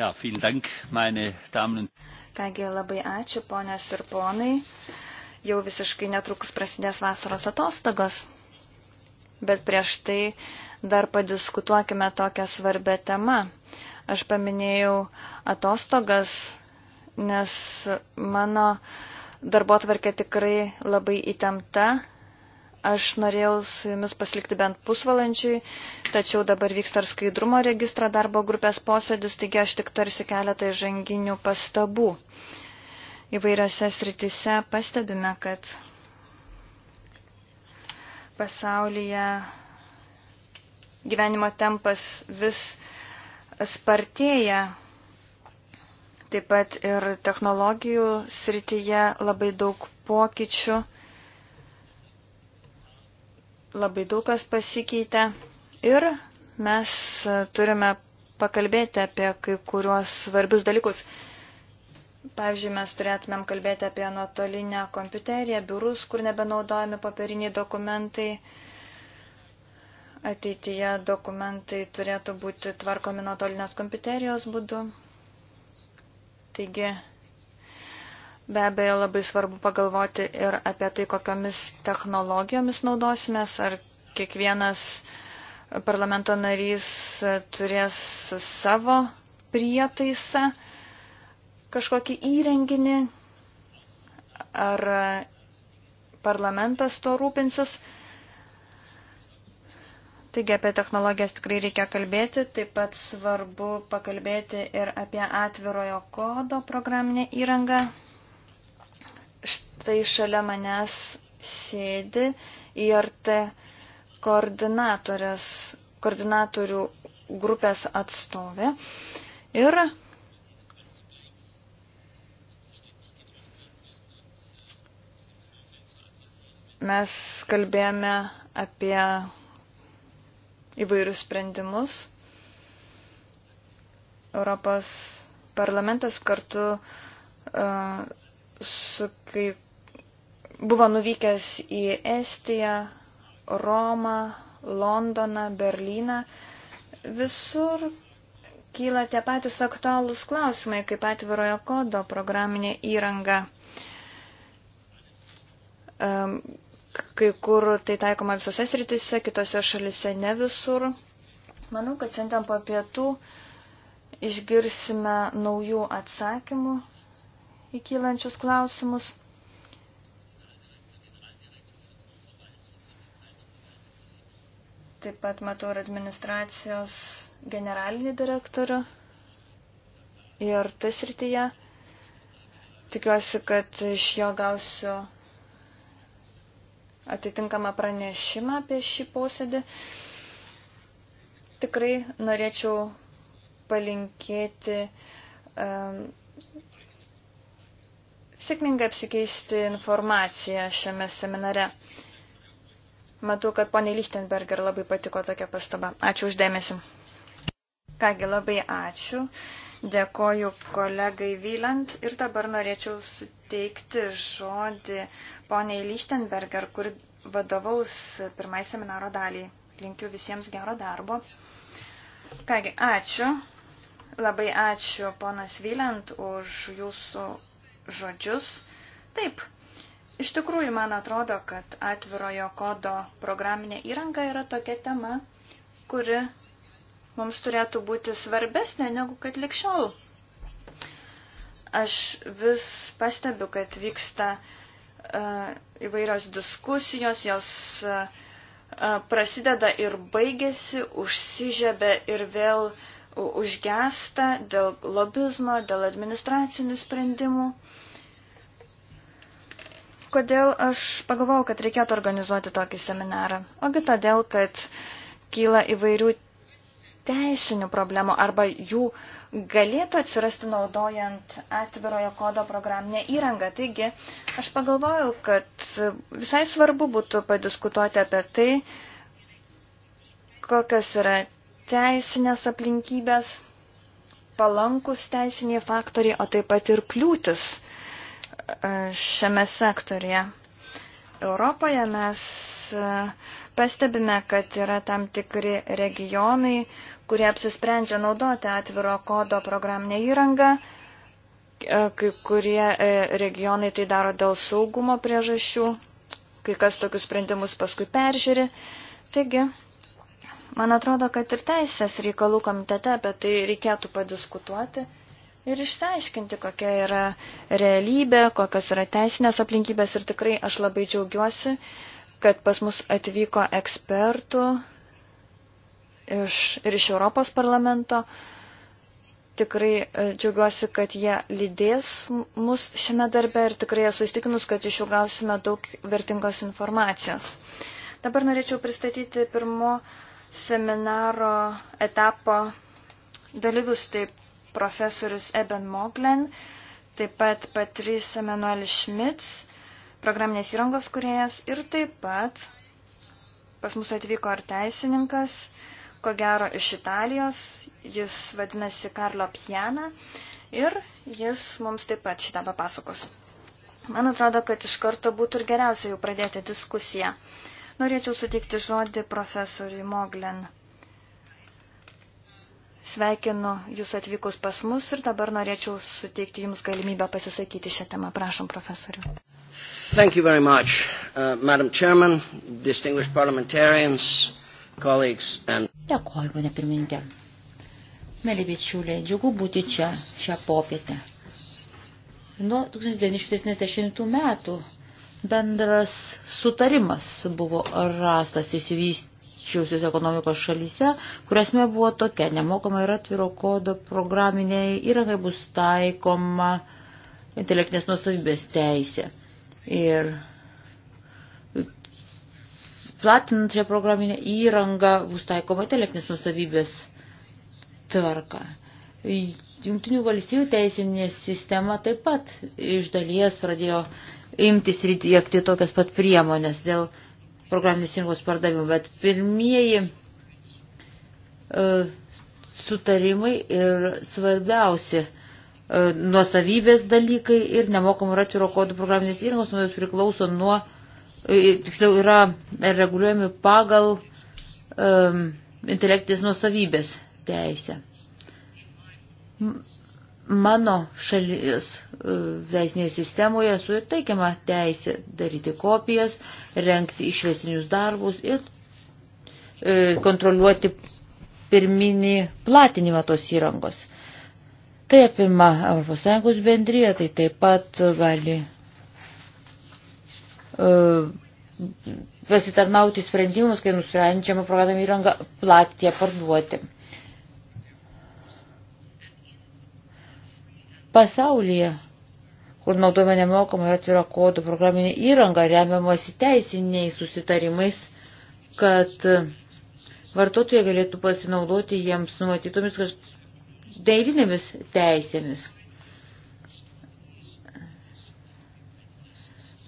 Ja, vielen Dank, meine Damen und Kągi, labai ačiū, ponės ir ponai. Jau visiškai netrukus prasidės vasaros atostogos. Bet prieš tai dar padiskutuokime tokią svarbę temą. Aš paminėjau atostogas, nes mano darbo tvarkė tikrai labai įtempta Aš norėjau su jumis pasilikti bent pusvalandžiui, tačiau dabar vyksta ir skaidrumo registro darbo grupės posėdis, taigi aš tik tarsi keletą žanginių pastabų. Įvairiose sritise pastebime, kad pasaulyje gyvenimo tempas vis spartėja. Taip pat ir technologijų srityje labai daug pokyčių labai daug kas pasikeitė ir mes turime pakalbėti apie kai kuriuos svarbius dalykus. Pavyzdžiui, mes turėtumėm kalbėti apie nuotolinę kompiuteriją, biurus, kur nebenaudojami papiriniai dokumentai. Ateityje dokumentai turėtų būti tvarkomi nuotolinės kompiuterijos būdu. Taigi, Be abejo, labai svarbu pagalvoti ir apie tai, kokiamis technologijomis naudosimės, ar kiekvienas parlamento narys turės savo prietaisą, kažkokį įrenginį, ar parlamentas tuo rūpinsis. Taigi apie technologijas tikrai reikia kalbėti, taip pat svarbu pakalbėti ir apie atvirojo kodo programinę įrangą štai šalia manęs sėdi IRT koordinatorės, koordinatorių grupės atstovė. Ir mes kalbėjome apie įvairius sprendimus. Europos parlamentas kartu uh, su kai buvo nuvykęs į Estiją, Romą, Londoną, Berliną. Visur kyla tie patys aktualūs klausimai, kaip atvirojo kodo programinė įranga. Kai kur tai taikoma visose sritise, kitose šalise ne visur. Manau, kad šiandien po pietų išgirsime naujų atsakymų įkylančius klausimus. Taip pat matau ir administracijos generalinį direktorių ir tas rytyje. Tikiuosi, kad iš jo gausiu atitinkamą pranešimą apie šį posėdį. Tikrai norėčiau palinkėti um, sėkmingai apsikeisti informaciją šiame seminare. Matau, kad poniai Lichtenberger labai patiko tokia pastaba. Ačiū uždėmesi. Kągi, labai ačiū. Dėkoju kolegai Vyland ir dabar norėčiau suteikti žodį poniai Lichtenberger, kur vadovaus pirmai seminaro daliai. Linkiu visiems gero darbo. Kągi, ačiū. Labai ačiū ponas Vyland už jūsų žodžius. Taip, iš tikrųjų man atrodo, kad atvirojo kodo programinė įranga yra tokia tema, kuri mums turėtų būti svarbesnė negu kad likščiol. Aš vis pastebiu, kad vyksta uh, įvairios diskusijos, jos uh, prasideda ir baigėsi, užsižebė ir vėl užgesta dėl lobizmo, dėl administracinių sprendimų. Uh, Kodėl aš pagalvojau, kad reikėtų organizuoti tokį seminarą? Ogi todėl, kad kyla įvairių teisinių problemų arba jų galėtų atsirasti naudojant atvirojo kodo programinę įrangą. Taigi, aš pagalvojau, kad visai svarbu būtų padiskutuoti apie tai, kokios yra teisinės aplinkybės, palankus teisiniai faktoriai, o taip pat ir kliūtis šiame sektorėje. Europoje mes e, pastebime, kad yra tam tikri regionai, kurie apsisprendžia naudoti atviro kodo programinę įrangą. E, kai kurie e, regionai tai daro dėl saugumo priežasčių, kai kas tokius sprendimus paskui peržiūri. Taigi, man atrodo, kad ir teisės reikalų komitete apie tai reikėtų padiskutuoti ir išsiaiškinti, kokia yra realybė, kokios yra teisinės aplinkybės ir tikrai aš labai džiaugiuosi, kad pas mus atvyko ekspertų iš, ir iš Europos parlamento. Tikrai e, džiaugiuosi, kad jie lydės mus šiame darbe ir tikrai esu įstikinus, kad iš jų gausime daug vertingos informacijos. Dabar norėčiau pristatyti pirmo seminaro etapo dalyvius, taip profesorius Eben Moglen, taip pat Patrys Emanuelis Šmits, programinės įrangos kuriejas ir taip pat pas mus atvyko ir teisininkas, ko gero iš Italijos, jis vadinasi Karlo Pjana ir jis mums taip pat šitą papasakos. Man atrodo, kad iš karto būtų ir geriausia jau pradėti diskusiją. Norėčiau sutikti žodį profesoriui Moglen. Sveikinu Jūs atvykus pas mus ir dabar norėčiau suteikti Jums galimybę pasisakyti šią temą. Prašom, profesoriu. Thank you very much, uh, Madam Chairman, distinguished parliamentarians, colleagues and... Dėkoju, ponė pirmininkė. Mėly bičiuliai, džiugu būti čia šią popietę. Nuo 1970 metų bendras sutarimas buvo rastas įsivystyti išsivyščiusios ekonomikos šalyse, kurias me buvo tokia nemokama ir atviro kodo programiniai įrangai bus taikoma intelektinės nusavybės teisė. Ir platinant šią programinę įrangą bus taikoma intelektinės nusavybės tvarka. Jungtinių valstybių teisinė sistema taip pat iš dalies pradėjo imtis ir įdėkti tokias pat priemonės dėl programinės įrangos pardavimą, bet pirmieji e, sutarimai ir svarbiausi e, nuosavybės dalykai ir nemokamų ir atviro kodų programinės įrangos, nuo jos priklauso nuo, e, tiksliau yra reguliuojami pagal um, intelektinės nuosavybės teisę. Mano šalies veisinėje sistemoje suteikiama teisė daryti kopijas, renkti išvesinius darbus ir e, kontroliuoti pirminį platinimą tos įrangos. Tai apima ES bendryje, tai taip pat gali e, pasitarnauti sprendimus, kai nusprendžiama programą įrangą platį parduoti. pasaulyje, kur naudojame nemokamą ir atvirą kodų programinį įrangą, remiamasi teisiniais susitarimais, kad vartotojai galėtų pasinaudoti jiems numatytomis deilinėmis teisėmis.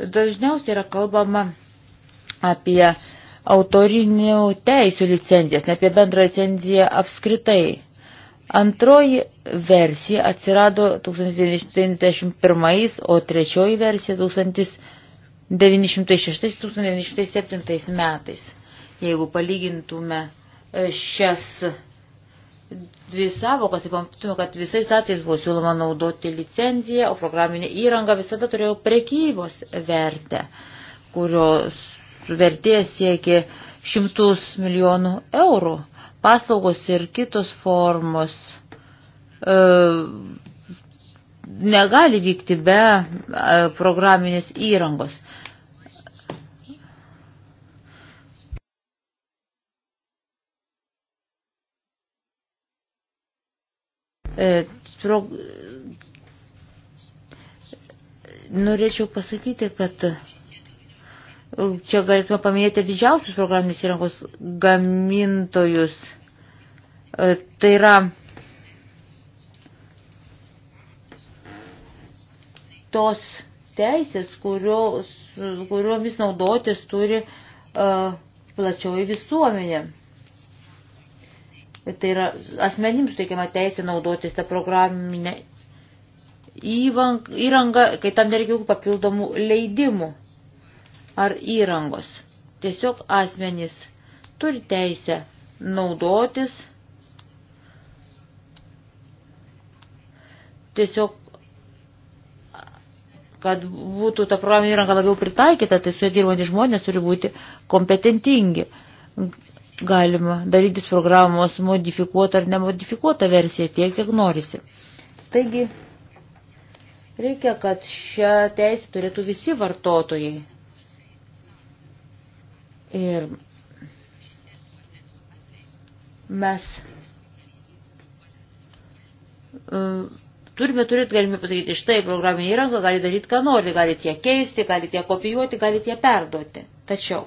Dažniausiai yra kalbama apie autorinių teisų licencijas, ne apie bendrą licenciją apskritai. Antroji versija atsirado 1991, o trečioji versija 1906-1907 metais. Jeigu palygintume e, šias dvi savokas, tai pamatytume, kad visais atvejais buvo siūloma naudoti licenciją, o programinė įranga visada turėjo prekybos vertę, kurios vertė siekė šimtus milijonų eurų paslaugos ir kitos formos e, negali vykti be e, programinės įrangos. E, pro, norėčiau pasakyti, kad Čia galėtume paminėti didžiausius programinės įrangos gamintojus. E, tai yra tos teisės, kurios, kuriomis naudotis turi uh, plačioji visuomenė. Tai yra asmenims suteikiama teisė naudotis tą programinę įrangą, kai tam nereikia jokių papildomų leidimų ar įrangos. Tiesiog asmenys turi teisę naudotis tiesiog kad būtų ta programinė įranga labiau pritaikyta, tai su jie dirbantys žmonės turi būti kompetentingi. Galima darytis programos modifikuotą ar nemodifikuotą versiją tiek, kiek norisi. Taigi, reikia, kad šią teisę turėtų visi vartotojai. Ir mes e, turime turėti galimybę pasakyti, štai programinė įranga gali daryti, ką nori, gali tie keisti, gali tie kopijuoti, gali tie perduoti. Tačiau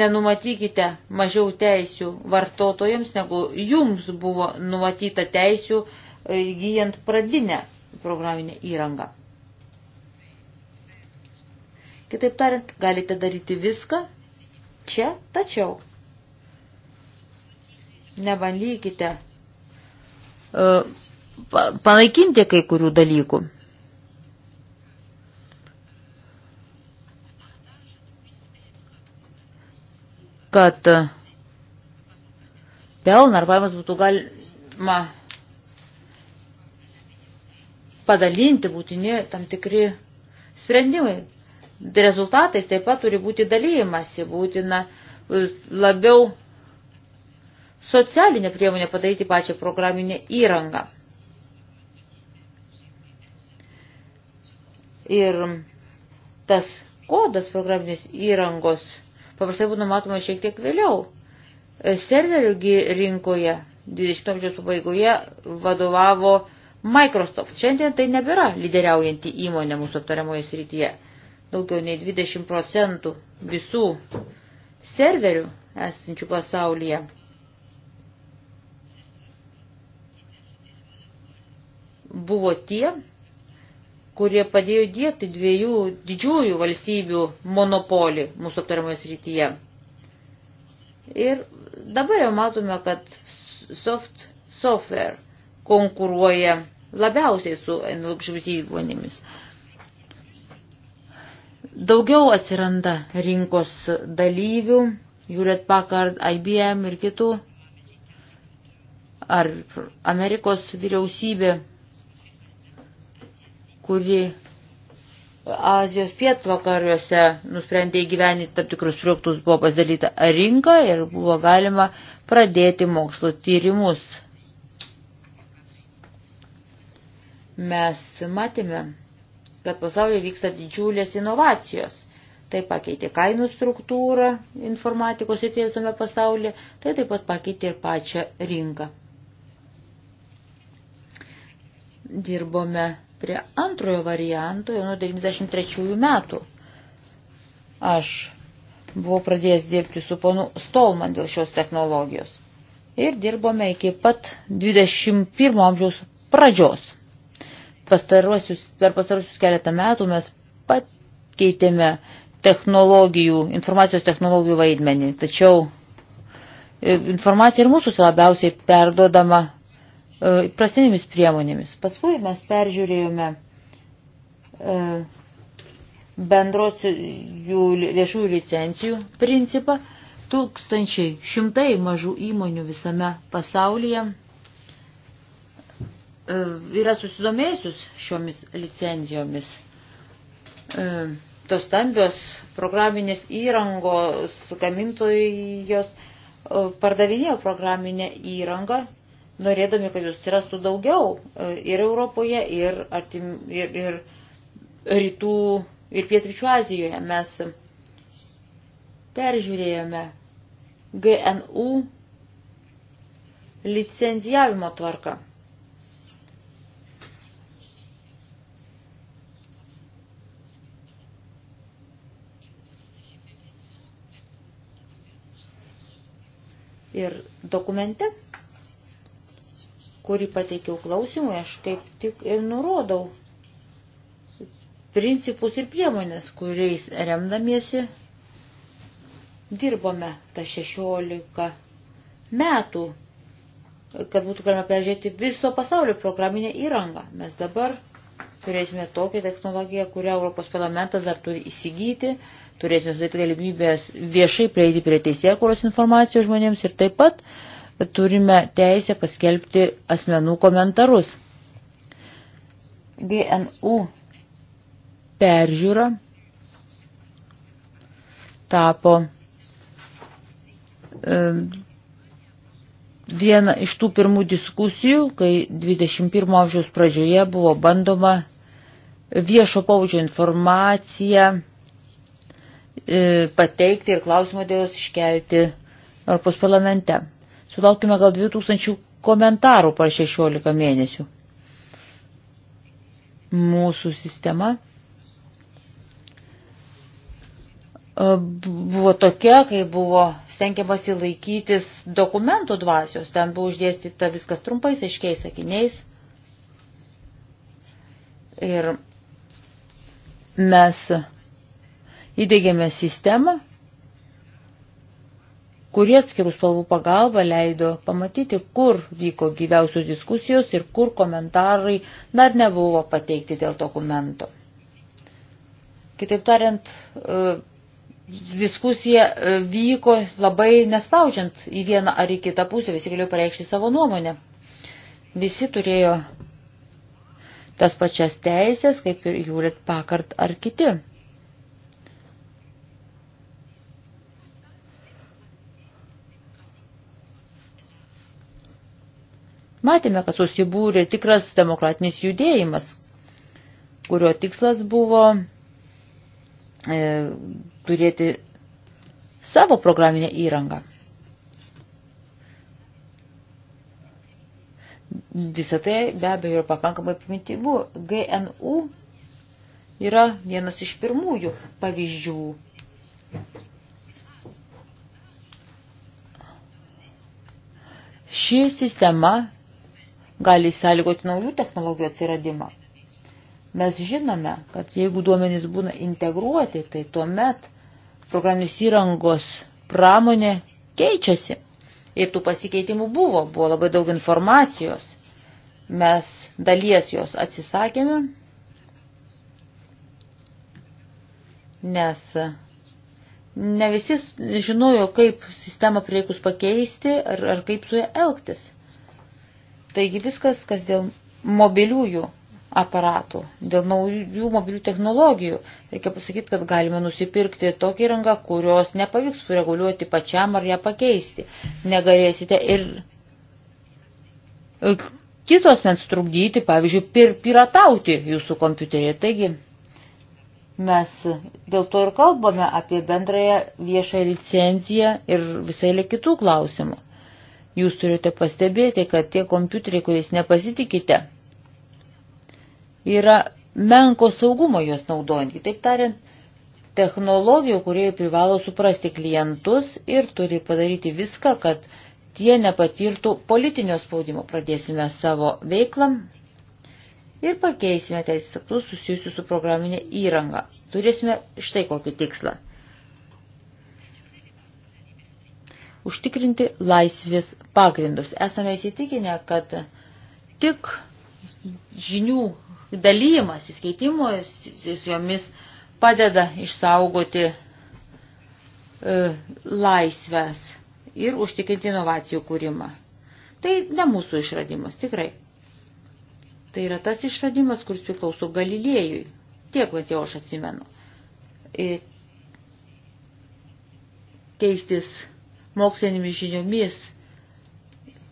nenumatykite mažiau teisių vartotojams, negu jums buvo numatyta teisių e, įgyjant pradinę programinę įrangą. Kitaip tariant, galite daryti viską čia, tačiau nebandykite uh, panaikinti kai kurių dalykų. Kad pelną ar pajamas būtų galima padalinti būtini tam tikri sprendimai rezultatais taip pat turi būti dalyjimasi, būtina e, labiau socialinę priemonę padaryti pačią programinę įrangą. Ir tas kodas programinės įrangos paprastai būna matoma šiek tiek vėliau. E, serverių rinkoje 20 amžiaus pabaigoje vadovavo Microsoft. Šiandien tai nebėra lyderiaujanti įmonė mūsų aptariamoje srityje daugiau nei 20 procentų visų serverių esančių pasaulyje. Buvo tie, kurie padėjo dėkti dviejų didžiųjų valstybių monopolį mūsų aptariamoje srityje. Ir dabar jau matome, kad soft software konkuruoja labiausiai su NLG įmonėmis. Daugiau atsiranda rinkos dalyvių, Hewlett Packard, IBM ir kitų. Ar Amerikos vyriausybė, kuri Azijos pietvakariuose nusprendė įgyveninti tam tikrus projektus, buvo pasidalyta rinka ir buvo galima pradėti mokslo tyrimus. Mes matėme, kad pasaulyje vyksta didžiulės inovacijos. Tai pakeitė kainų struktūrą informatikos ir visame pasaulyje, tai taip pat pakeitė ir pačią rinką. Dirbome prie antrojo varianto jau nuo 93 metų. Aš buvau pradėjęs dirbti su ponu Stolman dėl šios technologijos. Ir dirbome iki pat 21 amžiaus pradžios. Pastaruosius, per pastaruosius keletą metų mes pakeitėme technologijų, informacijos technologijų vaidmenį. Tačiau e, informacija ir mūsų labiausiai perdodama e, prastinėmis priemonėmis. Paskui mes peržiūrėjome e, bendros jų viešųjų licencijų principą. Tūkstančiai šimtai mažų įmonių visame pasaulyje E, yra susidomėjusius šiomis licencijomis. E, tos stambios programinės įrangos gamintojos e, pardavinėjo programinę įrangą, norėdami, kad jūs atsirastų daugiau ir Europoje, ir, artim, ir, ir rytų, ir pietryčių Azijoje. Mes peržiūrėjome GNU licencijavimo tvarką. Ir dokumente, kurį pateikiau klausimui, aš kaip tik ir nurodau principus ir priemonės, kuriais remdamiesi dirbome tą 16 metų, kad būtų galima peržiūrėti viso pasaulio programinę įrangą. Mes dabar turėsime tokią technologiją, kurią Europos parlamentas dar turi įsigyti, turėsime sudaryti galimybės viešai prieiti prie teisėkuros informacijos žmonėms ir taip pat turime teisę paskelbti asmenų komentarus. GNU peržiūra tapo e, viena iš tų pirmų diskusijų, kai 21 amžiaus pradžioje buvo bandoma viešo paučio informaciją e, pateikti ir klausimą dėl jos iškelti Europos parlamente. Sulaukime gal 2000 komentarų per 16 mėnesių. Mūsų sistema e, buvo tokia, kai buvo stengiamasi laikytis dokumentų dvasios. Ten buvo uždėstyta viskas trumpais, aiškiais sakiniais. Ir mes įdėgėme sistemą, kurie atskirų spalvų pagalba leido pamatyti, kur vyko gyviausios diskusijos ir kur komentarai dar nebuvo pateikti dėl dokumento. Kitaip tariant, e, diskusija e, vyko labai nespaudžiant į vieną ar į kitą pusę, visi galėjo pareikšti savo nuomonę. Visi turėjo tas pačias teisės, kaip ir Jūrit Pakart ar kiti. Matėme, kad susibūrė tikras demokratinis judėjimas, kurio tikslas buvo e, turėti savo programinę įrangą. Visą tai be abejo yra pakankamai primityvu. GNU yra vienas iš pirmųjų pavyzdžių. Ši sistema gali sąlygoti naujų technologijų atsiradimą. Mes žinome, kad jeigu duomenys būna integruoti, tai tuomet programinės įrangos pramonė keičiasi. Ir tų pasikeitimų buvo, buvo labai daug informacijos. Mes dalies jos atsisakėme, nes ne visi žinojo, kaip sistemą prieikus pakeisti ar, ar kaip su ją elgtis. Taigi viskas, kas dėl mobiliųjų aparatų, dėl naujų mobilių technologijų. Reikia pasakyti, kad galime nusipirkti tokį įrangą, kurios nepavyks sureguliuoti pačiam ar ją pakeisti. Negalėsite ir kitos mens trukdyti, pavyzdžiui, pir piratauti jūsų kompiuterį. Taigi mes dėl to ir kalbame apie bendrąją viešą licenciją ir visai lė kitų klausimų. Jūs turite pastebėti, kad tie kompiuteriai, kuriais nepasitikite, yra menko saugumo juos naudojant. Kitaip tariant, technologijų, kurie privalo suprasti klientus ir turi padaryti viską, kad kad jie nepatirtų politinio spaudimo. Pradėsime savo veiklą ir pakeisime teisės aktus susijusius su programinė įranga. Turėsime štai kokį tikslą. Užtikrinti laisvės pagrindus. Esame įsitikinę, kad tik žinių dalymas, įskeitimas su jomis padeda išsaugoti e, laisvės ir užtikrinti inovacijų kūrimą. Tai ne mūsų išradimas, tikrai. Tai yra tas išradimas, kuris priklauso Galilėjui. Tiek, bet jau aš atsimenu. Ir e, keistis mokslinėmis žiniomis,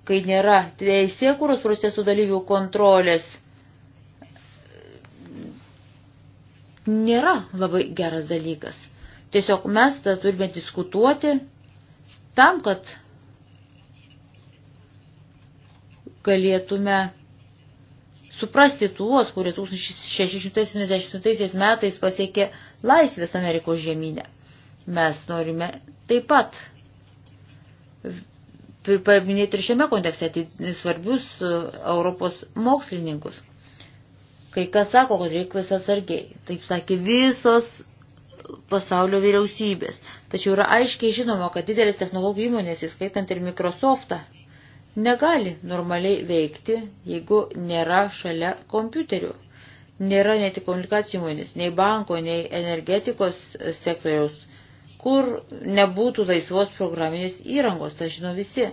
kai nėra teisėkūros procesų dalyvių kontrolės, nėra labai geras dalykas. Tiesiog mes tą turime diskutuoti Tam, kad galėtume suprasti tuos, kurie 1678 metais pasiekė laisvės Amerikos žemynę. Mes norime taip pat paminėti ir šiame kontekste tai svarbius e, Europos mokslininkus. Kai kas sako, kad reiklas atsargiai. Taip sakė visos pasaulio vyriausybės. Tačiau yra aiškiai žinoma, kad didelės technologijų įmonės, įskaitant ir Microsoftą, negali normaliai veikti, jeigu nėra šalia kompiuterių. Nėra nei tik komunikacijų įmonės, nei banko, nei energetikos sektoriaus, kur nebūtų laisvos programinės įrangos, tai žino visi.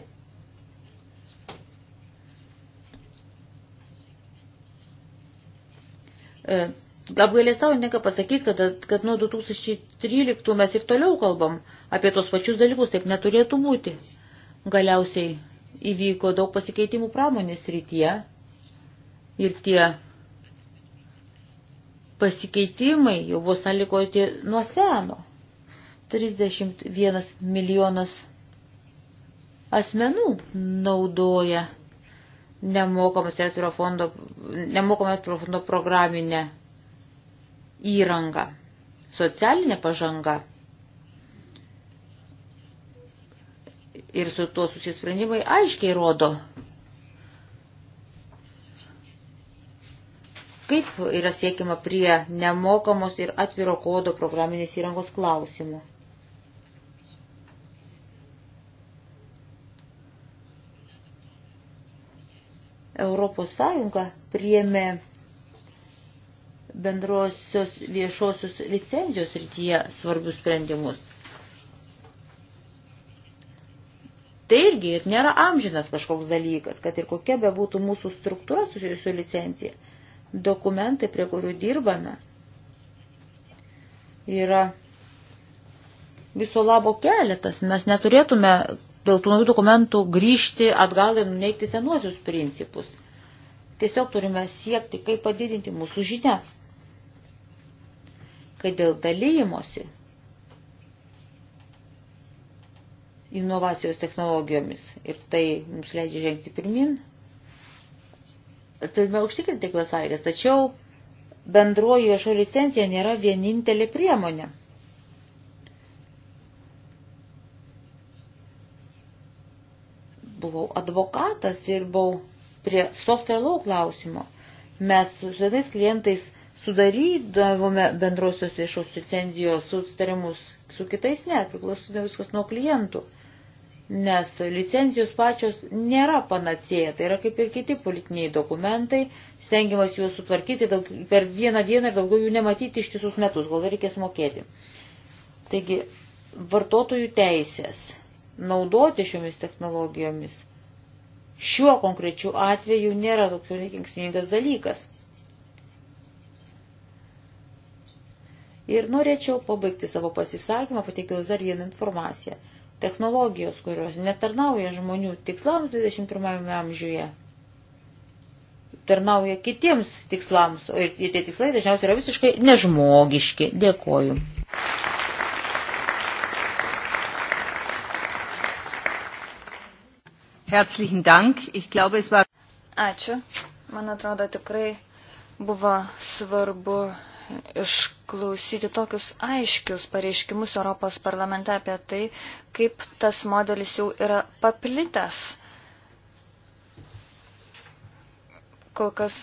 E, apgailestauju, neka pasakyti, kad, kad nuo 2013 mes ir toliau kalbam apie tos pačius dalykus, taip neturėtų būti. Galiausiai įvyko daug pasikeitimų pramonės rytyje ir tie pasikeitimai jau buvo sąlygoti nuo seno. 31 milijonas asmenų naudoja nemokamas retro fondo, nemokamas retro fondo programinę įranga, socialinė pažanga ir su tuo susisprendimai aiškiai rodo, kaip yra siekima prie nemokamos ir atviro kodo programinės įrangos klausimų. Europos Sąjunga priėmė bendrosios viešosios licenzijos rytyje svarbius sprendimus. Tai irgi nėra amžinas kažkoks dalykas, kad ir kokia be būtų mūsų struktūra susijusi su licencija. Dokumentai, prie kurių dirbame, yra viso labo keletas. Mes neturėtume dėl tų naujų dokumentų grįžti atgal ir nuneikti senuosius principus. Tiesiog turime siekti, kaip padidinti mūsų žinias kad dėl dalymosi inovacijos technologijomis ir tai mums leidžia žengti pirmin, turime užtikrinti tiklas sąlygas, tačiau bendroji viešo licencija nėra vienintelė priemonė. Buvau advokatas ir buvau prie software law klausimo. Mes su vienais klientais sudarydavome bendrosios viešos licenzijos sustarimus su kitais, ne, priklausydavo viskas nuo klientų. Nes licenzijos pačios nėra panacėja, tai yra kaip ir kiti politiniai dokumentai, stengiamas juos sutvarkyti daug, per vieną dieną ir daugiau jų nematyti ištisus metus, gal reikės mokėti. Taigi, vartotojų teisės naudoti šiomis technologijomis šiuo konkrečiu atveju nėra toks reikėksmingas dalykas. Ir norėčiau pabaigti savo pasisakymą, pateikiaus dar vieną informaciją. Technologijos, kurios netarnauja žmonių tikslams 21 amžiuje, tarnauja kitiems tikslams, o ir tie tikslai dažniausiai yra visiškai nežmogiški. Dėkoju. Herzlichen Dank. Ich glaube, es war... Ačiū. Man atrodo, tikrai buvo svarbu išklausyti tokius aiškius pareiškimus Europos parlamente apie tai, kaip tas modelis jau yra paplitęs. Kol kas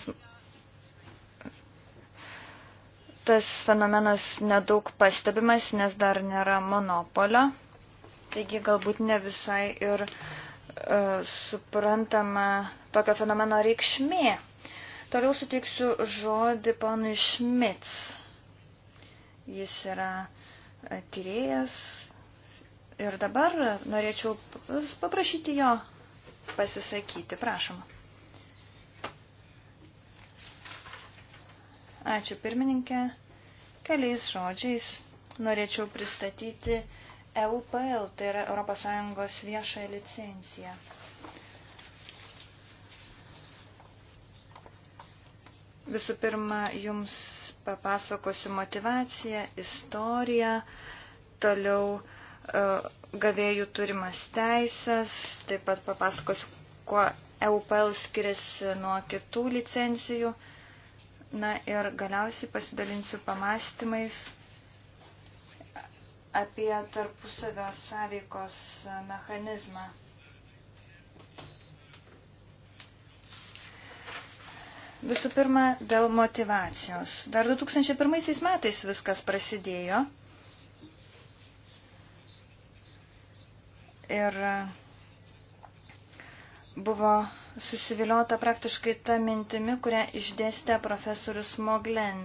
tas fenomenas nedaug pastebimas, nes dar nėra monopolio. Taigi galbūt ne visai ir uh, suprantama tokio fenomeno reikšmė. Toliau suteiksiu žodį panui Šmits. Jis yra e, tyrėjas ir dabar norėčiau paprašyti jo pasisakyti. Prašom. Ačiū pirmininkė. Keliais žodžiais norėčiau pristatyti EUPL, tai yra ES viešąją licenciją. Visų pirma, jums papasakosiu motivaciją, istoriją, toliau e, gavėjų turimas teisės, taip pat papasakosiu, kuo EUPL skiriasi nuo kitų licencijų. Na ir galiausiai pasidalinsiu pamastymais apie tarpusavio sąveikos mechanizmą. Visų pirma, dėl motivacijos. Dar 2001 metais viskas prasidėjo. Ir buvo susiviliota praktiškai tą mintimi, kurią išdėstė profesorius Moglen.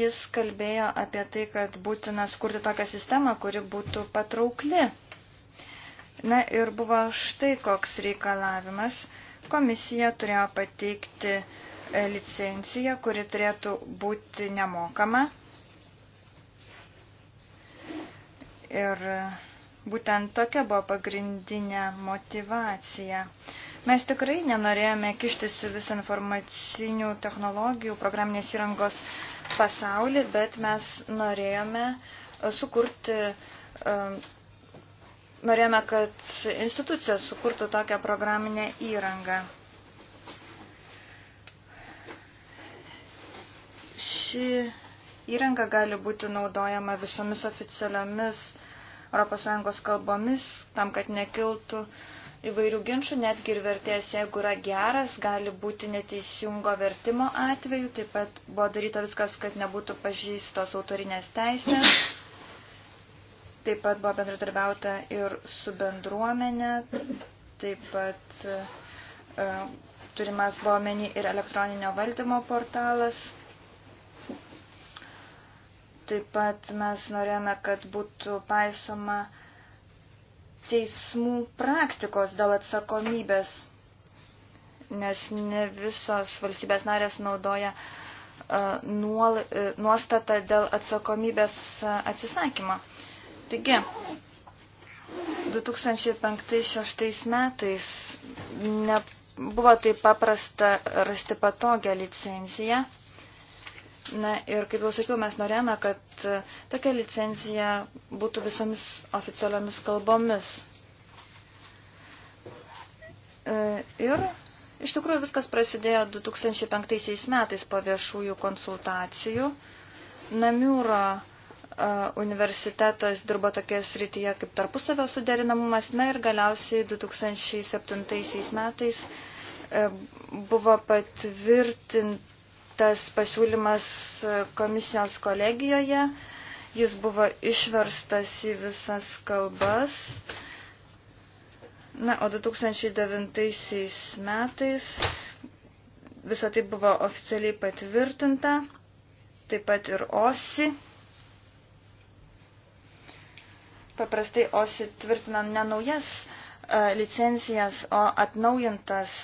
Jis kalbėjo apie tai, kad būtina skurti tokią sistemą, kuri būtų patraukli. Na ir buvo štai koks reikalavimas. Komisija turėjo pateikti uh, E, licenciją, kuri turėtų būti nemokama. Ir būtent tokia buvo pagrindinė motivacija. Mes tikrai nenorėjome kištis į visą informacinių technologijų, programinės įrangos pasaulį, bet mes norėjome e, sukurti, e, norėjome, kad institucijos sukurtų tokią programinę įrangą. Ši įranga gali būti naudojama visomis oficialiomis ES kalbomis, tam, kad nekiltų įvairių ginčių, netgi ir vertėjas, jeigu yra geras, gali būti neteisingo vertimo atveju, taip pat buvo daryta viskas, kad nebūtų pažįstos autorinės teisės, taip pat buvo bendradarbiauta ir su bendruomenė, taip pat e, turimas buvo meni ir elektroninio valdymo portalas Taip pat mes norėjome, kad būtų paisoma teismų praktikos dėl atsakomybės, nes ne visos valstybės narės naudoja uh, nuol, uh, nuostatą dėl atsakomybės uh, atsisakymą. Taigi, 2005-2006 metais nebuvo taip paprasta rasti patogią licenciją Na ir, kaip jau sakiau, mes norėjome, kad tokia licencija būtų visomis oficialiomis kalbomis. E, ir iš tikrųjų viskas prasidėjo 2005 metais po viešųjų konsultacijų. Namiūro e, universitetas dirbo tokioje srityje kaip tarpusavio suderinamumas. Na ir galiausiai 2007 metais e, buvo patvirtinta pateiktas pasiūlymas komisijos kolegijoje, jis buvo išverstas į visas kalbas. Na, o 2009 metais visą tai buvo oficialiai patvirtinta, taip pat ir OSI. Paprastai OSI tvirtina ne naujas e, licencijas, o atnaujintas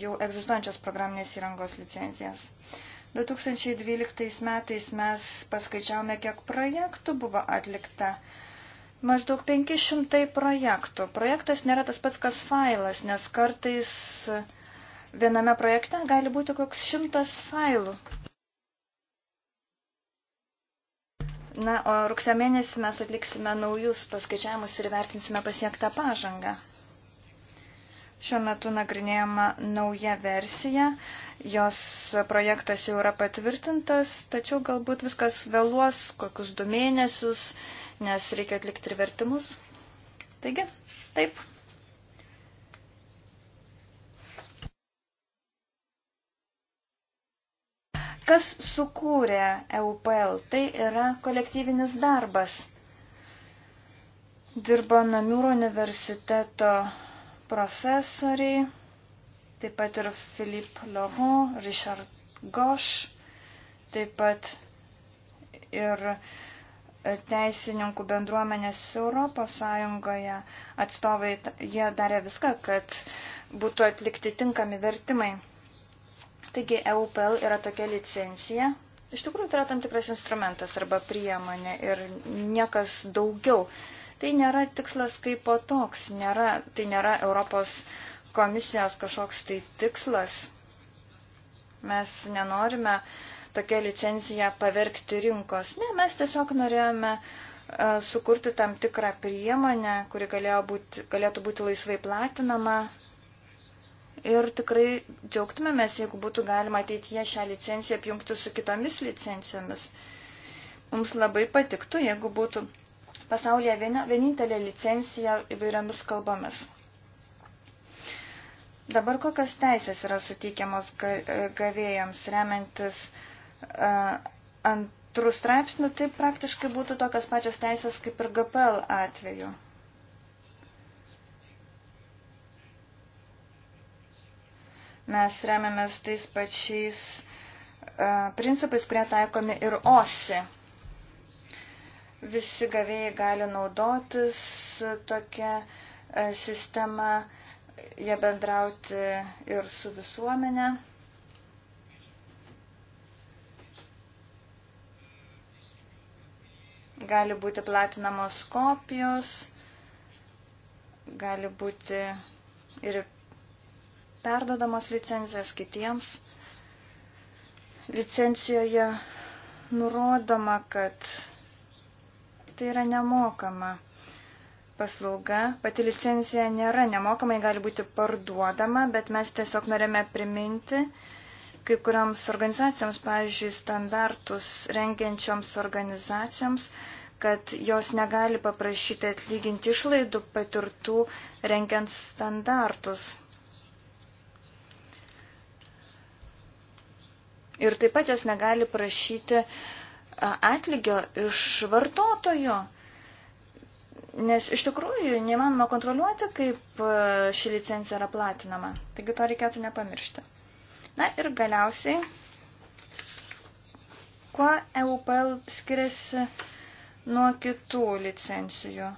jau egzistuojančios programinės įrangos licencijas. 2012 metais mes paskaičiavome, kiek projektų buvo atlikta. Maždaug 500 projektų. Projektas nėra tas pats, kas failas, nes kartais viename projekte gali būti koks šimtas failų. Na, o rugsėjo mėnesį mes atliksime naujus paskaičiavimus ir vertinsime pasiektą pažangą. Šiuo metu nagrinėjama nauja versija, jos projektas jau yra patvirtintas, tačiau galbūt viskas vėluos kokius du mėnesius, nes reikia atlikti ir vertimus. Taigi, taip. Kas sukūrė EUPL? Tai yra kolektyvinis darbas. Dirbo Namiūro universiteto profesoriai, taip pat ir Philippe Laurent, Richard Gosch, taip pat ir teisininkų bendruomenės Europos Sąjungoje atstovai, jie darė viską, kad būtų atlikti tinkami vertimai. Taigi EUPL yra tokia licencija. Iš tikrųjų, tai yra tam tikras instrumentas arba priemonė ir niekas daugiau. Uh, Tai nėra tikslas kaip po toks, nėra, tai nėra Europos komisijos kažkoks tai tikslas. Mes nenorime tokią licenciją pavergti rinkos. Ne, mes tiesiog norėjome e, sukurti tam tikrą priemonę, kuri būti, galėtų būti laisvai platinama. Ir tikrai džiaugtumėmės, jeigu būtų galima ateityje šią licenciją apjungti su kitomis licencijomis. Mums labai patiktų, jeigu būtų pasaulyje vienintelė licencija įvairiomis kalbomis. Dabar kokios teisės yra suteikiamos e, gavėjams remiantis e, antrų straipsnių, tai praktiškai būtų tokios pačios teisės kaip ir GPL atveju. Mes remiamės tais pačiais e, principais, kurie taikomi ir OSI visi gavėjai gali naudotis tokią e, sistemą, jie bendrauti ir su visuomenė. Gali būti platinamos kopijos, gali būti ir perdodamos licencijos kitiems. Licencijoje nurodoma, kad tai yra nemokama paslauga. Pati licencija nėra nemokamai, gali būti parduodama, bet mes tiesiog norime priminti kai kuriams organizacijoms, pavyzdžiui, standartus rengiančioms organizacijoms, kad jos negali paprašyti atlyginti išlaidų patirtų rengiant standartus. Ir taip pat jos negali prašyti uh, atlygio iš vartotojo, nes iš tikrųjų nemanoma kontroliuoti, kaip ši licencija yra platinama. Taigi to reikėtų nepamiršti. Na ir galiausiai, kuo EUPL skiriasi nuo kitų licencijų?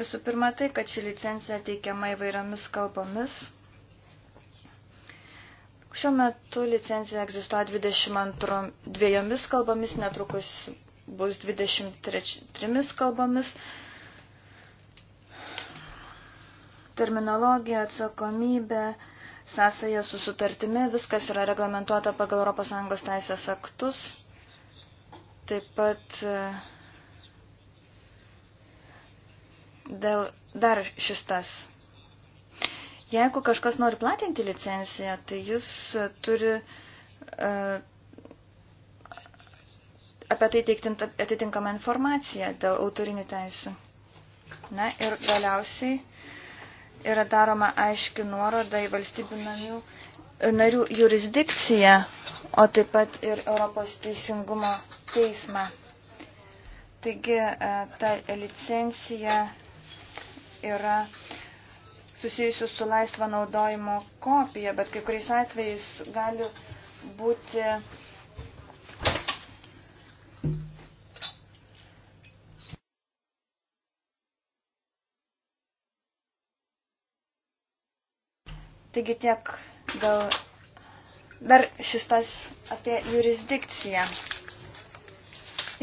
Visų pirma tai, kad ši licencija teikiama įvairiomis kalbomis. Šiuo metu licencija egzistuoja 22 kalbomis, netrukus bus 23 kalbomis. Terminologija, atsakomybė, sąsaja su sutartimi, viskas yra reglamentuota pagal ES teisės aktus. Taip pat e, dėl dar šis tas Jeigu kažkas nori platinti licenciją, tai jis turi e, apie tai teikti atitinkamą informaciją dėl autorinių teisų. Na ir galiausiai yra daroma aiški nuoroda į valstybių narių, narių jurisdikciją, o taip pat ir Europos teisingumo teismą. Taigi e, ta licencija yra susijusius su laisvą naudojimo kopija, bet kai kuriais atvejais gali būti Taigi tiek gal dar šis tas apie jurisdikciją.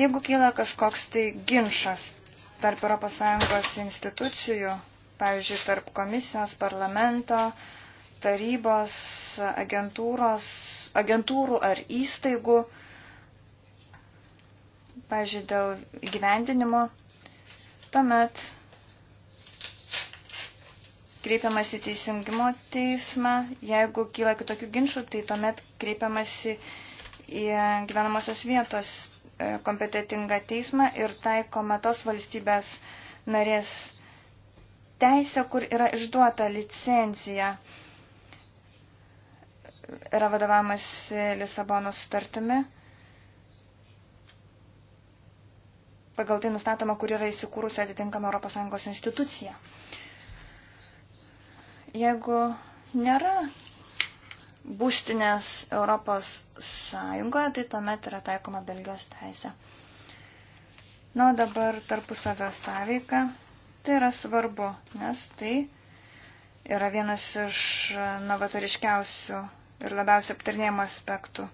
Jeigu kyla kažkoks tai ginčas tarp ES institucijų, pavyzdžiui, tarp komisijos, parlamento, tarybos, agentūros, agentūrų ar įstaigų, pavyzdžiui, dėl gyvendinimo, tuomet kreipiamas į teisingumo teismą, jeigu kyla kitokių ginčių, tai tuomet kreipiamas į gyvenamosios vietos e, kompetitingą teismą ir taikoma tos valstybės narės teisę, kur yra išduota licencija. Yra vadovamas Lisabono sutartimi. Pagal tai nustatoma, kur yra įsikūrusi atitinkama ES institucija. Jeigu nėra būstinės Europos Sąjungoje, tai tuomet yra taikoma Belgijos teisė. Na, o dabar tarpusavio sąveika. Tai yra svarbu, nes tai yra vienas iš novatoriškiausių ir labiausiai aptarnėjimo aspektų.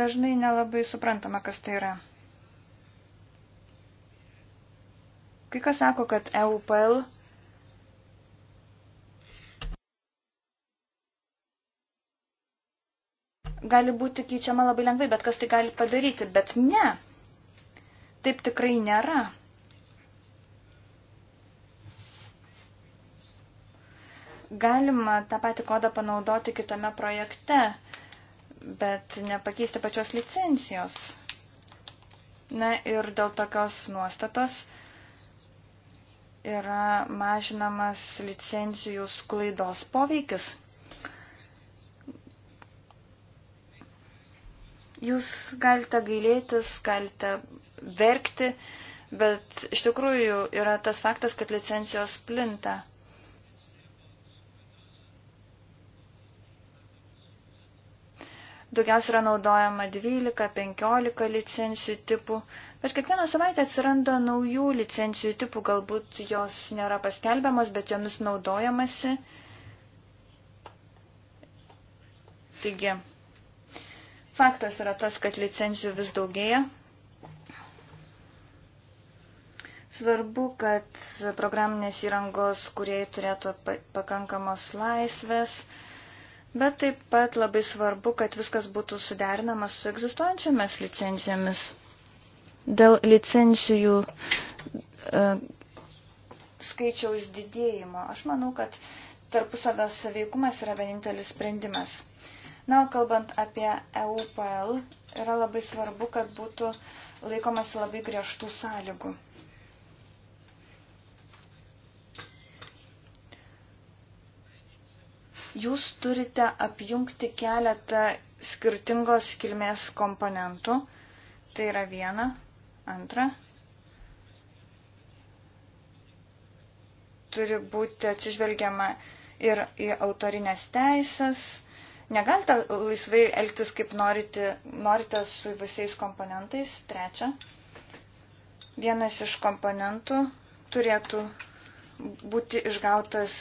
Dažnai nelabai suprantama, kas tai yra. Kai kas sako, kad EUPL gali būti keičiama labai lengvai, bet kas tai gali padaryti, bet ne. Taip tikrai nėra. galima tą patį kodą panaudoti kitame projekte, bet nepakeisti pačios licencijos. Na ir dėl tokios nuostatos yra mažinamas licencijų sklaidos poveikis. Jūs galite gailėtis, galite verkti, bet iš tikrųjų yra tas faktas, kad licencijos plinta. Daugiausia yra naudojama 12-15 licencijų tipų, bet kiekvieną savaitę atsiranda naujų licencijų tipų, galbūt jos nėra paskelbiamos, bet jomis naudojamasi. Taigi, faktas yra tas, kad licencijų vis daugėja. Svarbu, kad programinės įrangos, kurie turėtų pakankamos laisvės, Bet taip pat labai svarbu, kad viskas būtų suderinama su egzistuojančiamis licencijomis. Dėl licencijų e, skaičiaus didėjimo, aš manau, kad tarpusavio saveikumas yra vienintelis sprendimas. Na, o kalbant apie EUPL, yra labai svarbu, kad būtų laikomasi labai griežtų sąlygų. Jūs turite apjungti keletą skirtingos kilmės komponentų. Tai yra viena, antra. Turi būti atsižvelgiama ir į autorinės teisės. Negalite laisvai elgtis, kaip norite, norite su visais komponentais. Trečia. Vienas iš komponentų turėtų būti išgautas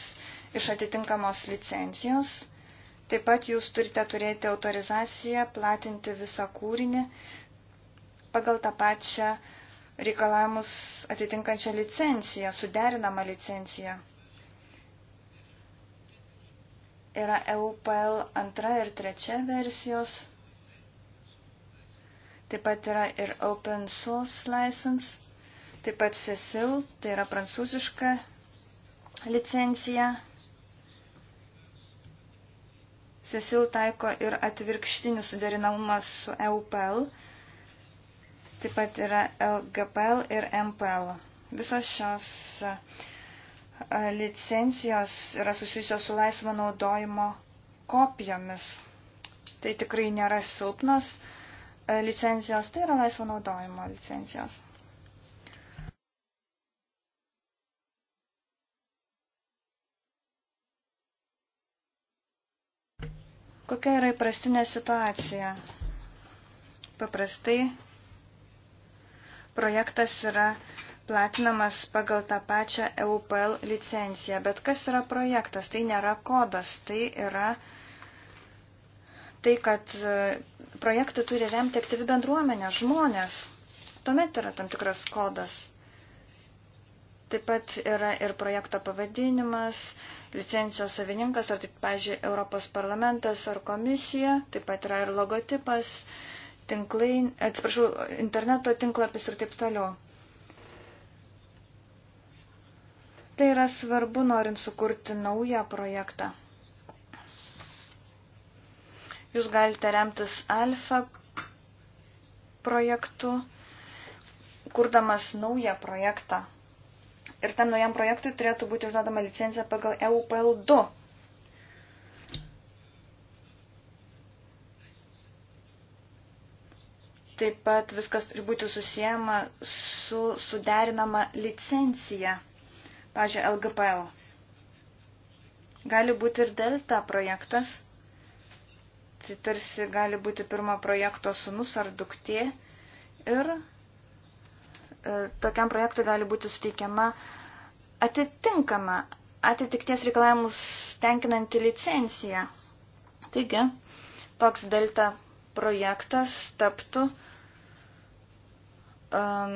iš atitinkamos licencijos. Taip pat jūs turite turėti autorizaciją platinti visą kūrinį pagal tą pačią reikalavimus atitinkančią licenciją, suderinamą licenciją. Yra EUPL antra ir trečia versijos. Taip pat yra ir Open Source License, taip pat CECIL, tai yra prancūziška licencija, Cecil taiko ir atvirkštinį suderinamumą su EUPL, taip pat yra LGPL ir MPL. Visos šios e, licencijos yra susijusios su laisvo naudojimo kopijomis. Tai tikrai nėra silpnos e, licencijos, tai yra laisvo naudojimo licencijos. Kokia yra įprastinė situacija? Paprastai projektas yra platinamas pagal tą pačią EUPL licenciją. Bet kas yra projektas? Tai nėra kodas, tai yra tai, kad e, projektą turi remti aktyvi bendruomenė, žmonės. Tuomet yra tam tikras kodas. Taip pat yra ir projekto pavadinimas, licencijos savininkas, ar tik, pažiūrėjau, Europos parlamentas ar komisija, taip pat yra ir logotipas, tinklai, atsiprašau, interneto tinklapis ir taip toliau. Tai yra svarbu, norint sukurti naują projektą. Jūs galite remtis alfa projektu, kurdamas naują projektą ir tam naujam projektui turėtų būti užduodama licencija pagal EUPL 2. Taip pat viskas turi būti susijęma su suderinama licencija, pažiūrėjau, LGPL. Gali būti ir delta projektas, tai tarsi gali būti pirmo projekto sunus ar duktė ir E, tokiam projektui gali būti suteikiama atitinkama atitikties reikalavimus tenkinanti licencija. Taigi, toks delta projektas taptų um,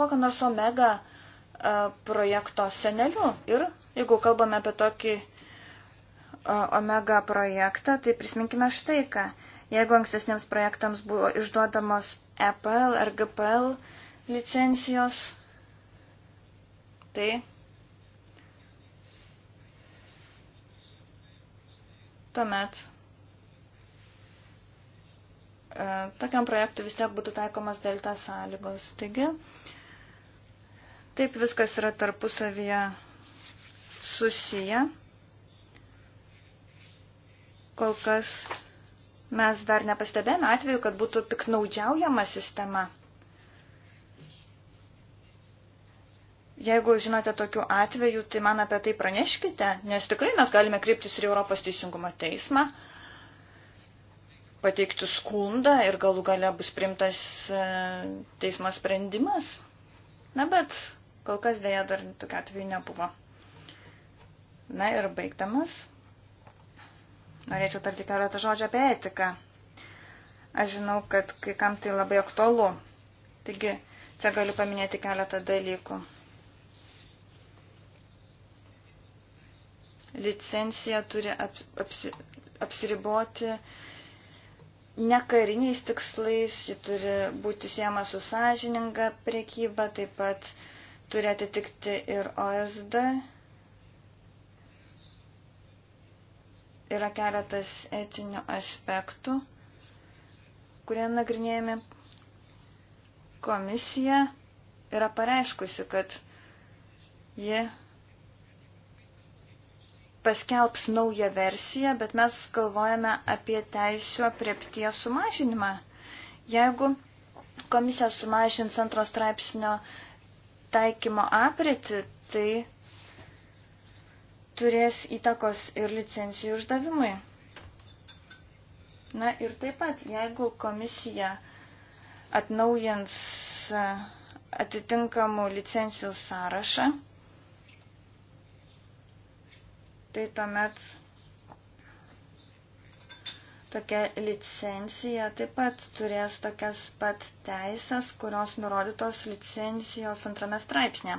kokią nors omega uh, projekto seneliu. Ir jeigu kalbame apie tokį uh, omega projektą, tai prisiminkime štai ką. Jeigu ankstesniems projektams buvo išduodamos EPL ar GPL, uh, licencijos. Tai tuomet e, tokiam projektui vis tiek būtų taikomas delta sąlygos. Taigi, taip viskas yra tarpusavyje susiję. Kol kas mes dar nepastebėjome atveju, kad būtų piknaudžiaujama sistema. Jeigu žinote tokių atvejų, tai man apie tai praneškite, nes tikrai mes galime kreiptis ir Europos teisingumo teismą, pateikti skundą ir galų gale bus primtas e, teismo sprendimas. Na, bet kol kas dėja dar tokia atveju nebuvo. Na ir baigdamas, norėčiau tarti keletą žodžių apie etiką. Aš žinau, kad kai kam tai labai aktualu. Taigi, čia galiu paminėti keletą dalykų. licencija turi ap, apsi, apsiriboti ne kariniais tikslais, ji turi būti siejama su sąžininga priekyba, taip pat turi atitikti ir OSD. Yra keletas etinių aspektų, kurie nagrinėjami. Komisija yra pareiškusi, kad ji paskelbs naują versiją, bet mes galvojame apie teisio priepties sumažinimą. Jeigu komisija sumažins antro straipsnio taikymo apriti, tai turės įtakos ir licencijų uždavimui. Na ir taip pat, jeigu komisija atnaujins atitinkamų licencijų sąrašą, tai tuomet tokia licencija taip pat turės tokias pat teisės, kurios nurodytos licencijos antrame straipsnė.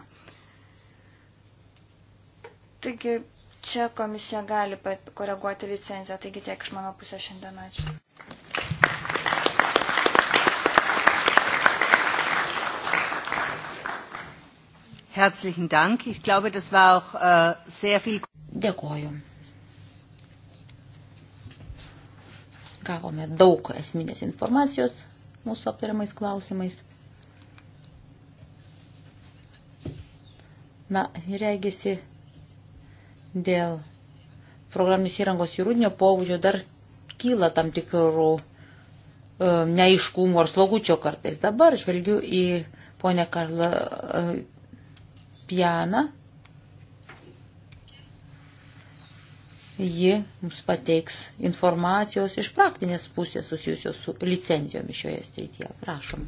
Taigi čia komisija gali koreguoti licenciją, taigi tiek iš mano pusės šiandien ačiū. Herzlichen Dank. Ich glaube, das war auch äh, sehr viel. Dėkoju. Gavome daug esminės informacijos mūsų aptariamais klausimais. Na, regisi dėl programinės įrangos jūrūdinio pobūdžio dar kyla tam tikrų e, neaiškumų ar slogučio kartais. Dabar žvelgiu į ponę Karlą e, Pianą. ji mums pateiks informacijos iš praktinės pusės susijusios su licencijomis šioje srityje. Prašom.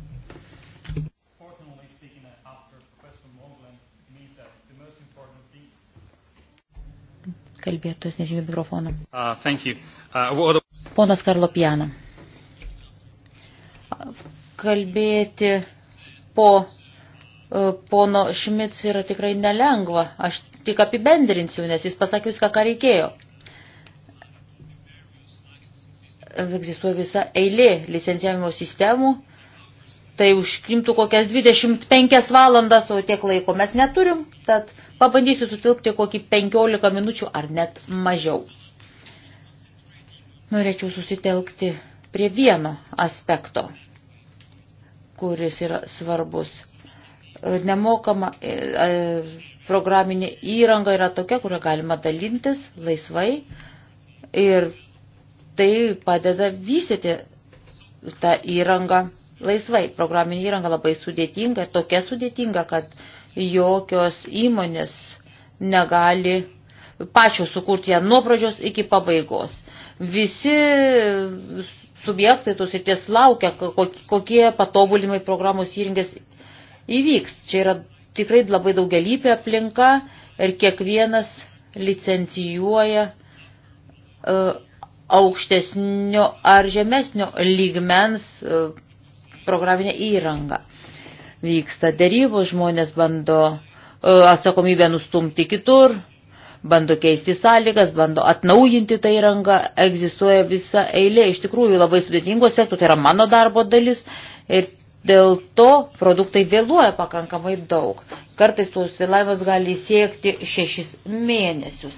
Kalbėtojas nežymė mikrofoną. Uh, uh Ponas Karlo Piana. Kalbėti po uh, pono Šmic yra tikrai nelengva. Aš tik apibendrinsiu, nes jis pasakė viską, ką reikėjo. egzistuoja visa eilė licencijavimo sistemų, tai užkrimtų kokias 25 valandas, o tiek laiko mes neturim, tad pabandysiu sutilpti kokį 15 minučių ar net mažiau. Norėčiau susitelkti prie vieno aspekto, kuris yra svarbus. Nemokama e, e, programinė įranga yra tokia, kurią galima dalintis laisvai ir tai padeda vystyti tą įrangą laisvai. Programinė įranga labai sudėtinga, tokia sudėtinga, kad jokios įmonės negali pačios sukurti ją nuo pradžios iki pabaigos. Visi subjektai tos ir ties laukia, kokie patobulimai programos įrengės įvyks. Čia yra tikrai labai daugelypė aplinka ir kiekvienas licencijuoja uh, aukštesnio ar žemesnio lygmens e, programinę įrangą. Vyksta dėrybos, žmonės bando e, atsakomybę nustumti kitur, bando keisti sąlygas, bando atnaujinti tą įrangą, egzistuoja visa eilė iš tikrųjų labai sudėtingų aspektų, tai yra mano darbo dalis ir dėl to produktai vėluoja pakankamai daug. Kartais tos vėlavimas gali siekti šešis mėnesius,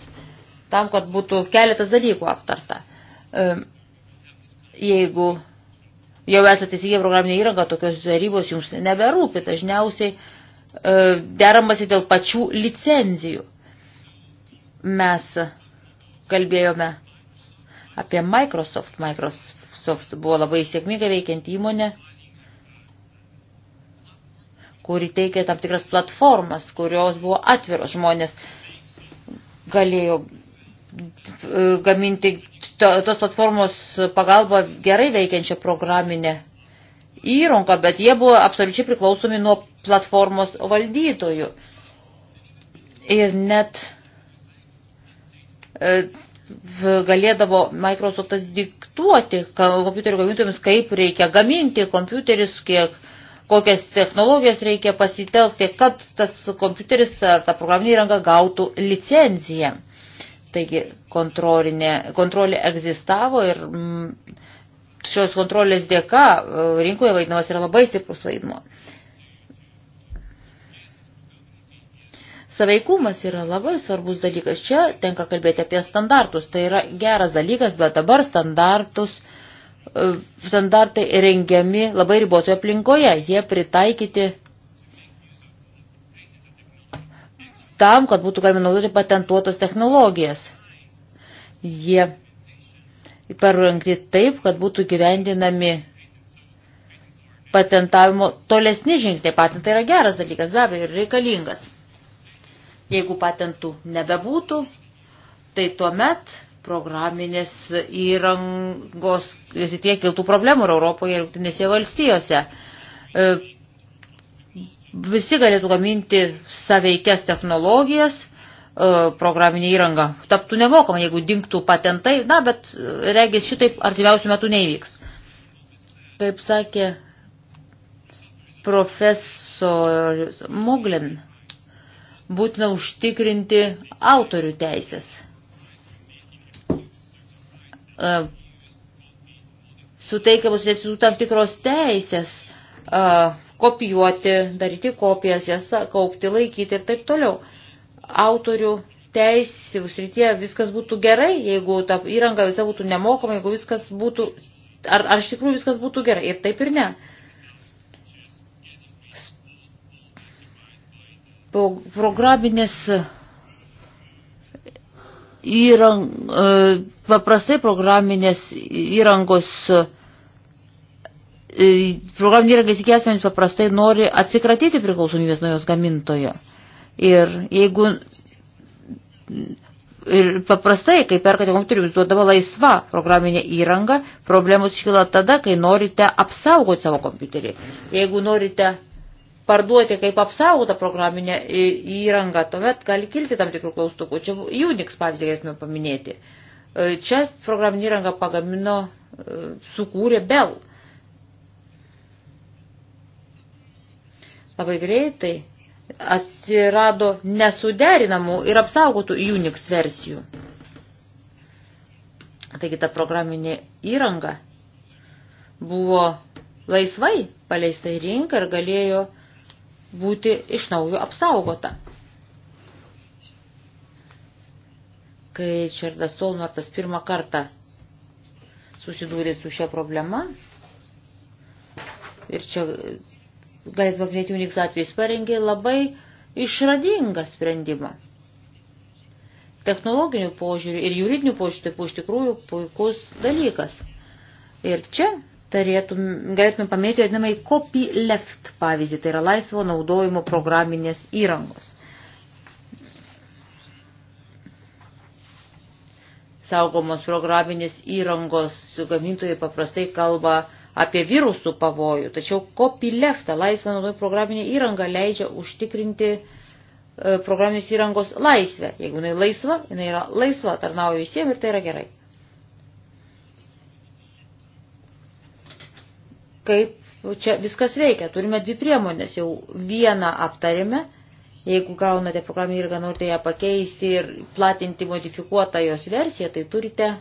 tam, kad būtų keletas dalykų aptarta. Jeigu jau esate įsigiję programinę įrangą, tokios darybos jums neberūpi, dažniausiai e, deramasi dėl pačių licenzijų. Mes kalbėjome apie Microsoft. Microsoft buvo labai sėkmingai veikianti įmonė, kuri teikė tam tikras platformas, kurios buvo atviros žmonės galėjo gaminti to, tos platformos pagalba gerai veikiančią programinę įrangą, bet jie buvo absoliučiai priklausomi nuo platformos valdytojų. Ir net e, galėdavo Microsoftas diktuoti kompiuterių gamintojams, kaip reikia gaminti kompiuteris, kiek, kokias technologijas reikia pasitelkti, kad tas kompiuteris ar ta programinė įranga gautų licenciją. Taigi kontrolė egzistavo ir mm, šios kontrolės dėka e, rinkoje vaidinamas yra labai stiprus vaidmuo. Saveikumas yra labai svarbus dalykas. Čia tenka kalbėti apie standartus. Tai yra geras dalykas, bet dabar standartus, e, standartai rengiami labai ribotoje aplinkoje. Jie pritaikyti tam, kad būtų galima naudoti patentuotas technologijas. Jie parengti taip, kad būtų gyvendinami patentavimo tolesni žingsniai. Patentai yra geras dalykas, be abejo, ir reikalingas. Jeigu patentų nebebūtų, tai tuomet programinės įrangos tiek kiltų problemų ir Europoje ir Jungtinėse valstijose. E, Visi galėtų gaminti saveikias technologijas, e, programinė įranga taptų nemokama, jeigu dinktų patentai, na, bet e, regis šitaip artimiausių metų neįvyks. Kaip sakė profesorius Muglin, būtina užtikrinti autorių teisės. E, Suteikiamus nesu tam tikros teisės. Uh, kopijuoti, daryti kopijas, jas kaupti, laikyti ir taip toliau. Autorių teisų srityje viskas būtų gerai, jeigu ta įranga visa būtų nemokama, jeigu viskas būtų, ar, ar iš tikrųjų viskas būtų gerai, ir taip ir ne. Programinės įrang, e, paprastai programinės įrangos programinį įrangą įsigiję asmenys paprastai nori atsikratyti priklausomybės nuo jos gamintojo. Ir jeigu ir paprastai, kai perkate kompiuterį, jums duodama laisva programinė įranga, problemos iškyla tada, kai norite apsaugoti savo kompiuterį. Jeigu norite parduoti kaip apsaugotą programinę įrangą, tuomet gali kilti tam tikrų klaustukų. Čia Unix pavyzdį galėtume paminėti. Čia programinį įrangą pagamino, e, sukūrė Bell labai greitai atsirado nesuderinamų ir apsaugotų Unix versijų. Taigi ta programinė įranga buvo laisvai paleista į rinką ir galėjo būti iš naujo apsaugota. Kai Čerdas Solnortas pirmą kartą susidūrė su šia problema, ir čia Galit paminėti Unix atvejais, parengė labai išradingą sprendimą. Technologinių požiūrių ir juridinių požiūrių tai iš tikrųjų puikus dalykas. Ir čia tarėtum, galėtume paminėti vadinamai copy left pavyzdį, tai yra laisvo naudojimo programinės įrangos. Saugomos programinės įrangos gamintojai paprastai kalba apie virusų pavojų, tačiau kopilefta laisvę naudojant programinę įrangą leidžia užtikrinti e, programinės įrangos laisvę. Jeigu jinai laisva, jinai yra laisva, tarnauja visiems ir tai yra gerai. Kaip čia viskas veikia? Turime dvi priemonės. Jau vieną aptarėme. Jeigu gaunate programinę įrangą, norite ją pakeisti ir platinti modifikuotą jos versiją, tai turite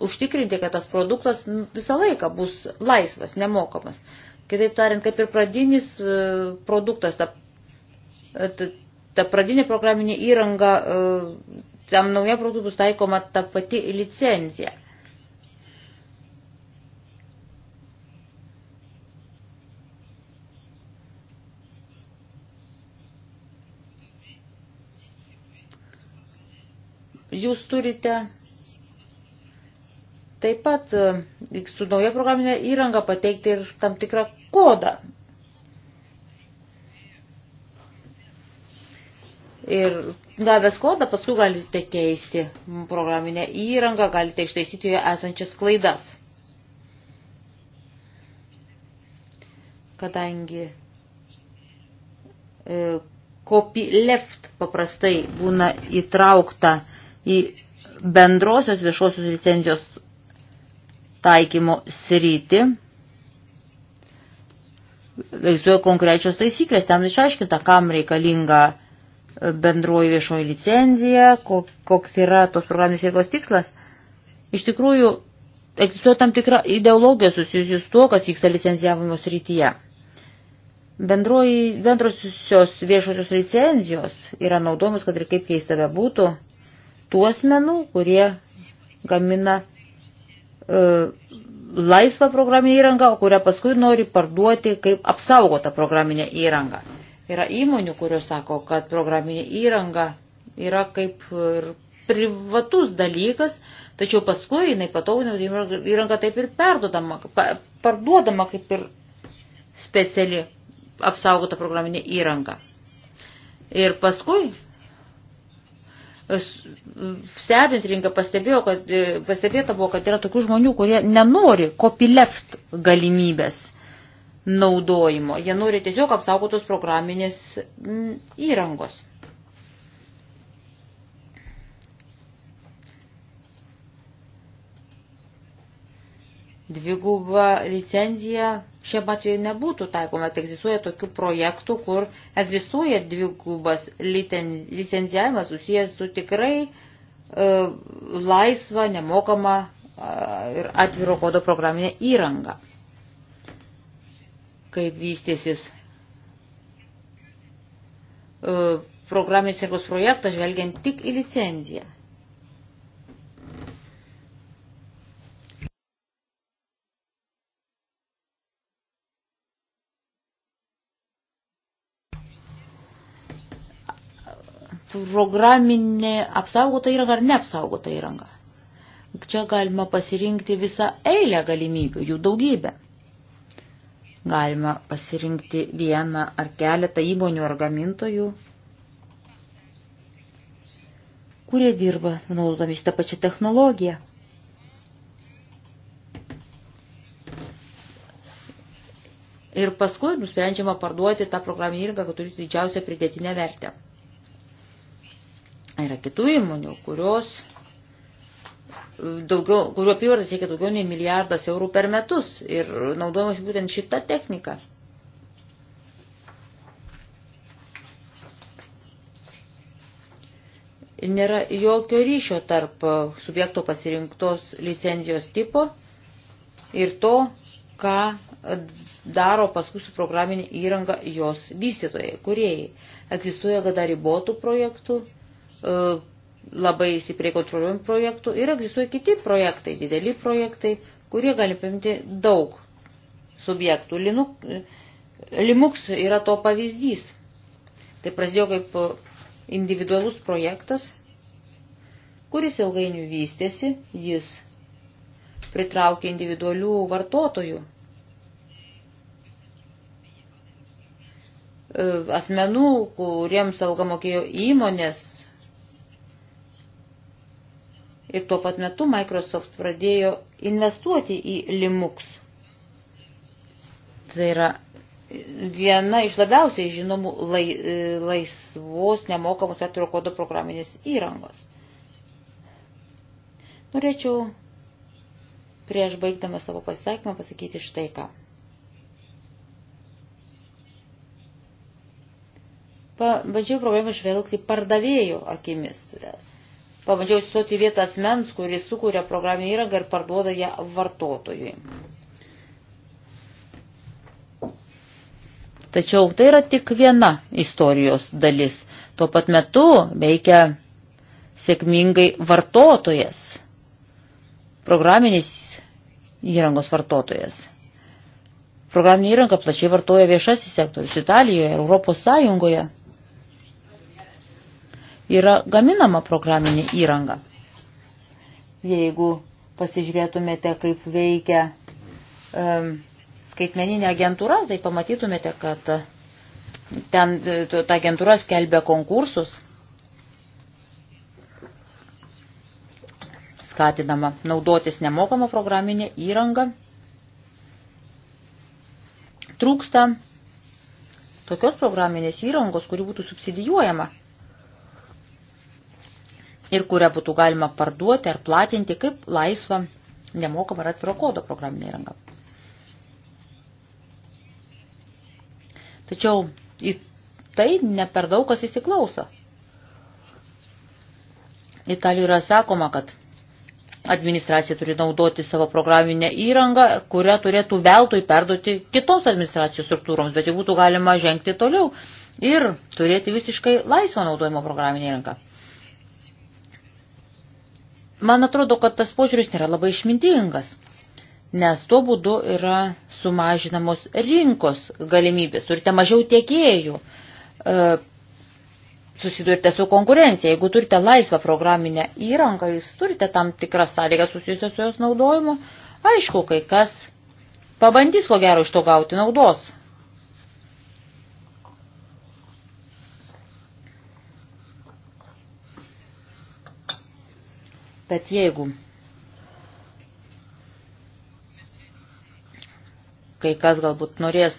užtikrinti, kad tas produktas visą laiką bus laisvas, nemokamas. Kitaip tariant, kaip ir pradinis e, produktas, ta, e, ta, ta pradinė programinė įranga, e, tam nauja produktus taikoma ta pati licencija. Jūs turite taip pat e, su nauja programinė įranga pateikti ir tam tikrą kodą. Ir gavęs kodą paskui galite keisti programinę įrangą, galite ištaisyti joje esančias klaidas. Kadangi e, copy left paprastai būna įtraukta į bendrosios viešosios licencijos taikymo sritį egzistuoja konkrečios taisyklės, ten išaiškinta, kam reikalinga bendroji viešoji licenzija, koks yra tos programinės veiklos tikslas. Iš tikrųjų, egzistuoja tam tikra ideologija susijusi su tuo, kas vyksta licenzijavimo srityje. Bendroji, bendrosios viešosios licenzijos yra naudomus, kad ir kaip keista bebūtų, tų asmenų, kurie gamina E, laisvą programinę įrangą, kurią paskui nori parduoti kaip apsaugotą programinę įrangą. Yra įmonių, kurios sako, kad programinė įranga yra kaip ir privatus dalykas, tačiau paskui jinai patauginama įranga taip ir perdodama, parduodama kaip ir speciali apsaugota programinė įranga. Ir paskui stebint rinką pastebėjo, kad, e, pastebėta buvo, kad yra tokių žmonių, kurie nenori copyleft galimybės naudojimo. Jie nori tiesiog apsaugotos programinės įrangos. dviguba licencija šiam atveju nebūtų taikoma. Tai egzistuoja tokių projektų, kur egzistuoja dvigubas licencijavimas susijęs su tikrai e, laisva, nemokama e, ir atviro kodo programinė įranga. Kaip vystėsis e, programinės įrangos projektas, žvelgiant tik į licenciją. programinė apsaugota įranga ar neapsaugota įranga. Čia galima pasirinkti visą eilę galimybių, jų daugybę. Galima pasirinkti vieną ar keletą įmonių ar gamintojų, kurie dirba naudodami tą pačią technologiją. Ir paskui nusprendžiama parduoti tą programinę įrangą, kad turi didžiausią pridėtinę vertę. Yra kitų įmonių, kurios e, daugiau, kurio apyvartas siekia daugiau nei milijardas eurų per metus ir naudojamas būtent šita technika. Nėra jokio ryšio tarp subjekto pasirinktos licenzijos tipo ir to, ką daro paskui su programinė įranga jos vystytojai, kuriejai. Egzistuoja gada ribotų projektų E, labai stipriai kontroliuojamų projektų ir egzistuoja kiti projektai, dideli projektai, kurie gali paimti daug subjektų. Linuk, Limux yra to pavyzdys. Tai prasidėjo kaip individualus projektas, kuris ilgainiui vystėsi, jis pritraukė individualių vartotojų, e, asmenų, kuriems alga mokėjo įmonės, ir tuo pat metu Microsoft pradėjo investuoti į Linux. Tai yra viena iš labiausiai žinomų lai, e, laisvos nemokamos atviro kodo programinės įrangos. Norėčiau prieš baigdama savo pasisakymą pasakyti štai ką. Pabandžiau problemą žvelgti pardavėjų akimis pabandžiau įstoti vietą asmens, kuris sukūrė programinį įrangą ir parduoda ją vartotojui. Tačiau tai yra tik viena istorijos dalis. Tuo pat metu veikia sėkmingai vartotojas, programinis įrangos vartotojas. Programinį įrangą plačiai vartoja viešasis sektorius Italijoje ir Europos Sąjungoje yra gaminama programinė įranga. Jeigu pasižiūrėtumėte, kaip veikia um, skaitmeninė agentūra, tai pamatytumėte, kad e, ten e, ta agentūra skelbia konkursus, skatinama naudotis nemokamą programinę įrangą. Trūksta tokios programinės įrangos, kuri būtų subsidijuojama ir kurią būtų galima parduoti ar platinti kaip laisvą nemokamą ar atviro kodo programinę įrangą. Tačiau į tai ne per daug kas įsiklauso. Italijoje yra sakoma, kad administracija turi naudoti savo programinę įrangą, kurią turėtų veltui perduoti kitos administracijos struktūroms, bet jau būtų galima žengti toliau ir turėti visiškai laisvą naudojimo programinę įrangą. Man atrodo, kad tas požiūris nėra labai išmintingas, nes tuo būdu yra sumažinamos rinkos galimybės, turite mažiau tiekėjų, e, susidurite su konkurencija. Jeigu turite laisvą programinę įrangą, jūs turite tam tikras sąlygas susijusias su jos naudojimu, aišku, kai kas pabandys ko gero iš to gauti naudos. Bet jeigu kai kas galbūt norės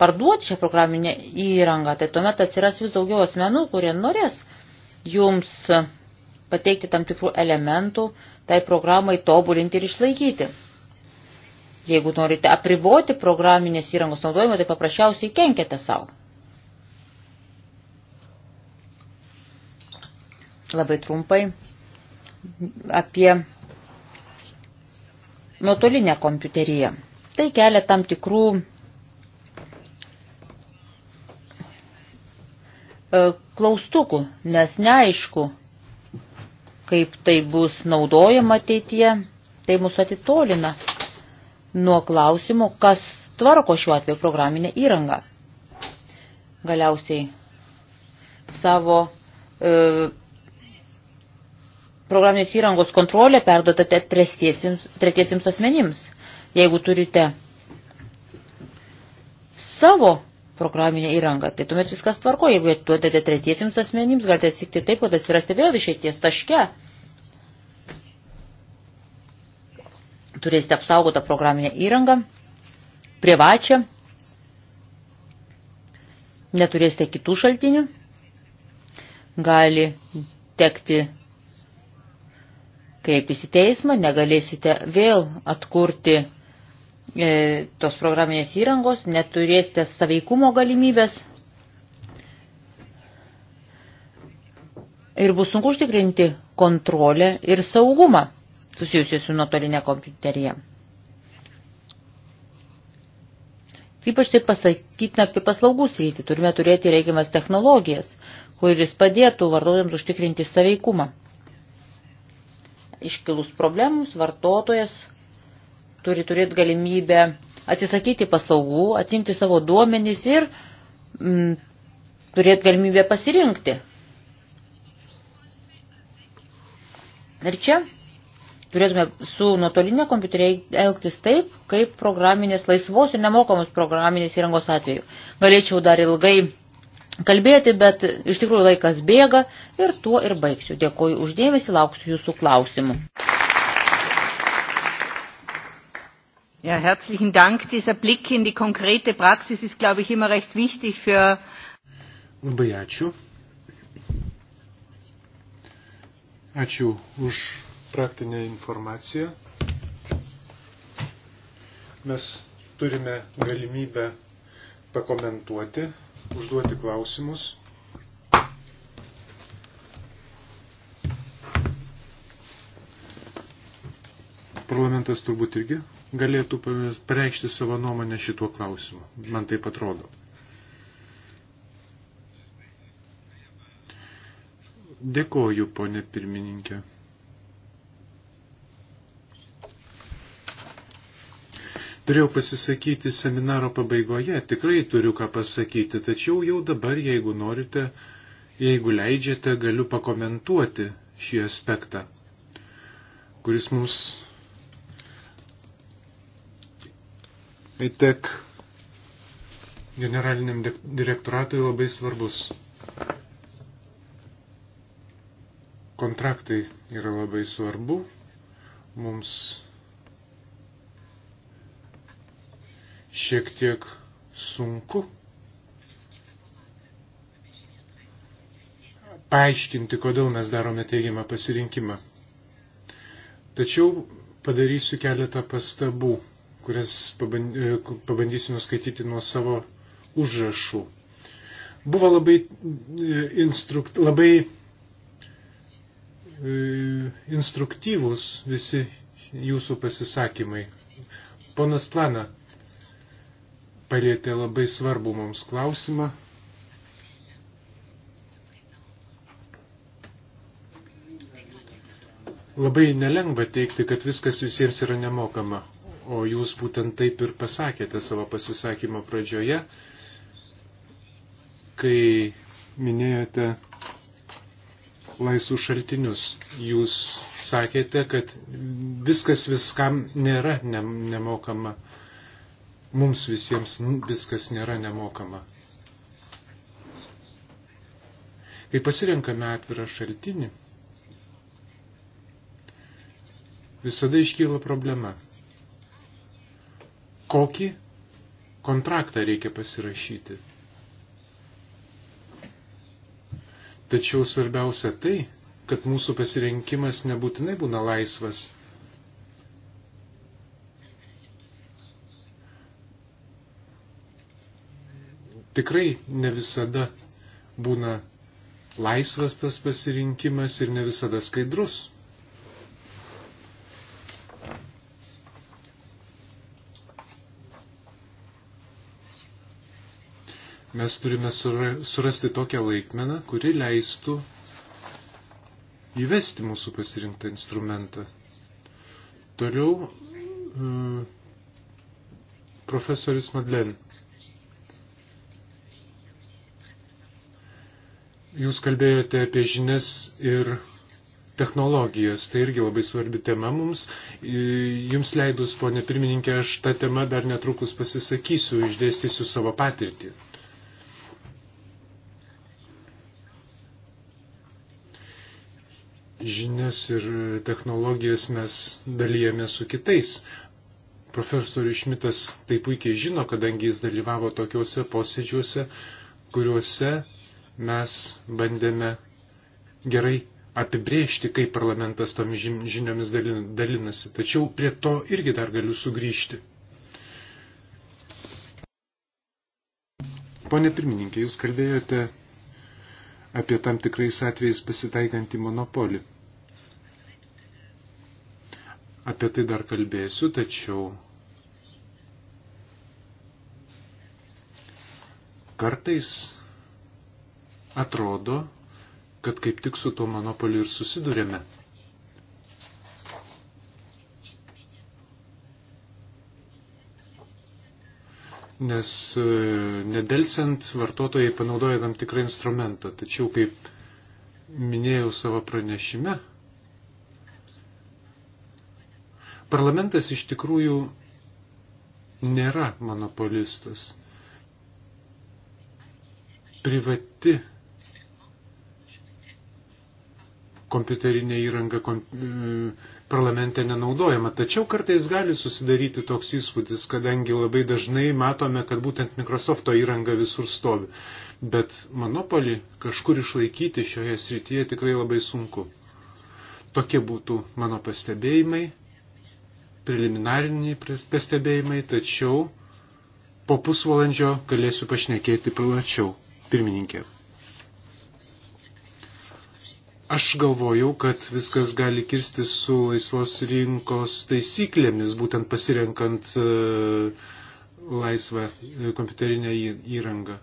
parduoti šią programinę įrangą, tai tuomet atsiras vis daugiau asmenų, kurie norės jums pateikti tam tikrų elementų, tai programai tobulinti ir išlaikyti. Jeigu norite apriboti programinės įrangos naudojimą, tai paprasčiausiai kenkiate savo. Labai trumpai apie nuotolinę kompiuteriją. Tai kelia tam tikrų e, klaustukų, nes neaišku, kaip tai bus naudojama ateityje, tai mus atitolina nuo klausimo, kas tvarko šiuo atveju programinę įrangą. Galiausiai savo e, programinės įrangos kontrolė perduotate tretiesiems asmenims. Jeigu turite savo programinę įrangą, tai tuomet viskas tvarko. Jeigu duodate tretiesiems asmenims, galite atsikti taip, kad atsirasti vėl išeities taške. Turėsite apsaugotą programinę įrangą, privačią, neturėsite kitų šaltinių, gali tekti kreiptis į teismą, negalėsite vėl atkurti e, tos programinės įrangos, neturėsite saveikumo galimybės ir bus sunku užtikrinti kontrolę ir saugumą susijusiu su nuotolinė kompiuterija. Ypač tai pasakytina apie paslaugų sritį. Turime turėti reikiamas technologijas, kuris padėtų vartotojams užtikrinti saveikumą iškilus problemus vartotojas turi turėti galimybę atsisakyti paslaugų, atsimti savo duomenys ir mm, turėti galimybę pasirinkti. Ir čia turėtume su nuotolinė kompiuteriai elgtis taip, kaip programinės laisvos ir nemokamos programinės įrangos atveju. Galėčiau dar ilgai kalbėti, bet iš tikrųjų laikas bėga ir tuo ir baigsiu. Dėkoju uždėmesi, lauksiu jūsų klausimų. Ja, herzlichen Dank. Dieser Blick in die konkrete Praxis ist, glaube ich, immer recht wichtig für. Labai ačiū. Ačiū už praktinę informaciją. Mes turime galimybę pakomentuoti užduoti klausimus. Parlamentas turbūt irgi galėtų pareikšti savo nuomonę šituo klausimu. Man tai atrodo. Dėkoju, ponė pirmininkė. Turėjau pasisakyti seminaro pabaigoje, tikrai turiu ką pasakyti, tačiau jau dabar, jeigu norite, jeigu leidžiate, galiu pakomentuoti šį aspektą, kuris mums ETEC generaliniam direktoratui labai svarbus. Kontraktai yra labai svarbu, mums šiek tiek sunku paaiškinti, kodėl mes darome teigiamą pasirinkimą. Tačiau padarysiu keletą pastabų, kurias e, pabandysiu nuskaityti nuo savo užrašų. Buvo labai, e, instrukt, labai e, instruktyvus visi jūsų pasisakymai. Ponas Plana, palėtė labai svarbu mums klausimą. Labai nelengva teikti, kad viskas visiems yra nemokama, o jūs būtent taip ir pasakėte savo pasisakymo pradžioje, kai minėjote laisvų šaltinius. Jūs sakėte, kad viskas viskam nėra nemokama mums visiems viskas nėra nemokama. Kai pasirenkame atvirą šaltinį, visada iškyla problema. Kokį kontraktą reikia pasirašyti? Tačiau svarbiausia tai, kad mūsų pasirinkimas nebūtinai būna laisvas tikrai ne visada būna laisvas tas pasirinkimas ir ne visada skaidrus. Mes turime surasti tokią laikmeną, kuri leistų įvesti mūsų pasirinktą instrumentą. Toliau e, profesorius Madlen. Jūs kalbėjote apie žinias ir technologijas. Tai irgi labai svarbi tema mums. Jums leidus, ponė pirmininkė, aš tą temą dar netrukus pasisakysiu, išdėstysiu savo patirtį. Žinias ir technologijas mes dalyjame su kitais. Profesorius Šmitas tai puikiai žino, kadangi jis dalyvavo tokiuose posėdžiuose, kuriuose mes bandėme gerai apibrėžti, kaip parlamentas tomis žiniomis dalinasi. Tačiau prie to irgi dar galiu sugrįžti. Pone pirmininkė, jūs kalbėjote apie tam tikrais atvejais pasitaikantį monopolį. Apie tai dar kalbėsiu, tačiau kartais atrodo, kad kaip tik su tuo monopoliu ir susidurėme. Nes e, nedelsiant vartotojai panaudoja tam tikrą instrumentą. Tačiau, kaip minėjau savo pranešime, parlamentas iš tikrųjų nėra monopolistas. Privati kompiuterinė įranga kom, e, parlamente nenaudojama. Tačiau kartais gali susidaryti toks įspūdis, kadangi labai dažnai matome, kad būtent Microsofto įranga visur stovi. Bet monopolį kažkur išlaikyti šioje srityje tikrai labai sunku. Tokie būtų mano pastebėjimai, preliminariniai pastebėjimai, tačiau po pusvalandžio galėsiu pašnekėti plačiau. Pirmininkė. Aš galvojau, kad viskas gali kirsti su laisvos rinkos taisyklėmis, būtent pasirenkant e, laisvą e, kompiuterinę įrangą.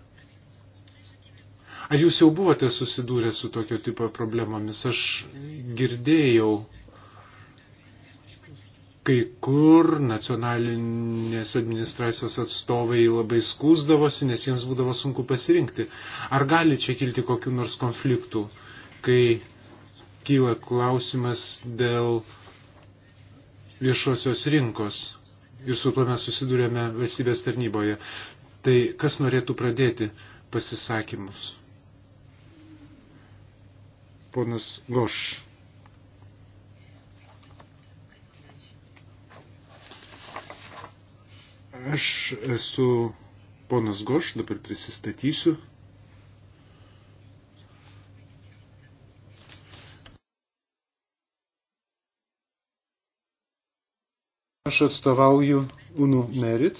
Ar jūs jau buvote susidūrę su tokio tipo problemomis? Aš girdėjau kai kur nacionalinės administracijos atstovai labai skūsdavosi, nes jiems būdavo sunku pasirinkti. Ar gali čia kilti kokiu nors konfliktų, kai kyla klausimas dėl viešosios rinkos ir su tuo mes susidurėme valstybės tarnyboje. Tai kas norėtų pradėti pasisakymus? Ponas Goš. Aš esu ponas Goš, dabar prisistatysiu. Aš atstovauju UNU Merit.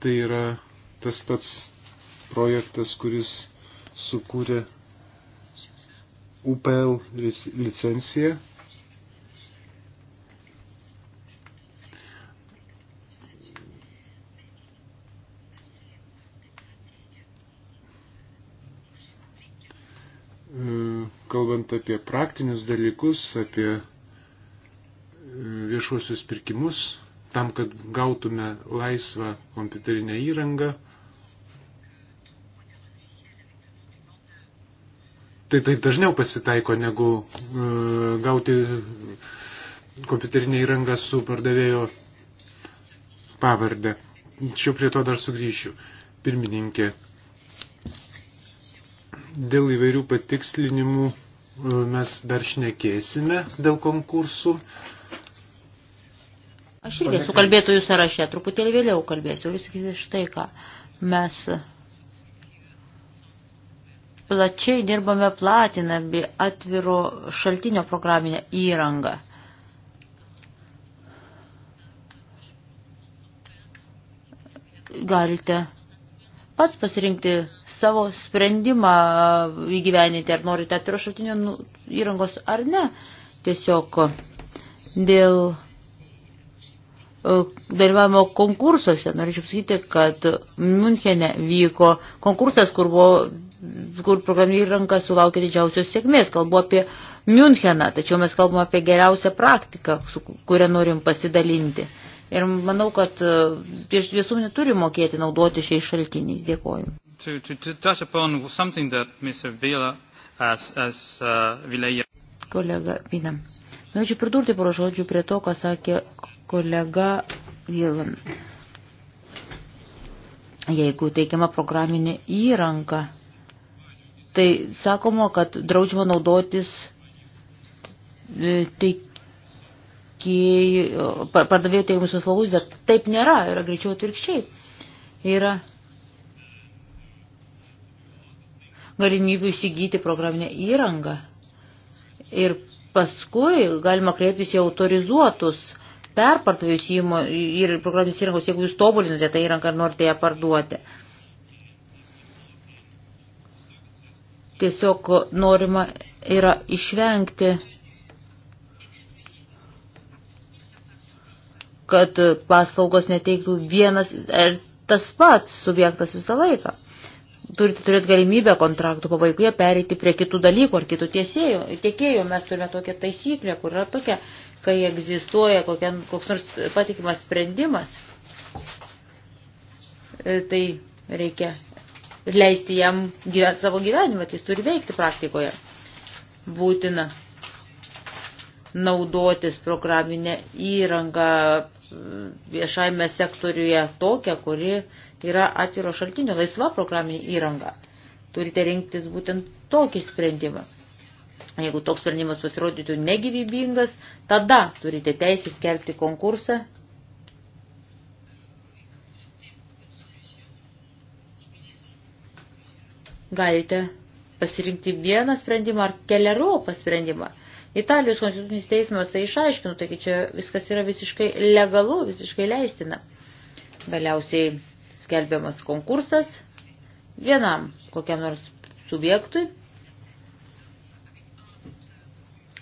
Tai yra tas pats projektas, kuris sukūrė UPL licenciją kalbant apie praktinius dalykus, apie e, viešuosius pirkimus, tam, kad gautume laisvą kompiuterinę įrangą. Tai taip dažniau pasitaiko, negu e, gauti kompiuterinę įrangą su pardavėjo pavardę. Čia prie to dar sugrįšiu. Pirmininkė, dėl įvairių patikslinimų e, mes dar šnekėsime dėl konkursų. Aš irgi esu kalbėtojų sąraše, truputėlį vėliau kalbėsiu, jūs sakysite štai ką. Mes plačiai dirbame platinami atviro šaltinio programinę įrangą. Galite pats pasirinkti savo sprendimą įgyveninti, ar norite atviro šaltinio nu, įrangos ar ne. Tiesiog dėl e, dalyvavimo konkursuose. Norėčiau pasakyti, kad Münchene vyko konkursas, kur, buvo, kur programinė įranka sulaukė didžiausios sėkmės. Kalbu apie Müncheną, tačiau mes kalbame apie geriausią praktiką, su kuria norim pasidalinti. Uh, Ir manau, kad e, visuomenė turi mokėti naudoti šiais šaltiniais. Dėkoju. To, to, to uh, kolega Vina. Norėčiau pridurti porą žodžių prie to, ką sakė kolega Vilan. Jeigu teikiama programinė įranka, tai sakoma, kad draudžiama naudotis e, teik, pirkėjų, pardavėjų teikimus paslaugus, bet taip nėra, yra greičiau atvirkščiai. Yra galimybių įsigyti programinę įrangą ir paskui galima kreiptis į autorizuotus perpardavėjus ir programinės įrangos, jeigu jūs tobulinate tą įrangą ir norite ją parduoti. Tiesiog norima yra išvengti kad paslaugos neteiktų vienas ir tas pats subjektas visą laiką. Turite turėti galimybę kontraktų pabaigoje pereiti prie kitų dalykų ar kitų tiesėjų. Tiekėjų mes turime tokią taisyklę, kur yra tokia, kai egzistuoja kokia, koks nors patikimas sprendimas, e, tai reikia leisti jam gyventi savo gyvenimą, tai jis turi veikti praktikoje. Būtina naudotis programinę įrangą, viešajame sektoriuje tokią, kuri yra atviro šaltinio, laisva programinė įranga. Turite rinktis būtent tokį sprendimą. Jeigu toks sprendimas pasirodytų negyvybingas, tada turite teisę skelbti konkursą. Galite pasirinkti vieną sprendimą ar keliaropą sprendimą. Italijos konstitucinis teismas tai išaiškino, taigi čia viskas yra visiškai legalu, visiškai leistina. Galiausiai skelbiamas konkursas vienam kokiam nors subjektui.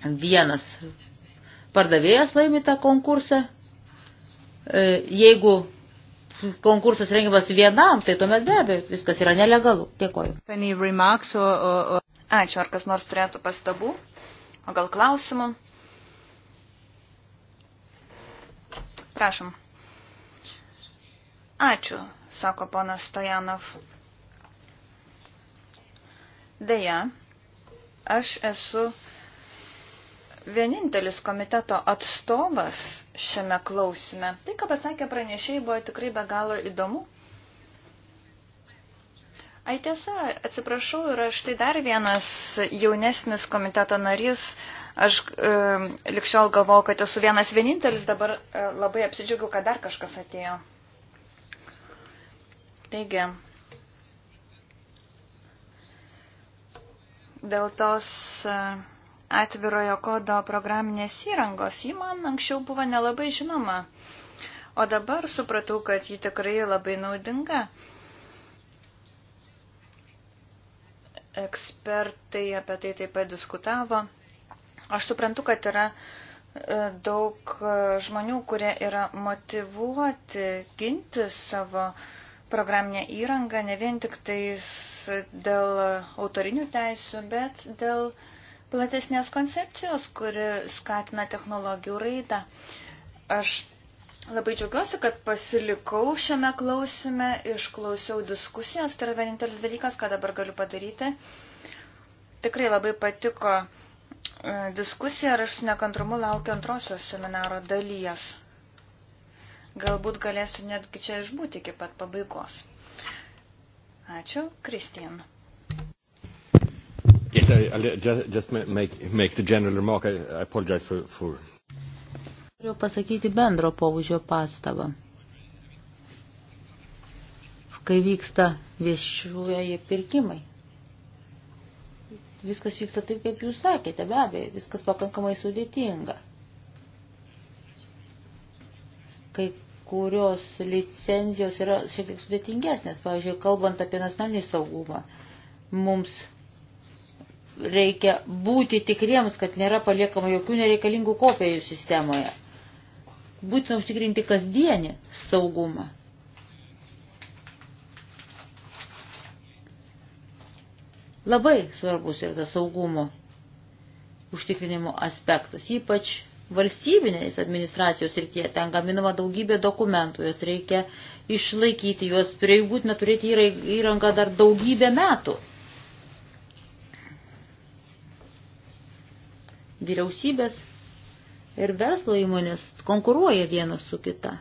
Vienas pardavėjas laimi tą konkursą. E, jeigu konkursas rengiamas vienam, tai tuomet be abejo viskas yra nelegalu. Dėkoju. Ačiū, ar kas nors turėtų pastabų? O gal klausimų? Prašom. Ačiū, sako ponas Stojanov. Deja, aš esu vienintelis komiteto atstovas šiame klausime. Tai, ką pasakė pranešėjai, buvo tikrai be galo įdomu. Ai tiesa, atsiprašau, yra štai dar vienas jaunesnis komiteto narys. Aš e, likščiol galvau, kad esu vienas vienintelis, dabar e, labai apsidžiaugiu, kad dar kažkas atėjo. Taigi, dėl tos e, atvirojo kodo programinės įrangos, ji man anksčiau buvo nelabai žinoma, o dabar supratau, kad ji tikrai labai naudinga. E, ekspertai apie tai taip pat diskutavo. Aš suprantu, kad yra e, daug e, žmonių, kurie yra motivuoti ginti savo programinę įrangą ne vien tik tais dėl autorinių teisių, bet dėl platesnės koncepcijos, kuri skatina technologijų raidą. Aš Labai džiaugiuosi, kad pasilikau šiame klausime, išklausiau diskusijos, tai yra vienintelis dalykas, ką dabar galiu padaryti. Tikrai labai patiko e, diskusija ir aš su nekantrumu laukiu antrosios seminaro dalies. Galbūt galėsiu netgi čia išbūti iki pat pabaigos. Ačiū, Kristijan. Yes, I, I'll just make, make the general remark. I, I apologize for, for Noriu pasakyti bendro pobūdžio pastabą. Kai vyksta viešuoji pirkimai, viskas vyksta taip, kaip jūs sakėte, be abejo, viskas pakankamai sudėtinga. Kai kurios licenzijos yra šiek tiek sudėtingesnės, pavyzdžiui, kalbant apie nacionalinį saugumą, mums reikia būti tikriems, kad nėra paliekama jokių nereikalingų kopijų sistemoje būtina užtikrinti kasdienį saugumą. Labai svarbus yra tas saugumo užtikrinimo aspektas, ypač valstybinės administracijos srityje ten gaminama daugybė dokumentų, jos reikia išlaikyti, juos prie jų būtina turėti įrangą dar daugybę metų. Vyriausybės ir verslo įmonės konkuruoja vienas su kita.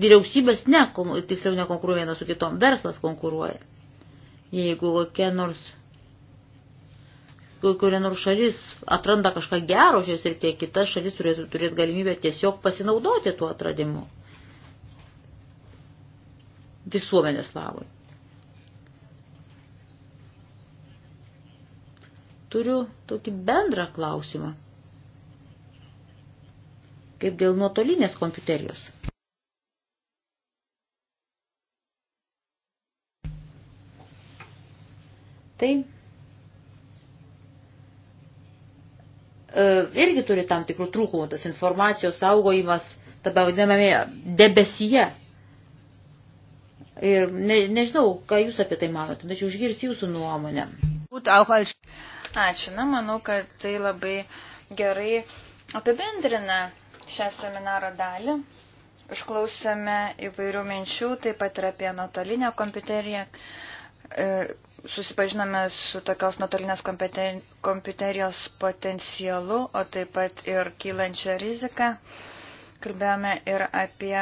Vyriausybės ne, tiksliau nekonkuruoja vienas su kitom, verslas konkuruoja. Jeigu kokia nors, kokia nors šalis atranda kažką gero šios ir tie kita šalis turėtų turėti galimybę tiesiog pasinaudoti tuo atradimu visuomenės labui. Turiu tokį bendrą klausimą kaip dėl nuotolinės kompiuterijos. Tai e, irgi turi tam tikrų trūkumų, tas informacijos saugojimas, tame vadinamame debesyje. Ir ne, nežinau, ką jūs apie tai manote, tačiau užgirs jūsų nuomonę. Ačiū, na, manau, kad tai labai gerai apibendrina šią seminaro dalį. Išklausėme įvairių minčių, taip pat ir apie nuotolinę kompiuteriją. E, susipažinome su tokios nuotolinės kompiuterijos potencialu, o taip pat ir kylančią riziką. Kalbėjome ir apie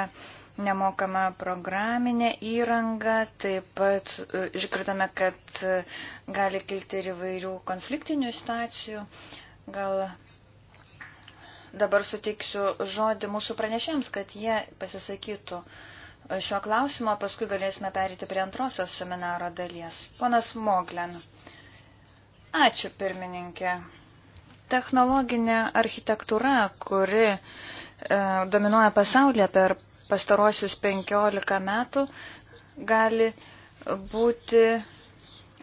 nemokamą programinę įrangą, taip pat e, išgirdome, kad e, gali kilti ir įvairių konfliktinių situacijų. Gal dabar suteiksiu žodį mūsų pranešėms, kad jie pasisakytų šio klausimo, paskui galėsime perėti prie antrosios seminaro dalies. Ponas Moglen. Ačiū, pirmininkė. Technologinė architektūra, kuri e, dominuoja pasaulyje per pastarosius 15 metų, gali būti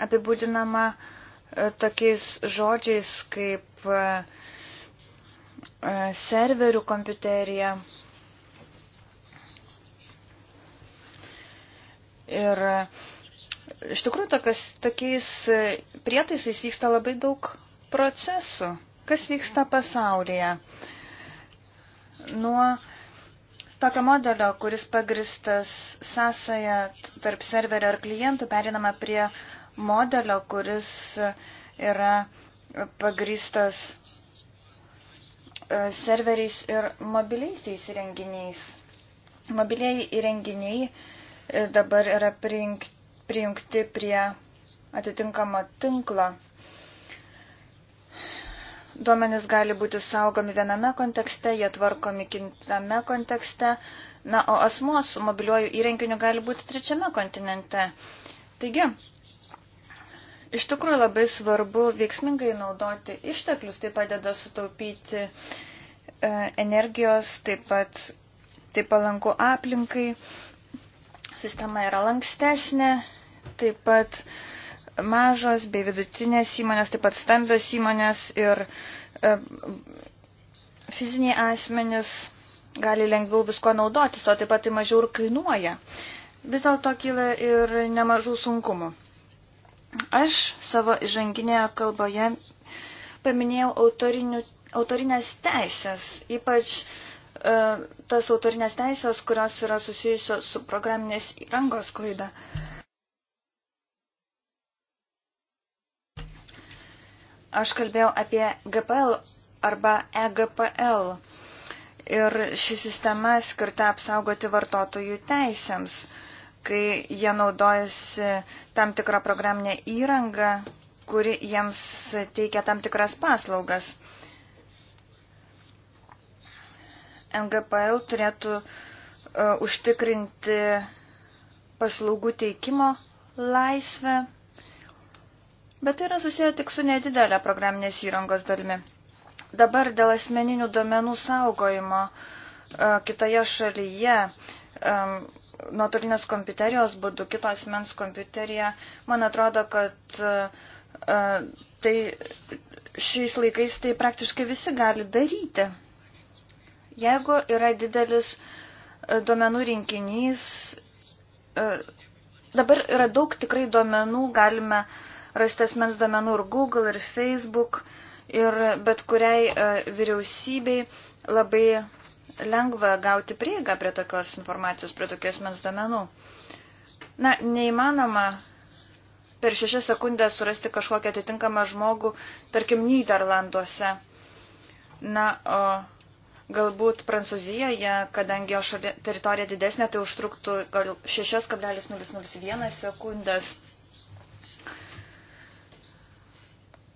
apibūdinama e, tokiais žodžiais kaip e, E, serverių kompiuterija. Ir e, iš tikrųjų tokios, tokiais e, prietaisais vyksta labai daug procesų. Kas vyksta pasaulyje? Nuo tokio modelio, kuris pagristas sąsaja tarp serverio ar klientų, perinama prie modelio, kuris yra pagristas E, serveriais ir mobiliaisiais įrenginiais. Mobiliai įrenginiai e, dabar yra prijungti prie atitinkamo tinklo. Duomenys gali būti saugomi viename kontekste, jie tvarkomi kitame kontekste, na, o asmuo su mobiliuoju įrenginiu gali būti trečiame kontinente. Taigi, Iš tikrųjų labai svarbu veiksmingai naudoti išteklius, tai padeda sutaupyti e, energijos, taip pat taip palanku aplinkai, sistema yra lankstesnė, taip pat mažos bei vidutinės įmonės, taip pat stambios įmonės ir e, fiziniai asmenys gali lengviau visko naudotis, o taip pat tai mažiau ir kainuoja. Vis dėlto kyla ir nemažų sunkumų. Aš savo įžanginėje kalboje paminėjau autorinės teisės, ypač e, tas autorinės teisės, kurios yra susijusios su programinės įrangos klaida. Aš kalbėjau apie GPL arba EGPL. Ir ši sistema skirta apsaugoti vartotojų teisėms kai jie naudojasi tam tikrą programinę įrangą, kuri jiems teikia tam tikras paslaugas. NGPL turėtų uh, užtikrinti paslaugų teikimo laisvę, bet tai yra susiję tik su nedidelė programinės įrangos dalimi. Dabar dėl asmeninių duomenų saugojimo uh, kitoje šalyje um, nuotolinės kompiuterijos būdu kito asmens kompiuterija. Man atrodo, kad uh, tai šiais laikais tai praktiškai visi gali daryti. Jeigu yra didelis uh, duomenų rinkinys, uh, dabar yra daug tikrai duomenų, galime rasti asmens duomenų ir Google, ir Facebook, ir bet kuriai vyriausybei labai lengva gauti prieigą prie tokios informacijos, prie tokios mens domenų. Na, neįmanoma per šešias sekundės surasti kažkokią atitinkamą žmogų, tarkim, Niderlanduose. Na, o galbūt Prancūzijoje, kadangi jo teritorija didesnė, tai užtruktų gal 6,001 sekundės.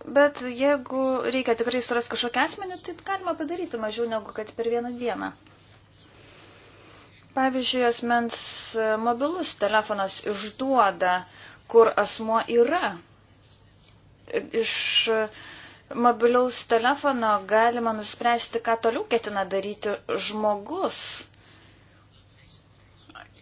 Bet jeigu reikia tikrai surasti kažkokią asmenį, tai galima padaryti mažiau negu kad per vieną dieną. Pavyzdžiui, asmens mobilus telefonas išduoda, kur asmuo yra. Iš mobiliaus telefono galima nuspręsti, ką toliau ketina daryti žmogus.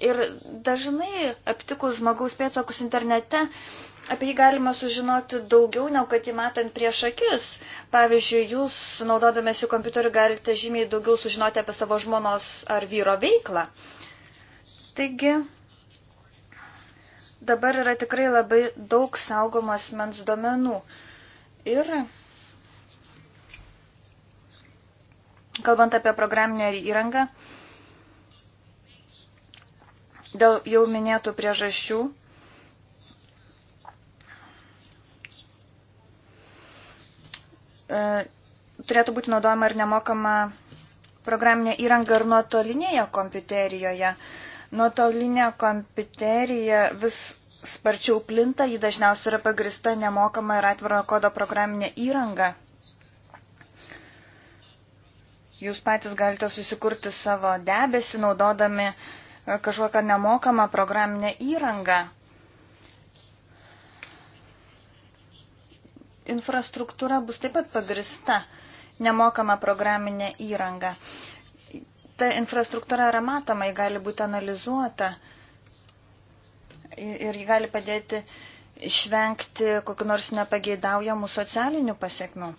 Ir dažnai aptikus žmogaus pėtsakus internete, uh, apie jį galima sužinoti daugiau, negu kad jį matant prieš akis. Pavyzdžiui, jūs, naudodamės jų kompiuteriu, galite žymiai daugiau sužinoti apie savo žmonos ar vyro veiklą. Taigi, dabar yra tikrai labai daug saugomų asmens duomenų. Ir kalbant apie programinę įrangą, dėl jau minėtų priežasčių, E, turėtų būti naudojama ir nemokama programinė įranga ir nuotolinėje kompiuterijoje. Nuotolinė kompiuterija vis sparčiau plinta, ji dažniausiai yra pagrista nemokama ir atviro kodo programinė įranga. Jūs patys galite susikurti savo debesį, naudodami e, kažkokią nemokamą programinę įrangą. infrastruktūra bus taip pat pagrista nemokama programinė įranga. Ta infrastruktūra yra matoma, ji gali būti analizuota ir ji gali padėti išvengti kokiu nors nepageidaujamų socialinių pasiekmių.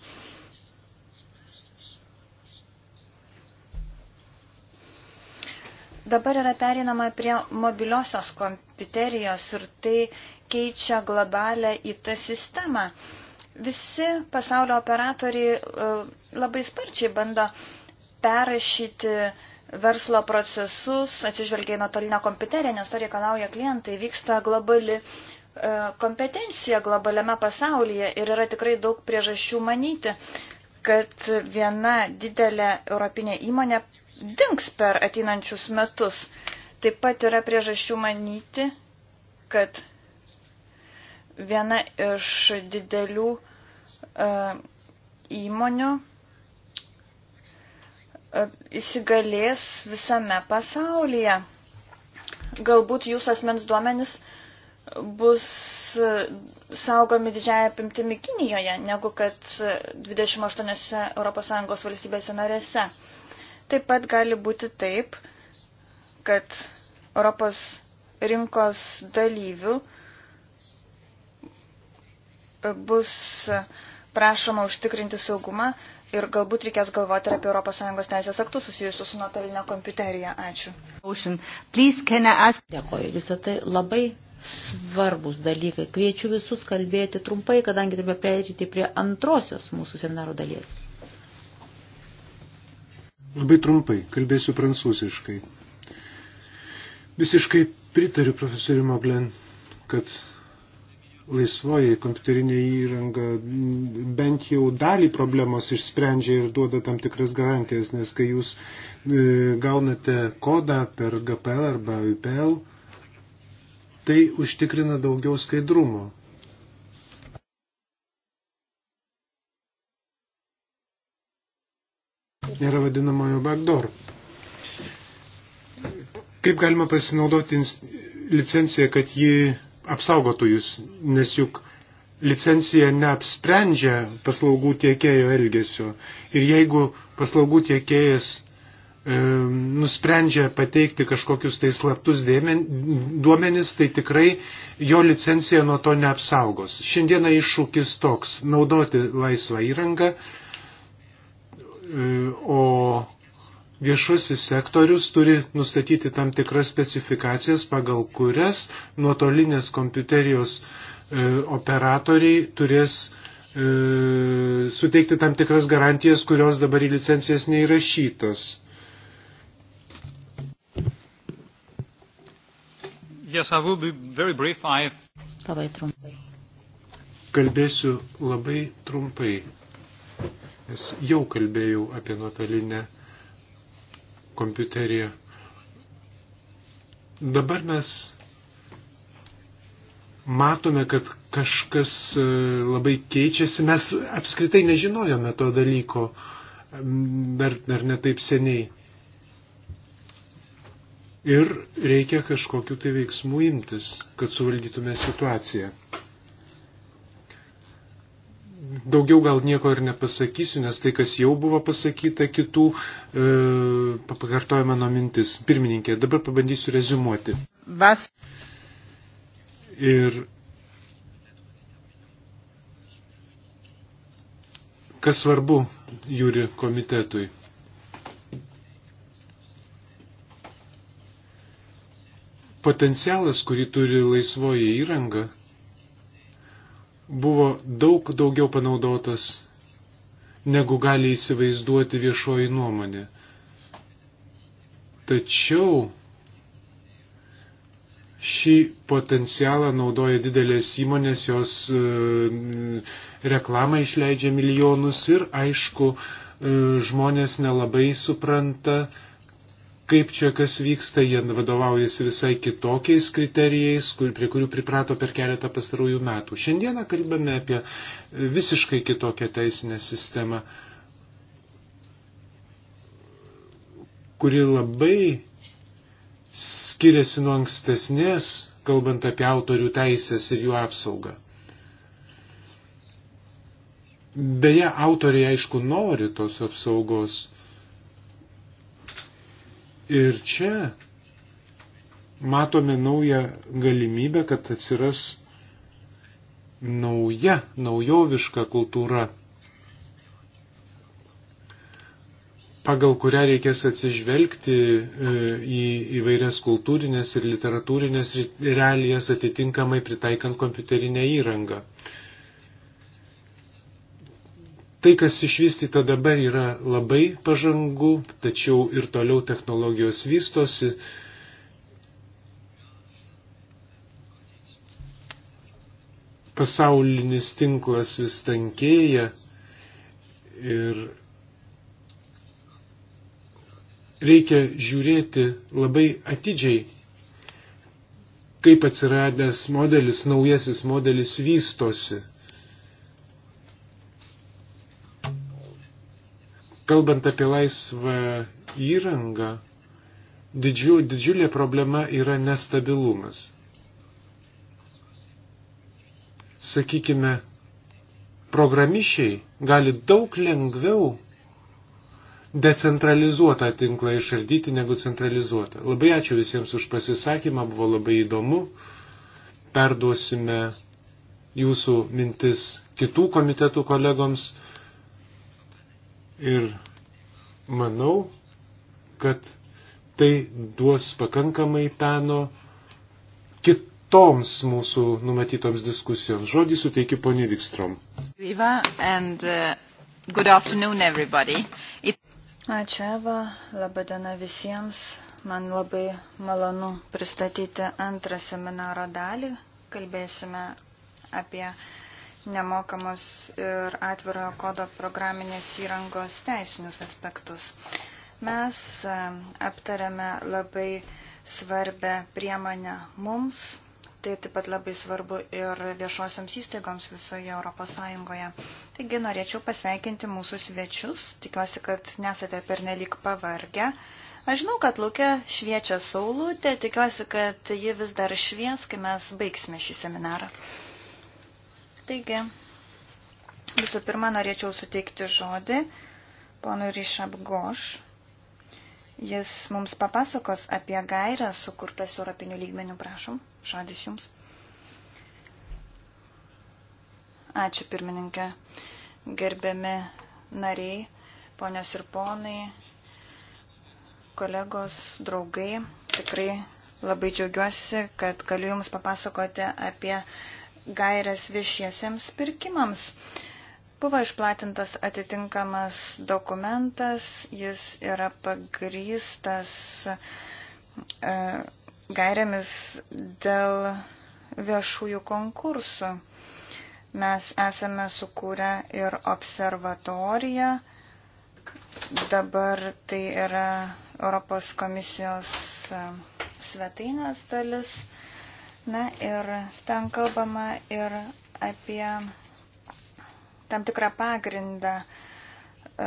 Dabar yra pereinama prie mobiliosios kompiuterijos ir tai keičia globalę IT sistemą. Visi pasaulio operatoriai e, labai sparčiai bando perrašyti verslo procesus, atsižvelgiai nuotolinę kompiuteriją, nes to reikalauja klientai, vyksta globali e, kompetencija globaliame pasaulyje ir yra tikrai daug priežasčių manyti, kad viena didelė europinė įmonė dinks per ateinančius metus. Taip pat yra priežasčių manyti, kad viena iš didelių E, įmonių e, įsigalės visame pasaulyje. Galbūt jūsų asmens duomenis bus saugomi didžiaja apimtimi Kinijoje, negu kad 28 ES valstybėse narėse. Taip pat gali būti taip, kad Europos rinkos dalyvių bus uh, prašoma užtikrinti saugumą ir galbūt reikės galvoti ir apie ES teisės aktus susijusius su nuotolinė kompiuterija. Ačiū. Dėkoju. Visą tai labai svarbus dalykai. Kviečiu visus kalbėti trumpai, kadangi turime perėti prie antrosios mūsų seminaro dalies. Labai trumpai, kalbėsiu prancūziškai. Visiškai pritariu profesoriui Moglen, kad laisvoji kompiuterinė įranga bent jau dalį problemos išsprendžia ir duoda tam tikras garantijas, nes kai jūs e, gaunate kodą per GPL arba UPL, tai užtikrina daugiau skaidrumo. Nėra vadinamojo backdoor. Kaip galima pasinaudoti licenciją, kad ji apsaugotojus, nes juk licencija neapsprendžia paslaugų tiekėjo elgesio. Ir jeigu paslaugų tiekėjas e, nusprendžia pateikti kažkokius tai slaptus dėmen, duomenis, tai tikrai jo licencija nuo to neapsaugos. Šiandieną iššūkis toks - naudoti laisvą įrangą, e, o viešasis sektorius turi nustatyti tam tikras specifikacijas, pagal kurias nuotolinės kompiuterijos e, operatoriai turės e, suteikti tam tikras garantijas, kurios dabar į licencijas neįrašytos. Yes, I... Labai trumpai. Kalbėsiu labai trumpai, nes jau kalbėjau apie nuotolinę kompiuteryje. Dabar mes matome, kad kažkas e, labai keičiasi. Mes apskritai nežinojome to dalyko dar, dar netaip seniai. Ir reikia kažkokiu tai veiksmu imtis, kad suvaldytume situaciją. Daugiau gal nieko ir nepasakysiu, nes tai, kas jau buvo pasakyta kitų, e, pakartojama nuo mintis. Pirmininkė, dabar pabandysiu rezumuoti. Vas. Ir kas svarbu jūri komitetui? Potencialas, kurį turi laisvoji įranga, buvo daug daugiau panaudotas, negu gali įsivaizduoti viešoji nuomonė. Tačiau šį potencialą naudoja didelės įmonės, jos e, reklamą išleidžia milijonus ir aišku, e, žmonės nelabai supranta, kaip čia kas vyksta, jie vadovaujasi visai kitokiais kriterijais, kur, prie kurių priprato per keletą pastarųjų metų. Šiandieną kalbame apie visiškai kitokią teisinę sistemą, kuri labai skiriasi nuo ankstesnės, kalbant apie autorių teisės ir jų apsaugą. Beje, autoriai aišku nori tos apsaugos Ir čia matome naują galimybę, kad atsiras nauja, naujoviška kultūra, pagal kurią reikės atsižvelgti e, į įvairias kultūrinės ir literatūrinės realijas atitinkamai pritaikant kompiuterinę įrangą. Tai, kas išvystyta dabar, yra labai pažangu, tačiau ir toliau technologijos vystosi. Pasaulinis tinklas vis tankėja ir reikia žiūrėti labai atidžiai, kaip atsiradęs modelis, naujasis modelis vystosi kalbant apie laisvą įrangą, didžiu, didžiulė problema yra nestabilumas. Sakykime, programišiai gali daug lengviau decentralizuotą tinklą išardyti negu centralizuotą. Labai ačiū visiems už pasisakymą, buvo labai įdomu. Perduosime jūsų mintis kitų komitetų kolegoms. Ir manau, kad tai duos pakankamai peno kitoms mūsų numatytoms diskusijoms. Žodį suteikiu poniai Vikstrom. Uh, Ačiū, Eva. Labadiena visiems. Man labai malonu pristatyti antrą seminaro dalį. Kalbėsime apie nemokamos ir atvirojo kodo programinės įrangos teisinius aspektus. Mes e, aptarėme labai svarbę priemonę mums, tai taip pat labai svarbu ir viešosioms įstaigoms visoje Europos Sąjungoje. Taigi norėčiau pasveikinti mūsų svečius, tikiuosi, kad nesate pernelik pavargę. Aš žinau, kad laukia šviečia saulutė, tikiuosi, kad ji vis dar švies, kai mes baigsime šį seminarą. Taigi, visų pirma, norėčiau suteikti žodį ponui Ryšab Goš. Jis mums papasakos apie gairą sukurtas Europinių lygmenių, prašom. Žodis jums. Ačiū pirmininkė, gerbiami nariai, ponios ir ponai, kolegos, draugai. Tikrai labai džiaugiuosi, kad galiu Jums papasakoti apie gairias viešiesiems pirkimams. Buvo išplatintas atitinkamas dokumentas, jis yra pagrystas e, gairiamis dėl viešųjų konkursų. Mes esame sukūrę ir observatoriją. Dabar tai yra Europos komisijos e, svetainės dalis. E, Na ir ten kalbama ir apie tam tikrą pagrindą e,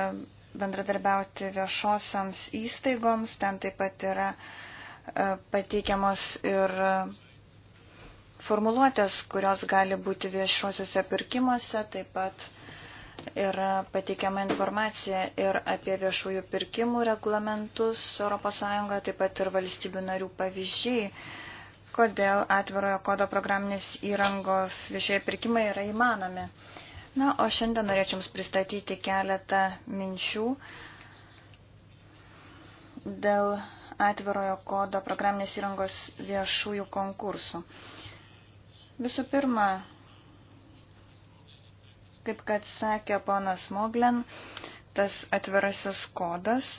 bendradarbiauti viešosioms įstaigoms. Ten taip pat yra e, pateikiamos ir formuluotės, kurios gali būti viešuosiuose pirkimuose, taip pat yra pateikiama informacija ir apie viešųjų pirkimų reglamentus ES, taip pat ir valstybių narių pavyzdžiai, kodėl atvirojo kodo programinės įrangos viešieji pirkimai yra įmanomi. Na, o šiandien norėčiau Jums pristatyti keletą minčių dėl atvirojo kodo programinės įrangos viešųjų konkursų. Visų pirma, kaip kad sakė ponas Moglen, tas atvirasis kodas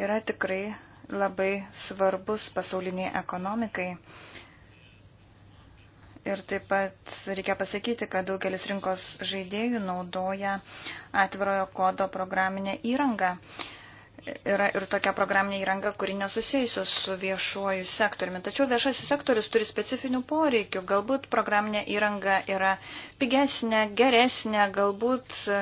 yra tikrai labai svarbus pasauliniai ekonomikai. Ir taip pat reikia pasakyti, kad daugelis rinkos žaidėjų naudoja atvirojo kodo programinę įrangą. Yra ir tokia programinė įranga, kuri nesusijusi su viešuoju sektoriumi. Tačiau viešasis sektorius turi specifinių poreikių. Galbūt programinė įranga yra pigesnė, geresnė, galbūt e,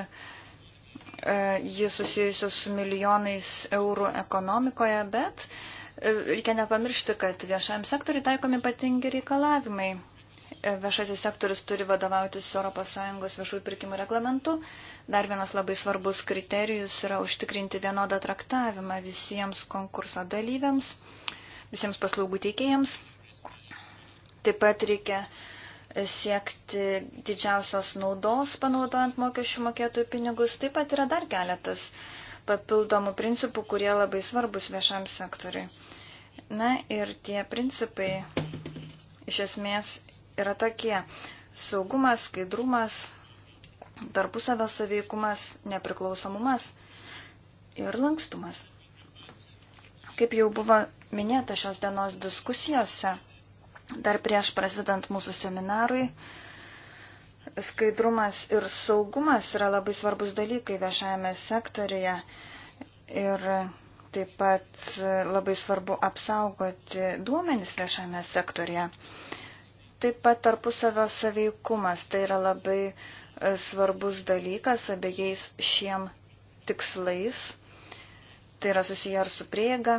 ji susijusi su milijonais eurų ekonomikoje, bet e, reikia nepamiršti, kad viešajam sektoriui taikomi patingi reikalavimai viešasis sektorius turi vadovautis ES viešųjų pirkimų reglamentu. Dar vienas labai svarbus kriterijus yra užtikrinti vienodą traktavimą visiems konkurso dalyviams, visiems paslaugų teikėjams. Taip pat reikia siekti didžiausios naudos panaudojant mokesčių mokėtojų pinigus. Taip pat yra dar keletas papildomų principų, kurie labai svarbus viešam sektoriui. Na ir tie principai iš esmės yra tokie. Saugumas, skaidrumas, tarpusavio saveikumas, nepriklausomumas ir lankstumas. Kaip jau buvo minėta šios dienos diskusijose, dar prieš prasidant mūsų seminarui, skaidrumas ir saugumas yra labai svarbus dalykai viešajame sektorija ir taip pat labai svarbu apsaugoti duomenis viešajame sektorija. Taip pat tarpusavio saveikumas tai yra labai e, svarbus dalykas abiejais šiem tikslais. Tai yra susiję ar su prieiga.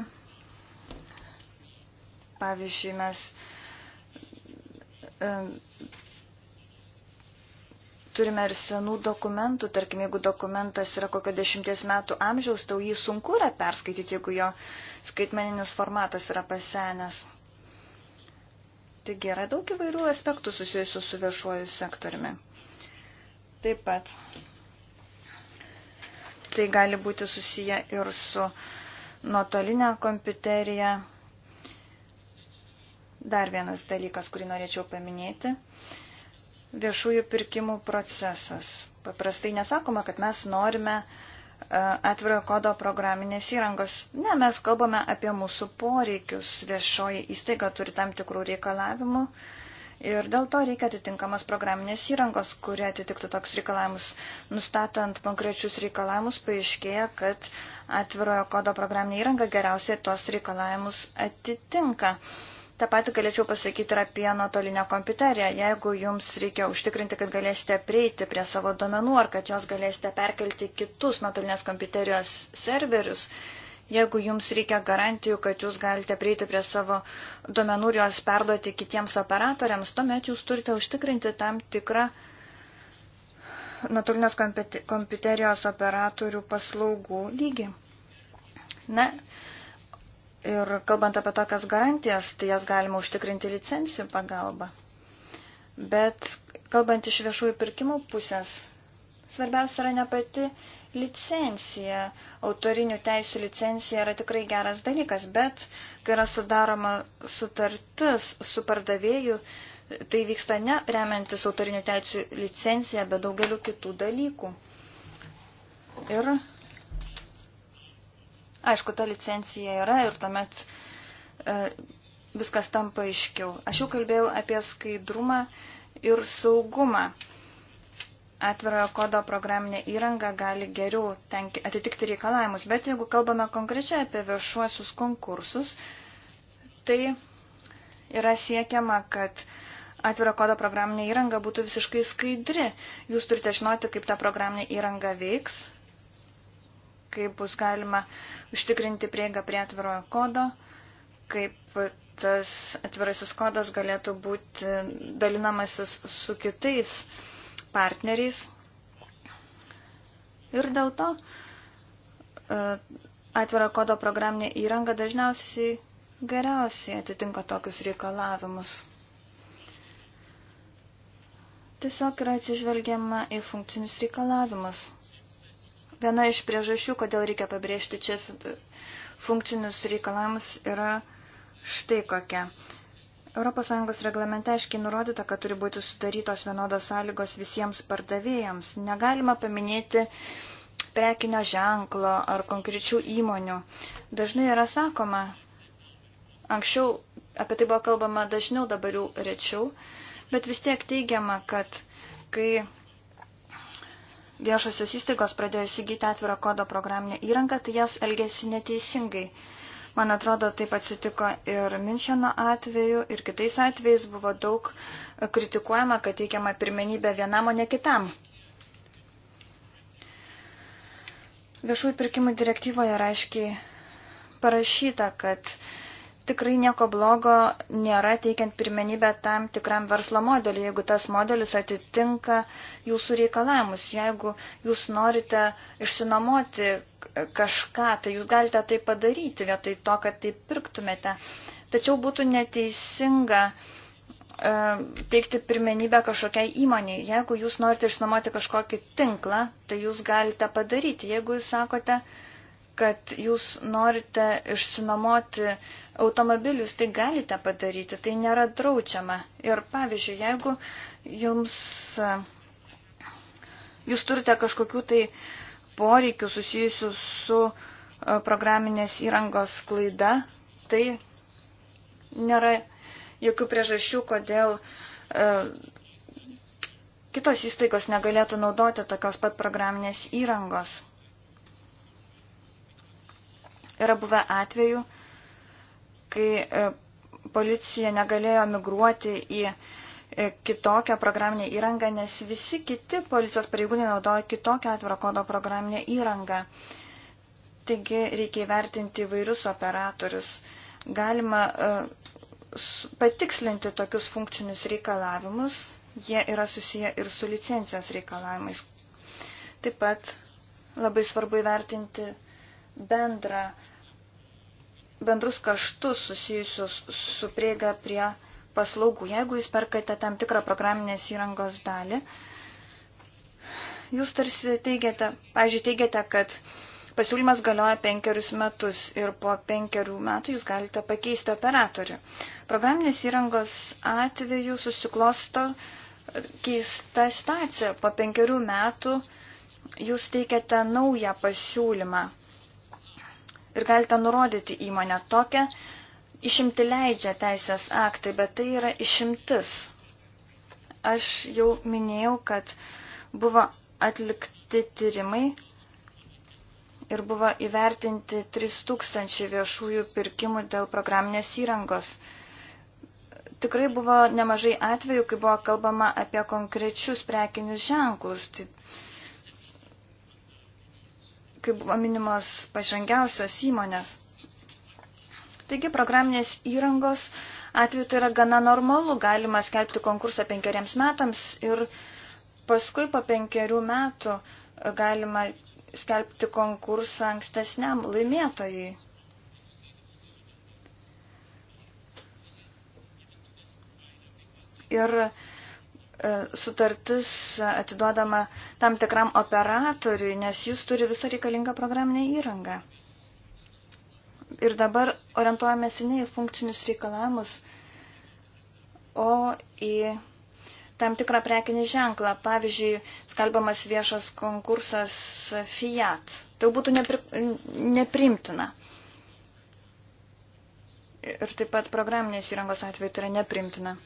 Pavyzdžiui, mes e, turime ir senų dokumentų, tarkim, jeigu dokumentas yra kokio dešimties metų amžiaus, tau jį sunku yra perskaityti, jeigu jo skaitmeninis formatas yra pasenęs. Taigi yra daug įvairių aspektų susijusių su viešuoju sektoriumi. Taip pat tai gali būti susiję ir su nuotolinė kompiuterija. Dar vienas dalykas, kurį norėčiau paminėti - viešųjų pirkimų procesas. Paprastai nesakoma, kad mes norime uh, atvirojo kodo programinės įrangos. Ne, mes kalbame apie mūsų poreikius. Viešoji įstaiga turi tam tikrų reikalavimų ir dėl to reikia atitinkamos programinės įrangos, kurie atitiktų toks reikalavimus. Nustatant konkrečius reikalavimus, paaiškėja, kad atvirojo kodo programinė įranga geriausiai tuos reikalavimus atitinka. Uh, Ta pati galėčiau pasakyti ir apie nuotolinę kompiuteriją. Jeigu jums reikia užtikrinti, kad galėsite prieiti prie savo domenų ar kad jos galėsite perkelti kitus nuotolinės kompiuterijos serverius, jeigu jums reikia garantijų, kad jūs galite prieiti prie savo domenų ir juos perduoti kitiems operatoriams, tuomet jūs turite užtikrinti tam tikrą nuotolinės kompiuterijos operatorių paslaugų lygį. Na, Ir kalbant apie tokias garantijas, tai jas galima užtikrinti licencijų pagalba. Bet kalbant iš viešųjų pirkimų pusės, svarbiausia yra ne pati licencija. Autorinių teisų licencija yra tikrai geras dalykas, bet kai yra sudaroma sutartis su pardavėju, tai vyksta ne remiantis autorinių teisų licencija, bet daugeliu kitų dalykų. Ir Aišku, ta licencija yra ir tuomet e, viskas tampa aiškiau. Aš jau kalbėjau apie skaidrumą ir saugumą. Atvirojo kodo programinė įranga gali geriau tenki, atitikti reikalavimus, bet jeigu kalbame konkrečiai apie viešuosius konkursus, tai yra siekiama, kad atviro kodo programinė įranga būtų visiškai skaidri. Jūs turite žinoti, kaip ta programinė įranga veiks, kaip bus galima užtikrinti prieigą prie atvirojo kodo, kaip tas atvirasis kodas galėtų būti dalinamasis su kitais partneriais. Ir dėl to e, atviro kodo programinė įranga dažniausiai geriausiai atitinka tokius reikalavimus. Tiesiog yra atsižvelgiama į funkcinius reikalavimus. Viena iš priežasčių, kodėl reikia pabrėžti čia funkcinius reikalavimus, yra štai kokia. ES reglamente aiškiai nurodyta, kad turi būti sudarytos vienodos sąlygos visiems pardavėjams. Negalima paminėti prekinio ženklo ar konkrečių įmonių. Dažnai yra sakoma, anksčiau apie tai buvo kalbama dažniau, dabar jau rečiau, bet vis tiek teigiama, kad kai viešosios įstaigos pradėjo įsigyti atvirą kodo programinę įrangą, tai jos elgėsi neteisingai. Man atrodo, taip atsitiko ir Minšeno atveju, ir kitais atvejais buvo daug kritikuojama, kad teikiama pirmenybė vienam, o ne kitam. Viešųjų pirkimų direktyvoje yra aiškiai parašyta, kad uh, tikrai nieko blogo nėra teikiant pirmenybę tam tikram verslo modeliu, jeigu tas modelis atitinka jūsų reikalavimus. Jeigu jūs norite išsinomoti kažką, tai jūs galite tai padaryti vietoj to, kad tai pirktumėte. Tačiau būtų neteisinga e, teikti pirmenybę kažkokiai įmoniai. Jeigu jūs norite išnuomoti kažkokį tinklą, tai jūs galite padaryti. Jeigu jūs sakote, uh, kad jūs norite išsinomoti automobilius, tai galite padaryti, tai nėra draučiama. Ir pavyzdžiui, jeigu jums, jūs turite kažkokių tai poreikių susijusių su e, programinės įrangos klaida, tai nėra jokių priežasčių, kodėl e, kitos įstaigos negalėtų naudoti tokios pat programinės įrangos. Yra buvę atvejų, kai e, policija negalėjo migruoti į e, kitokią programinę įrangą, nes visi kiti policijos pareigūnai naudoja kitokią atviro kodo programinę įrangą. Taigi reikia įvertinti vairius operatorius. Galima e, patikslinti tokius funkcinius reikalavimus, jie yra susiję ir su licencijos reikalavimais. Taip pat labai svarbu įvertinti bendrą uh, bendrus kaštus susijusius su prieiga prie paslaugų. Jeigu jūs perkate tam tikrą programinės įrangos dalį, jūs tarsi teigiate, pažiūrėjau, teigiate, kad pasiūlymas galioja penkerius metus ir po penkerių metų jūs galite pakeisti operatorių. Programinės įrangos atveju susiklosto keista situacija. Po penkerių metų jūs teikiate naują pasiūlymą ir galite nurodyti įmonę tokią. Išimti leidžia teisės aktai, bet tai yra išimtis. Aš jau minėjau, kad buvo atlikti tyrimai ir buvo įvertinti 3000 viešųjų pirkimų dėl programinės įrangos. Tikrai buvo nemažai atvejų, kai buvo kalbama apie konkrečius prekinius ženklus. Tai kaip buvo minimos pažangiausios įmonės. Taigi programinės įrangos atveju tai yra gana normalu, galima skelbti konkursą penkeriams metams ir paskui po penkerių metų galima skelbti konkursą ankstesniam laimėtojui. Ir uh, E, sutartis atiduodama tam tikram operatoriui, nes jis turi visą reikalingą programinę įrangą. Ir dabar orientuojamės ne į funkcinius reikalavimus, o į tam tikrą prekinį ženklą. Pavyzdžiui, skalbamas viešas konkursas Fiat. Tai būtų nepri, neprimtina. Ir taip pat programinės įrangos atveju tai yra neprimtina.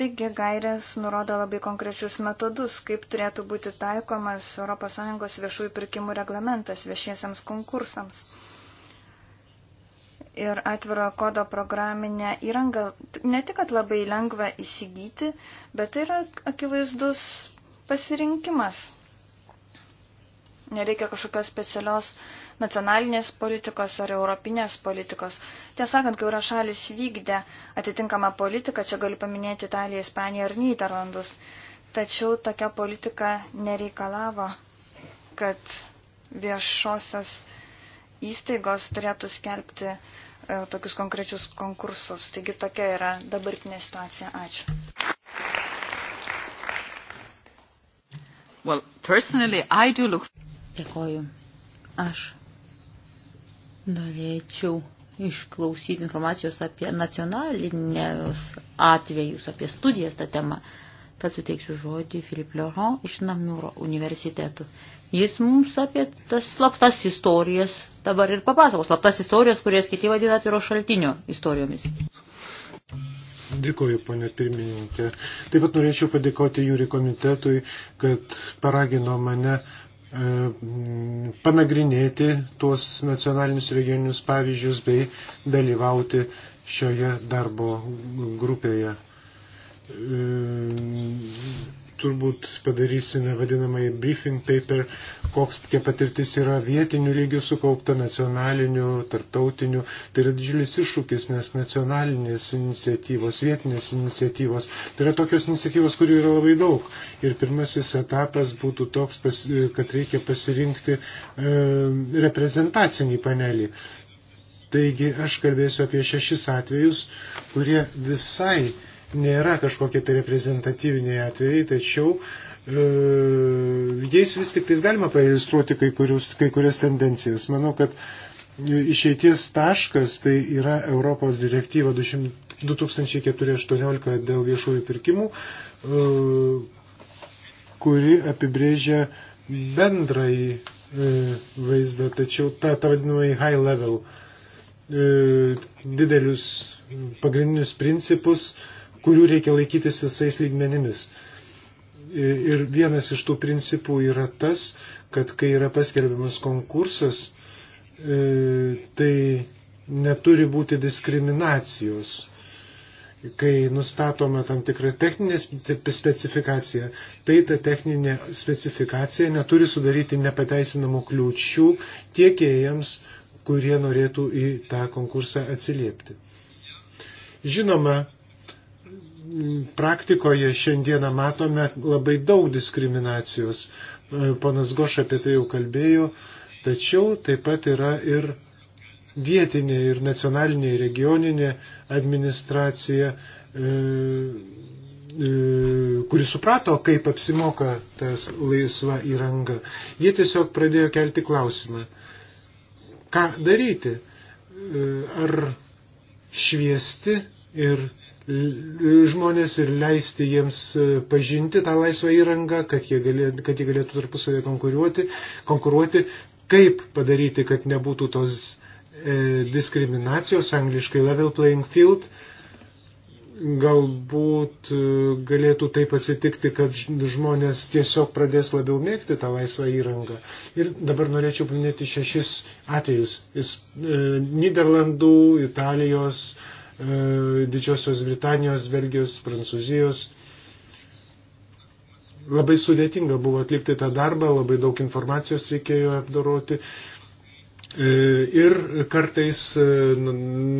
Taigi gairės nurodo labai konkrečius metodus, kaip turėtų būti taikomas ES viešųjų pirkimų reglamentas viešiesiams konkursams. Ir atviro kodo programinę įrangą ne tik, kad labai lengva įsigyti, bet tai yra akivaizdus pasirinkimas. Nereikia kažkokios specialios nacionalinės politikos ar europinės politikos. Tiesąkant, kai yra šalis vykdė atitinkamą politiką, čia galiu paminėti Italiją, Ispaniją ar Nyderlandus, tačiau tokia politika nereikalavo, kad viešosios įstaigos turėtų skelbti e, tokius konkrečius konkursus. Taigi tokia yra dabartinė situacija. Ačiū. Well, personally, I do look... Dėkoju. Aš Norėčiau išklausyti informacijos apie nacionalinės atvejus, apie studijas tą temą. Tad suteiksiu žodį Filip Leron iš Namūro universitetų. Jis mums apie tas slaptas istorijas dabar ir papasakos. Slaptas istorijas, kurias kiti vadina atviro šaltinio istorijomis. Dėkuoju, ponė pirmininkė. Taip pat norėčiau padėkoti jūri komitetui, kad paragino mane E, panagrinėti tuos nacionalinius regioninius pavyzdžius bei dalyvauti šioje darbo grupėje. E, turbūt padarysime vadinamąjį briefing paper, koks kiek patirtis yra vietinių lygių sukaupta, nacionalinių, tarptautinių. Tai yra didžiulis iššūkis, nes nacionalinės iniciatyvos, vietinės iniciatyvos, tai yra tokios iniciatyvos, kurių yra labai daug. Ir pirmasis etapas būtų toks, kad reikia pasirinkti e, reprezentacinį panelį. Taigi aš kalbėsiu apie šešis atvejus, kurie visai nėra kažkokie tai reprezentatyviniai atvejai, tačiau e, jais vis tik tais galima pailistruoti kai, kurius, kai kurias tendencijas. Manau, kad išeities taškas tai yra Europos direktyva 2418 dėl viešųjų pirkimų, e, kuri apibrėžia bendrai e, vaizdą, tačiau ta, ta vadinamai high level e, didelius pagrindinius principus, kurių reikia laikytis visais lygmenimis. Ir vienas iš tų principų yra tas, kad kai yra paskelbiamas konkursas, e, tai neturi būti diskriminacijos. Kai nustatoma tam tikra techninė specifikacija, tai ta techninė specifikacija neturi sudaryti nepateisinamų kliūčių tiekėjams, kurie norėtų į tą konkursą atsiliepti. Žinoma, praktikoje šiandieną matome labai daug diskriminacijos. Ponas Goš apie tai jau kalbėjo, tačiau taip pat yra ir vietinė ir nacionalinė ir regioninė administracija, e, e, kuri suprato, kaip apsimoka tas laisva įranga. Jie tiesiog pradėjo kelti klausimą, ką daryti, e, ar šviesti ir žmonės ir leisti jiems e, pažinti tą laisvą įrangą, kad jie, galė, kad jie galėtų tarpusavėje konkuruoti, konkuruoti, kaip padaryti, kad nebūtų tos e, diskriminacijos, angliškai level playing field. Galbūt e, galėtų taip atsitikti, kad žmonės tiesiog pradės labiau mėgti tą laisvą įrangą. Ir dabar norėčiau paminėti šešis atvejus. Jis, e, Niderlandų, Italijos, e, E, Didžiosios Britanijos, Belgijos, Prancūzijos. Labai sudėtinga buvo atlikti tą darbą, labai daug informacijos reikėjo apdoroti e, ir kartais e,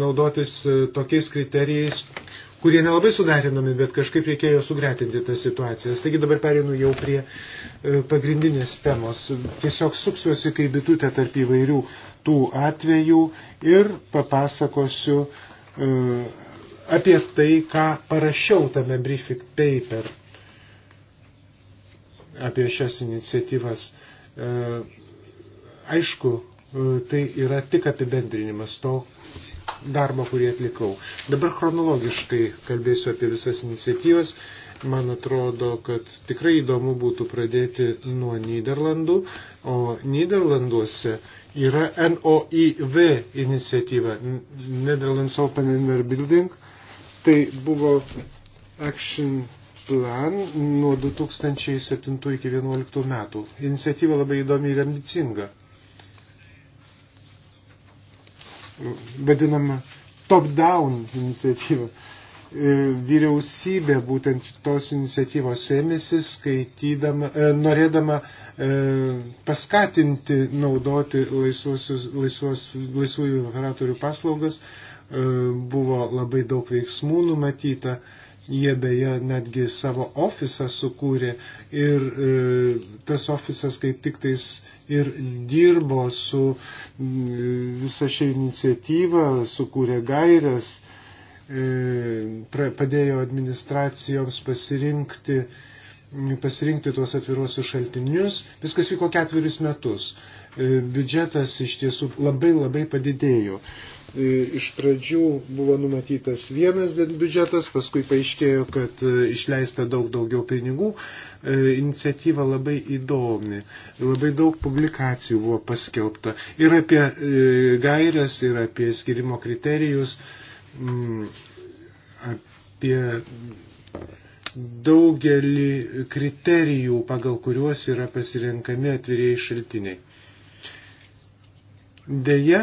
naudotis tokiais kriterijais, kurie nelabai suderinami, bet kažkaip reikėjo sugretinti tas situacijas. Taigi dabar perinu jau prie pagrindinės temos. Tiesiog suksiuosi kaip bitutė tarp įvairių tų atvejų ir papasakosiu uh, Mm, apie tai, ką parašiau tame briefing paper apie šias iniciatyvas. E, aišku, e, tai yra tik apibendrinimas to darbo, kurį atlikau. Dabar chronologiškai kalbėsiu apie visas iniciatyvas. Man atrodo, kad tikrai įdomu būtų pradėti nuo Niderlandų, o Niderlanduose uh, yra NOIV iniciatyva, Netherlands Open Inner Building. Tai buvo Action Plan nuo 2007 iki 2011 metų. Iniciatyva labai įdomi ir ambicinga. Vadinama top-down iniciatyva. E, vyriausybė būtent tos iniciatyvos ėmėsi, skaitydama, e, norėdama e, paskatinti naudoti laisvosius, laisvos, laisvųjų operatorių paslaugas. Buvo labai daug veiksmų numatyta. Jie beje netgi savo ofisą sukūrė ir e, tas ofisas kaip tik tais ir dirbo su e, visa šia iniciatyva, sukūrė gairias, e, E, padėjo administracijoms pasirinkti, pasirinkti tuos atviruosius šaltinius. Viskas vyko ketverius metus. E, biudžetas iš tiesų labai labai padidėjo. E, iš pradžių buvo numatytas vienas biudžetas, paskui paaiškėjo, kad išleista daug daugiau pinigų. Iniciatyva labai įdomi, labai daug publikacijų buvo paskelbta ir apie gairias, ir apie skirimo kriterijus. Mm, apie daugelį kriterijų, pagal kuriuos yra pasirenkami atviriai šaltiniai. Deja,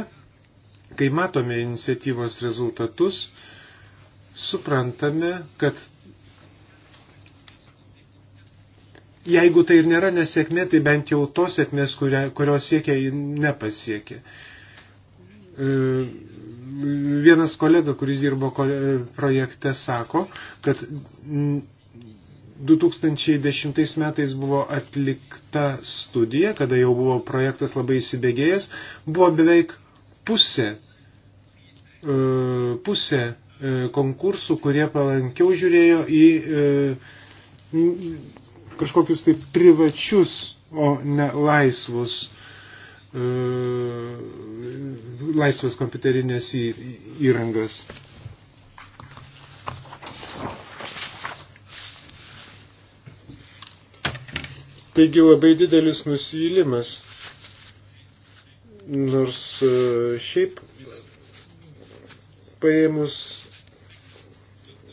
kai matome iniciatyvos rezultatus, suprantame, kad jeigu tai ir nėra nesėkmė, tai bent jau tos sėkmės, kurios siekia, ji nepasiekė. E, vienas kolega, kuris dirbo projekte, sako, kad 2010 metais buvo atlikta studija, kada jau buvo projektas labai įsibėgėjęs, buvo beveik pusė, e, pusė e, konkursų, kurie palankiau žiūrėjo į e, kažkokius tai privačius, o ne laisvus E, laisvas kompiuterinės įrangos. Taigi labai didelis nusivylimas, nors e, šiaip paėmus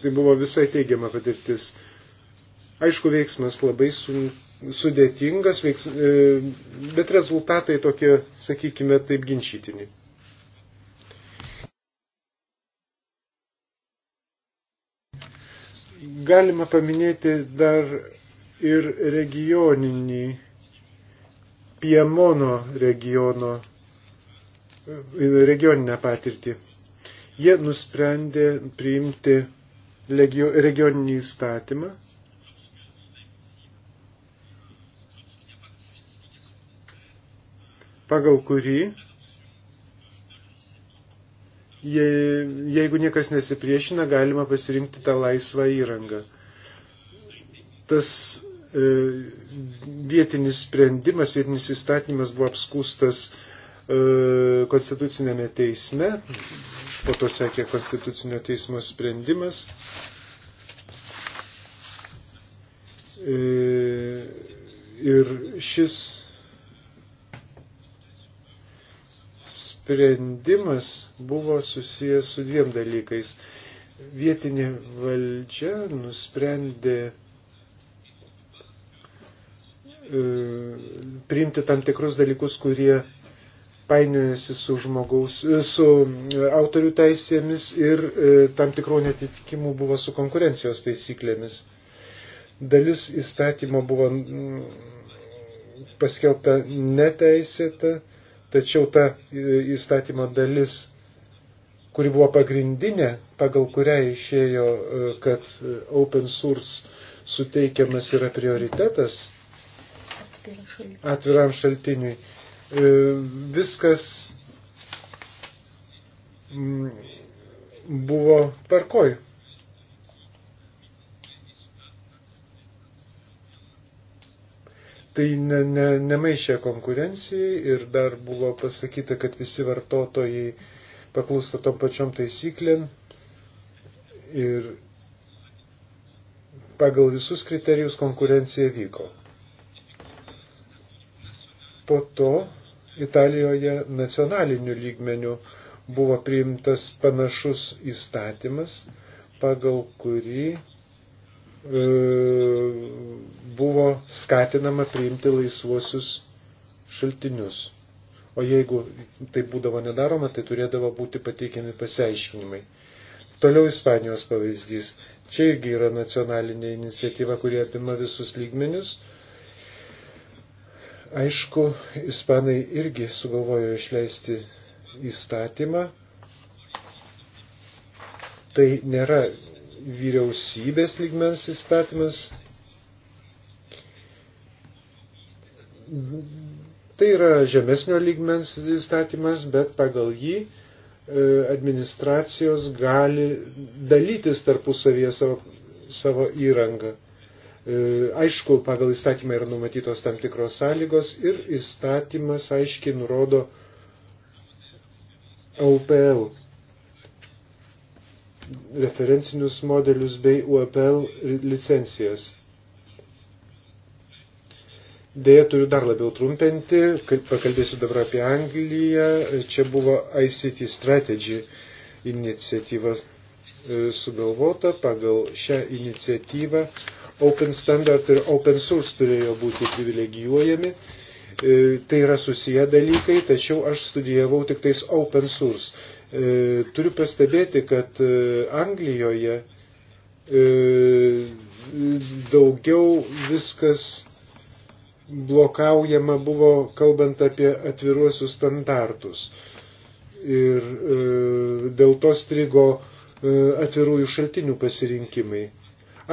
tai buvo visai teigiama patirtis. Aišku, veiksmas labai sunkus sudėtingas, veiks, e, bet rezultatai tokie, sakykime, taip ginčytini. Galima paminėti dar ir regioninį Piemono regiono, e, regioninę patirtį. Jie nusprendė priimti legio, regioninį įstatymą, pagal kurį, jeigu niekas nesipriešina, galima pasirinkti tą laisvą įrangą. Tas e, vietinis sprendimas, vietinis įstatymas buvo apskūstas e, konstitucinėme teisme, po to sekė konstitucinio teismo sprendimas. E, ir šis sprendimas buvo susijęs su dviem dalykais. Vietinė valdžia nusprendė e, priimti tam tikrus dalykus, kurie painiojasi su žmogaus, e, su e, autorių teisėmis ir tam tikrų netitikimų buvo su konkurencijos taisyklėmis. Dalis įstatymo buvo mm, paskelbta neteisėta Tačiau ta e, įstatymo dalis, kuri buvo pagrindinė, pagal kurią išėjo, e, kad e, open source suteikiamas yra prioritetas atviram šaltiniui, viskas mm, buvo tvarkoj. tai ne, ne, nemaišė konkurencijai ir dar buvo pasakyta, kad visi vartotojai paklūsta tom pačiom taisyklėm ir pagal visus kriterijus konkurencija vyko. Po to Italijoje nacionaliniu lygmeniu buvo priimtas panašus įstatymas, pagal kurį E, buvo skatinama priimti laisvuosius šaltinius. O jeigu tai būdavo nedaroma, tai turėdavo būti pateikiami pasiaiškinimai. Toliau Ispanijos pavyzdys. Čia irgi yra nacionalinė iniciatyva, kurie apima visus lygmenis. Aišku, Ispanai irgi sugalvojo išleisti įstatymą. Tai nėra vyriausybės lygmens įstatymas. Tai yra žemesnio lygmens įstatymas, bet pagal jį e, administracijos gali dalytis tarpusavėje savo, savo įrangą. E, aišku, pagal įstatymą yra numatytos tam tikros sąlygos ir įstatymas aiškiai nurodo OPL referencinius modelius bei UAPL licencijas. Dėja, turiu dar labiau trumpinti, pakalbėsiu dabar apie Angliją. Čia buvo ICT Strategy iniciatyva e, sugalvota. Pagal šią iniciatyvą Open Standard ir Open Source turėjo būti privilegijuojami. E, tai yra susiję dalykai, tačiau aš studijavau tik tais Open Source. E, turiu pastebėti, kad e, Anglijoje e, daugiau viskas blokaujama buvo kalbant apie atviruosius standartus. Ir dėl to strigo atvirųjų šaltinių pasirinkimai.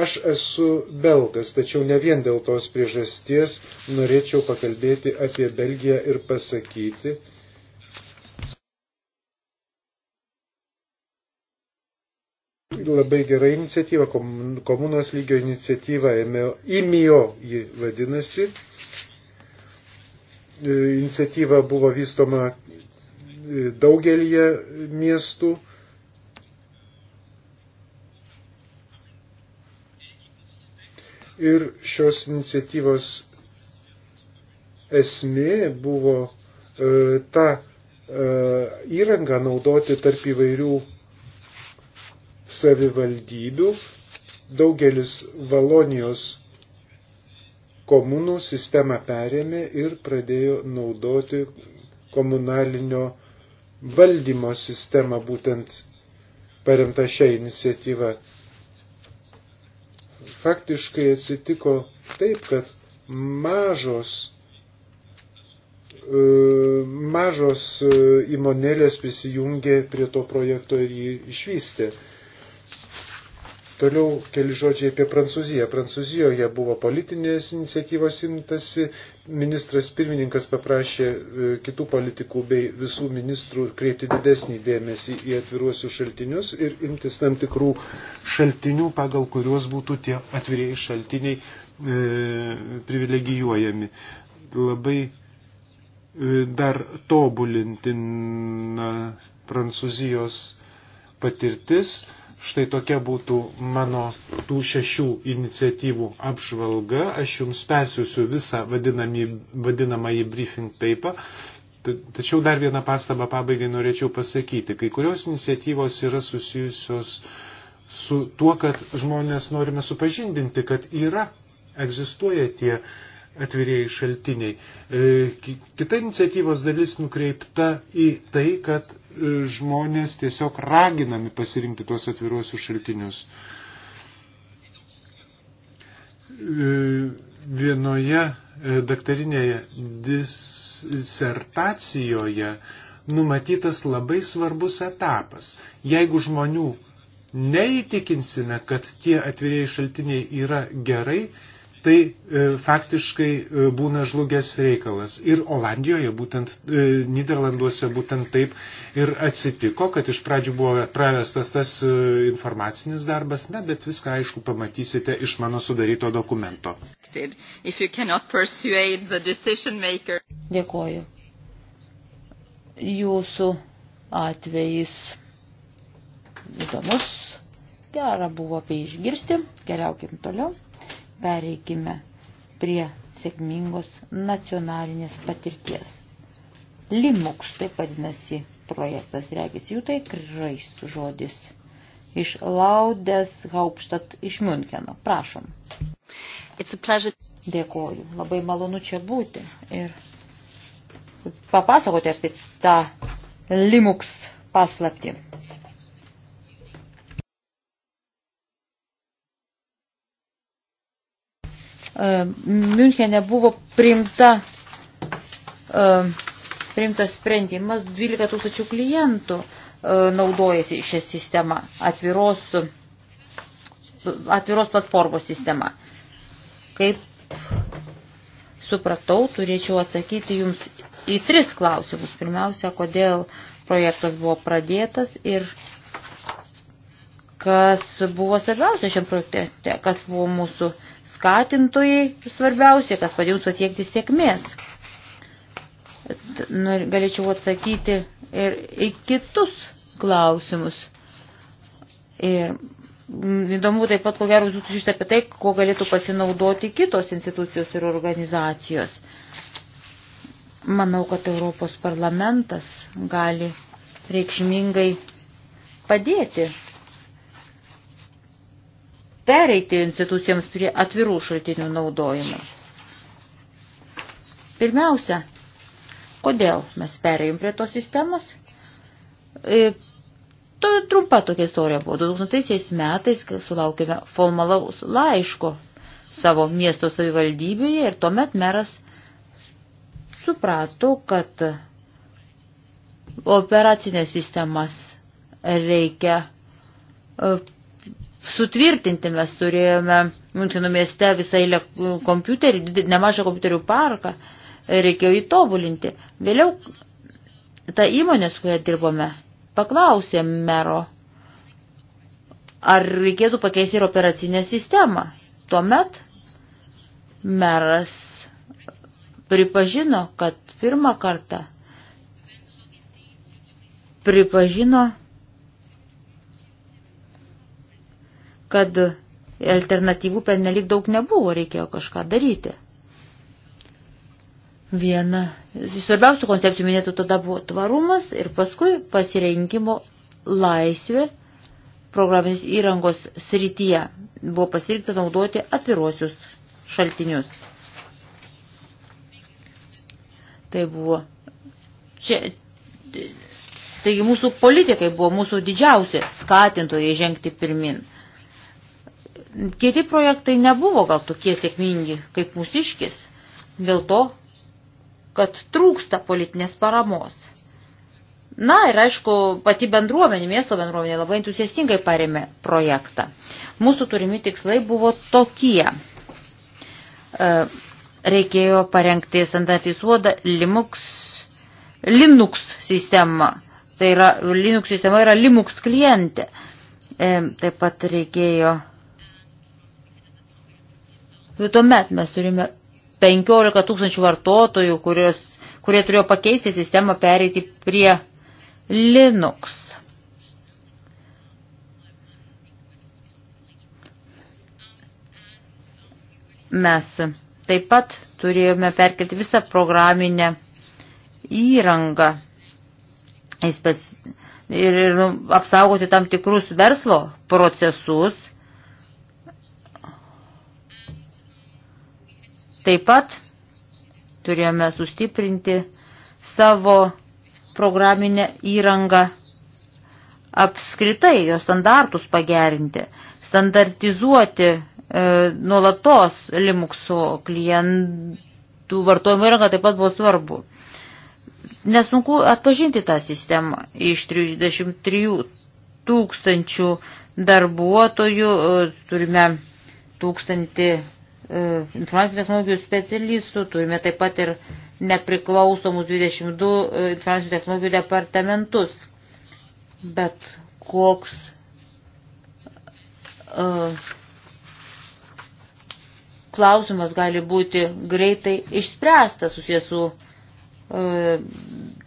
Aš esu belgas, tačiau ne vien dėl tos priežasties norėčiau pakalbėti apie Belgiją ir pasakyti, labai gera iniciatyva, komunos lygio iniciatyva, IMIO ji vadinasi. E, iniciatyva buvo vystoma e, daugelį miestų. Ir šios iniciatyvos esmė buvo e, ta e, įranga naudoti tarp įvairių savivaldybių daugelis Valonijos komunų sistemą perėmė ir pradėjo naudoti komunalinio valdymo sistemą būtent paremta šią iniciatyvą. Faktiškai atsitiko taip, kad mažos, e, mažos e, įmonėlės prisijungė prie to projekto ir jį išvystė. Toliau keli žodžiai apie Prancūziją. Prancūzijoje buvo politinės iniciatyvos imtasi, ministras pirmininkas paprašė e, kitų politikų bei visų ministrų kreipti didesnį dėmesį į atviruosius šaltinius ir imtis tam tikrų šaltinių, pagal kuriuos būtų tie atvirieji šaltiniai e, privilegijuojami. Labai e, dar tobulintina Prancūzijos patirtis. E, Štai tokia būtų mano tų šešių iniciatyvų apžvalga. Aš jums persiusiu visą vadinamąjį briefing paper. Tačiau dar vieną pastabą pabaigai norėčiau pasakyti. Kai kurios iniciatyvos yra susijusios su tuo, kad žmonės norime supažindinti, kad yra, egzistuoja tie atvirieji šaltiniai. E, kita iniciatyvos dalis nukreipta į tai, kad žmonės tiesiog raginami pasirinkti tuos atviruosius šaltinius. E, vienoje e, daktarinėje disertacijoje numatytas labai svarbus etapas. Jeigu žmonių neįtikinsime, kad tie atvirieji šaltiniai yra gerai, tai e, faktiškai e, būna žlugęs reikalas. Ir Olandijoje, būtent e, Niderlanduose, būtent taip ir atsitiko, kad iš pradžių buvo pravestas tas e, informacinis darbas, na, bet viską aišku pamatysite iš mano sudaryto dokumento. Dėkoju. Jūsų atvejis įdomus, gera buvo apie išgirsti, keliaukim toliau. Pereikime prie sėkmingos nacionalinės patirties. Limux, taip vadinasi, projektas regis, jų tai krais žodis. Iš Laudės Haupštat iš Müncheno. Prašom. Dėkoju. Labai malonu čia būti. Ir papasakoti apie tą Limux paslaptį. E, Münchenė buvo priimta, e, priimtas sprendimas 12 tūkstančių klientų e, naudojasi šią sistemą, atviros, atviros platformos sistemą. Kaip supratau, turėčiau atsakyti jums į tris klausimus. Pirmiausia, kodėl projektas buvo pradėtas ir kas buvo svarbiausia šiam projekte, kas buvo mūsų uh, skatintojai svarbiausia, kas padėjus pasiekti sėkmės. Galėčiau atsakyti ir į kitus klausimus. Ir įdomu taip pat, ko gero, jūs sužinote apie tai, ko galėtų pasinaudoti kitos institucijos ir organizacijos. Manau, kad Europos parlamentas gali reikšmingai padėti pereiti institucijams prie atvirų šaltinių naudojimo. Pirmiausia, kodėl mes perėjom prie tos sistemos? E, to, trumpa tokia istorija buvo. 2000 metais sulaukėme formalaus laiško savo miesto savivaldybėje ir tuomet meras suprato, kad operacinės sistemas reikia e, sutvirtinti. Mes turėjome Münchino mieste visą eilę kompiuterį, nemažą kompiuterių parką, reikėjo įtobulinti. Vėliau ta įmonė, su kuria dirbome, paklausė mero, ar reikėtų pakeisti ir operacinę sistemą. Tuomet meras pripažino, kad pirmą kartą pripažino kad alternatyvų pernelik daug nebuvo, reikėjo kažką daryti. Viena svarbiausių koncepcijų minėtų tada buvo tvarumas ir paskui pasirinkimo laisvė programinės įrangos srityje. Buvo pasirinkta naudoti atviruosius šaltinius. Tai buvo. Čia, taigi mūsų politikai buvo mūsų didžiausi skatintojai žengti pirmin kiti projektai nebuvo gal tokie sėkmingi kaip mūsiškis, dėl to, kad trūksta politinės paramos. Na ir aišku, pati bendruomenė, miesto bendruomenė labai entusiastingai parėmė projektą. Mūsų turimi tikslai buvo tokie. E, reikėjo parengti standartizuotą Linux, Linux sistemą. Tai yra, Linux sistema yra Linux klientė. E, taip pat reikėjo Tuomet mes turime 15 tūkstančių vartotojų, kurios, kurie turėjo pakeisti sistemą pereiti prie Linux. Mes taip pat turėjome perkelti visą programinę įrangą ir nu, apsaugoti tam tikrus verslo procesus Taip pat turėjome sustiprinti savo programinę įrangą apskritai, jo standartus pagerinti, standartizuoti e, nuolatos Linuxo klientų vartojimo įrangą taip pat buvo svarbu. Nesunku atpažinti tą sistemą iš 33 tūkstančių darbuotojų, e, turime tūkstantį informacinių technologijų specialistų, turime taip pat ir nepriklausomus 22 e, informacinių technologijų departamentus. Bet koks uh, klausimas gali būti greitai išspręstas susijęs su uh,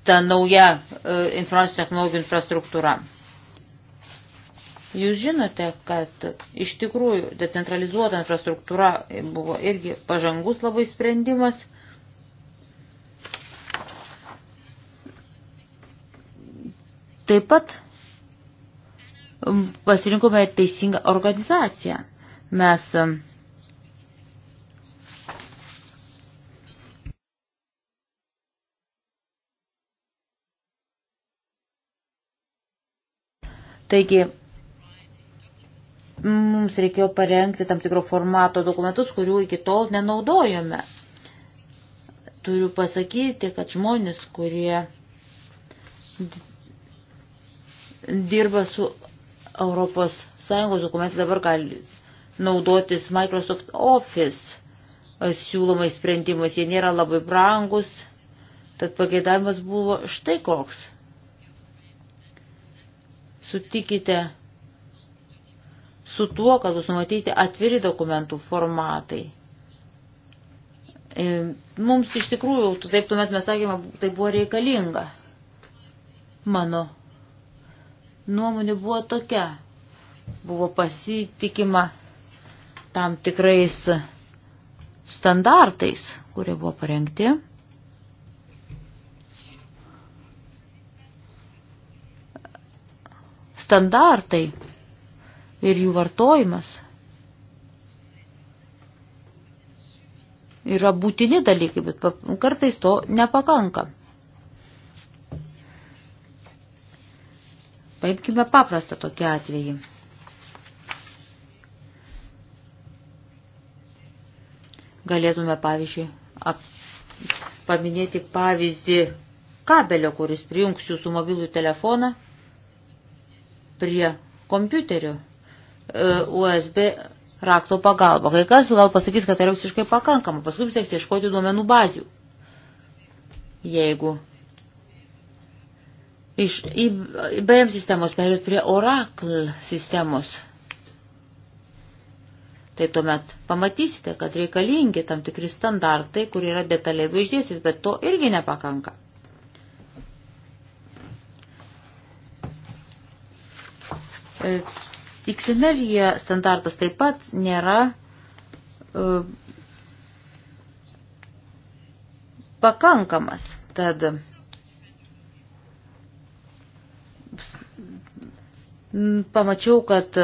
ta nauja uh, informacinių technologijų infrastruktūra. Jūs žinote, kad iš tikrųjų decentralizuota infrastruktūra buvo irgi pažangus labai sprendimas. Taip pat pasirinkome teisingą organizaciją. Mes Taigi, mums reikėjo parengti tam tikro formato dokumentus, kurių iki tol nenaudojome. Turiu pasakyti, kad žmonės, kurie dirba su Europos Sąjungos dokumentais, dabar gali naudotis Microsoft Office siūlomais sprendimais. Jie nėra labai brangus, tad pageidavimas buvo štai koks. Sutikite su tuo, kad bus numatyti atviri dokumentų formatai. E, mums iš tikrųjų, taip tuomet mes sakėme, tai buvo reikalinga. Mano nuomonė buvo tokia. Buvo pasitikima tam tikrais standartais, kurie buvo parengti. Standartai ir jų vartojimas yra būtini dalykai, bet kartais to nepakanka. Paimkime paprastą tokį atvejį. Galėtume, pavyzdžiui, ap, paminėti pavyzdį kabelio, kuris prijungs jūsų mobilų telefoną prie kompiuterio. E, USB rakto pagalba. Kai kas gal pasakys, kad tai yra visiškai pakankama, paskui seks ieškoti duomenų bazių. Jeigu iš IBM sistemos perėt prie Oracle sistemos, tai tuomet pamatysite, kad reikalingi tam tikri standartai, kurie yra detaliai išdėstyti, bet to irgi nepakanka. Et XML standartas taip pat nėra uh, pakankamas. Tad pamačiau, kad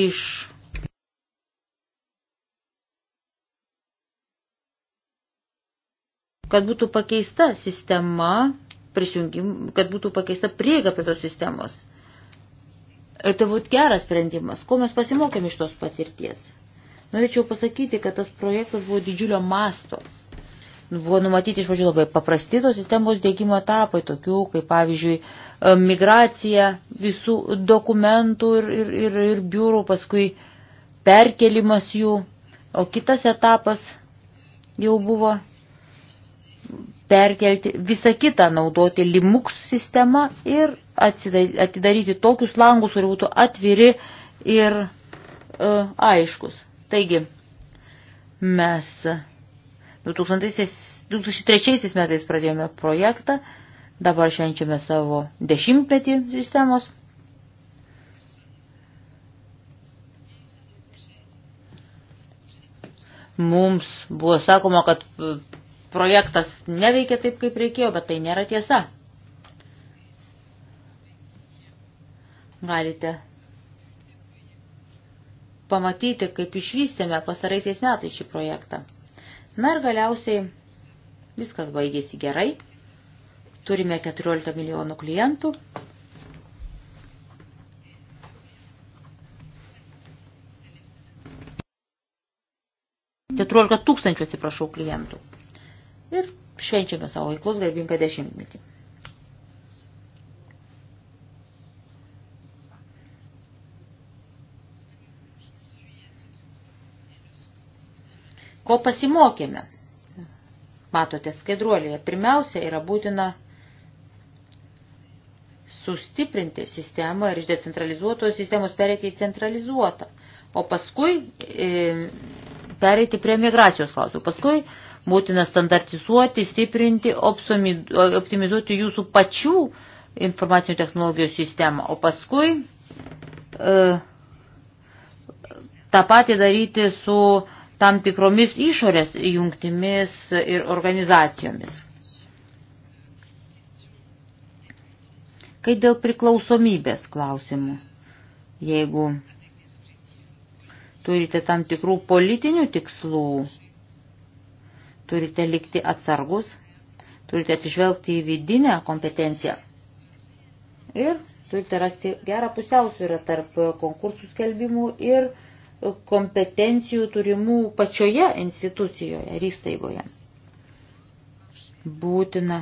iš kad būtų pakeista sistema, kad būtų pakeista prieiga prie tos sistemos. Ir e, tai būtų geras sprendimas. Ko mes pasimokėm iš tos patirties? Norėčiau pasakyti, kad tas projektas buvo didžiulio masto. Nu, buvo numatyti iš pradžių labai paprasti tos sistemos dėgymo etapai, tokių kaip pavyzdžiui e, migracija visų dokumentų ir, ir, ir, ir biurų, paskui perkelimas jų, o kitas etapas jau buvo perkelti visą kitą naudoti Linux sistemą ir atidaryti tokius langus, kurie būtų atviri ir e, aiškus. Taigi, mes 2003 metais pradėjome projektą, dabar švenčiame savo dešimtmetį sistemos. Mums buvo sakoma, kad e, projektas neveikia taip, kaip reikėjo, bet tai nėra tiesa. galite pamatyti, kaip išvystėme pasaraisiais metais šį projektą. Na ir galiausiai viskas baigėsi gerai. Turime 14 milijonų klientų. Keturiolika tūkstančių, atsiprašau, klientų. Ir švenčiame savo veiklos garbingą dešimtmetį. Ko pasimokėme? Matote skaidruolėje. Pirmiausia yra būtina sustiprinti sistemą ir iš decentralizuotos sistemos perėti į centralizuotą, o paskui e, perėti prie migracijos klausimų. Paskui būtina standartizuoti, stiprinti, optimizuoti jūsų pačių informacinių technologijų sistemą, o paskui e, tą patį daryti su e, tam tikromis išorės jungtimis ir organizacijomis. Kai dėl priklausomybės klausimų, jeigu turite tam tikrų politinių tikslų, turite likti atsargus, turite atsižvelgti į vidinę kompetenciją ir turite rasti gerą pusiausvyrą tarp konkursų skelbimų ir kompetencijų turimų pačioje institucijoje ir įstaigoje. Būtina,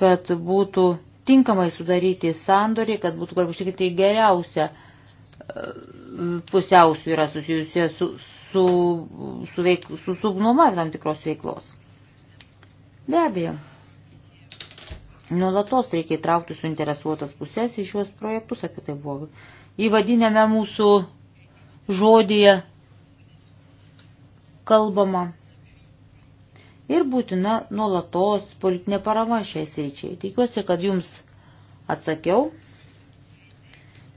kad būtų tinkamai sudaryti sandorį, kad būtų galbūt užtikrinti geriausia e, pusiausvyrą susijusia su, su, su, veik, su subnuma ir tam tikros veiklos. Be abejo, nuolatos reikia įtraukti suinteresuotas pusės į šiuos projektus, apie tai buvo įvadinėme mūsų žodyje kalbama. Ir būtina nuolatos politinė parama šiai sričiai. Tikiuosi, kad jums atsakiau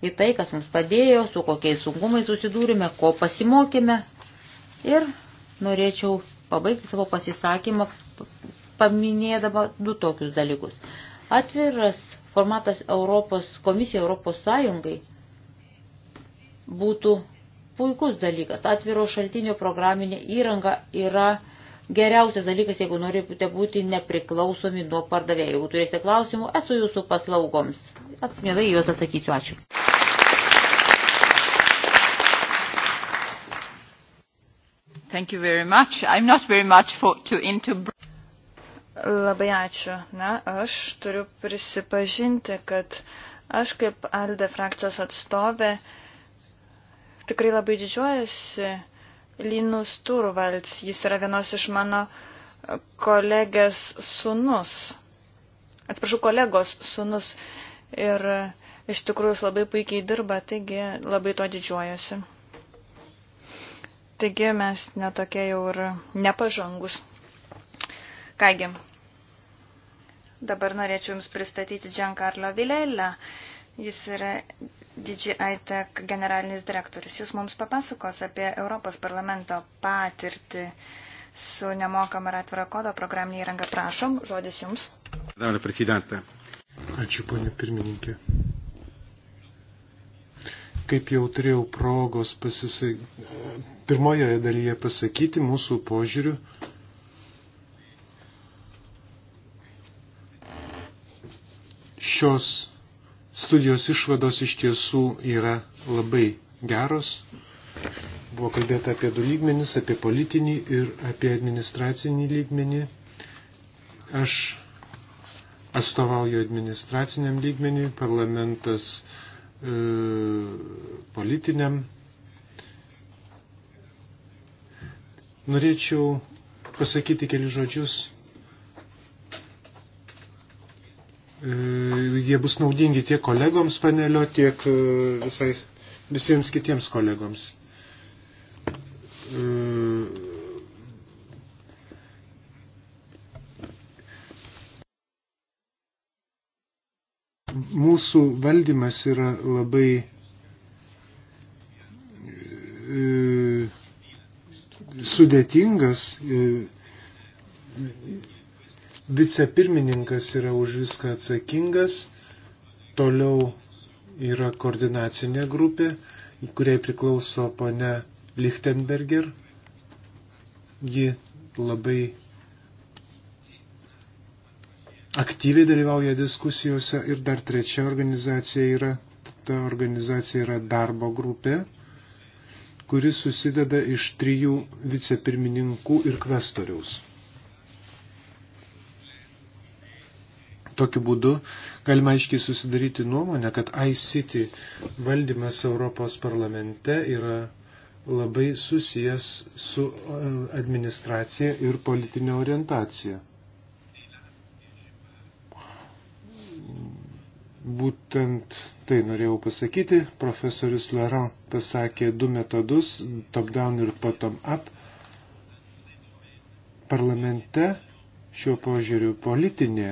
į tai, kas mums padėjo, su kokiais sunkumais susidūrime, ko pasimokėme. Ir norėčiau pabaigti savo pasisakymą paminėdama du tokius dalykus. Atviras formatas Europos komisija Europos Sąjungai būtų puikus dalykas. Atviro šaltinio programinė įranga yra geriausias dalykas, jeigu norite būti nepriklausomi nuo pardavėjų. Jeigu turėsite klausimų, esu jūsų paslaugoms. Atsmėlai juos atsakysiu. Ačiū. Thank you very much. I'm not very much for, to into... Labai ačiū. Na, aš turiu prisipažinti, kad aš kaip Alde frakcijos atstovė uh, tikrai labai didžiuojasi Linus Turvalds. Jis yra vienos iš mano kolegės sunus. Atsiprašau, kolegos sunus. Ir e, iš tikrųjų jis labai puikiai dirba, taigi labai to didžiuojasi. Taigi mes netokie jau ir nepažangus. Kągi, dabar norėčiau Jums pristatyti Giancarlo Vilelę. Jis yra DJI Tech generalinis direktorius. Jis mums papasakos apie Europos parlamento patirtį su nemokama ir atvira kodo programinė įranga. Prašom, žodis jums. Ačiū, ponė pirmininkė. Kaip jau turėjau progos pasisa... pirmojoje dalyje pasakyti mūsų požiūrių, šios Studijos išvados iš tiesų yra labai geros. Buvo kalbėta apie du lygmenis, apie politinį ir apie administracinį lygmenį. Aš atstovauju administraciniam lygmeniui, parlamentas e, politiniam. Norėčiau pasakyti keli žodžius E, jie bus naudingi tiek kolegoms panelio, tiek e, visais, visiems kitiems kolegoms. E, mūsų valdymas yra labai sudėtingas Vicepirmininkas yra už viską atsakingas, toliau yra koordinacinė grupė, kuriai priklauso pone Lichtenberger. Ji labai aktyviai dalyvauja diskusijose ir dar trečia organizacija yra, ta organizacija yra darbo grupė, kuris susideda iš trijų vicepirmininkų ir kvestoriaus. Tokiu būdu galima aiškiai susidaryti nuomonę, kad ICT valdymas Europos parlamente yra labai susijęs su e, administracija ir politinė orientacija. Būtent tai norėjau pasakyti. Profesorius Laurent pasakė du metodus - top-down ir bottom-up. Parlamente šiuo požiūriu politinė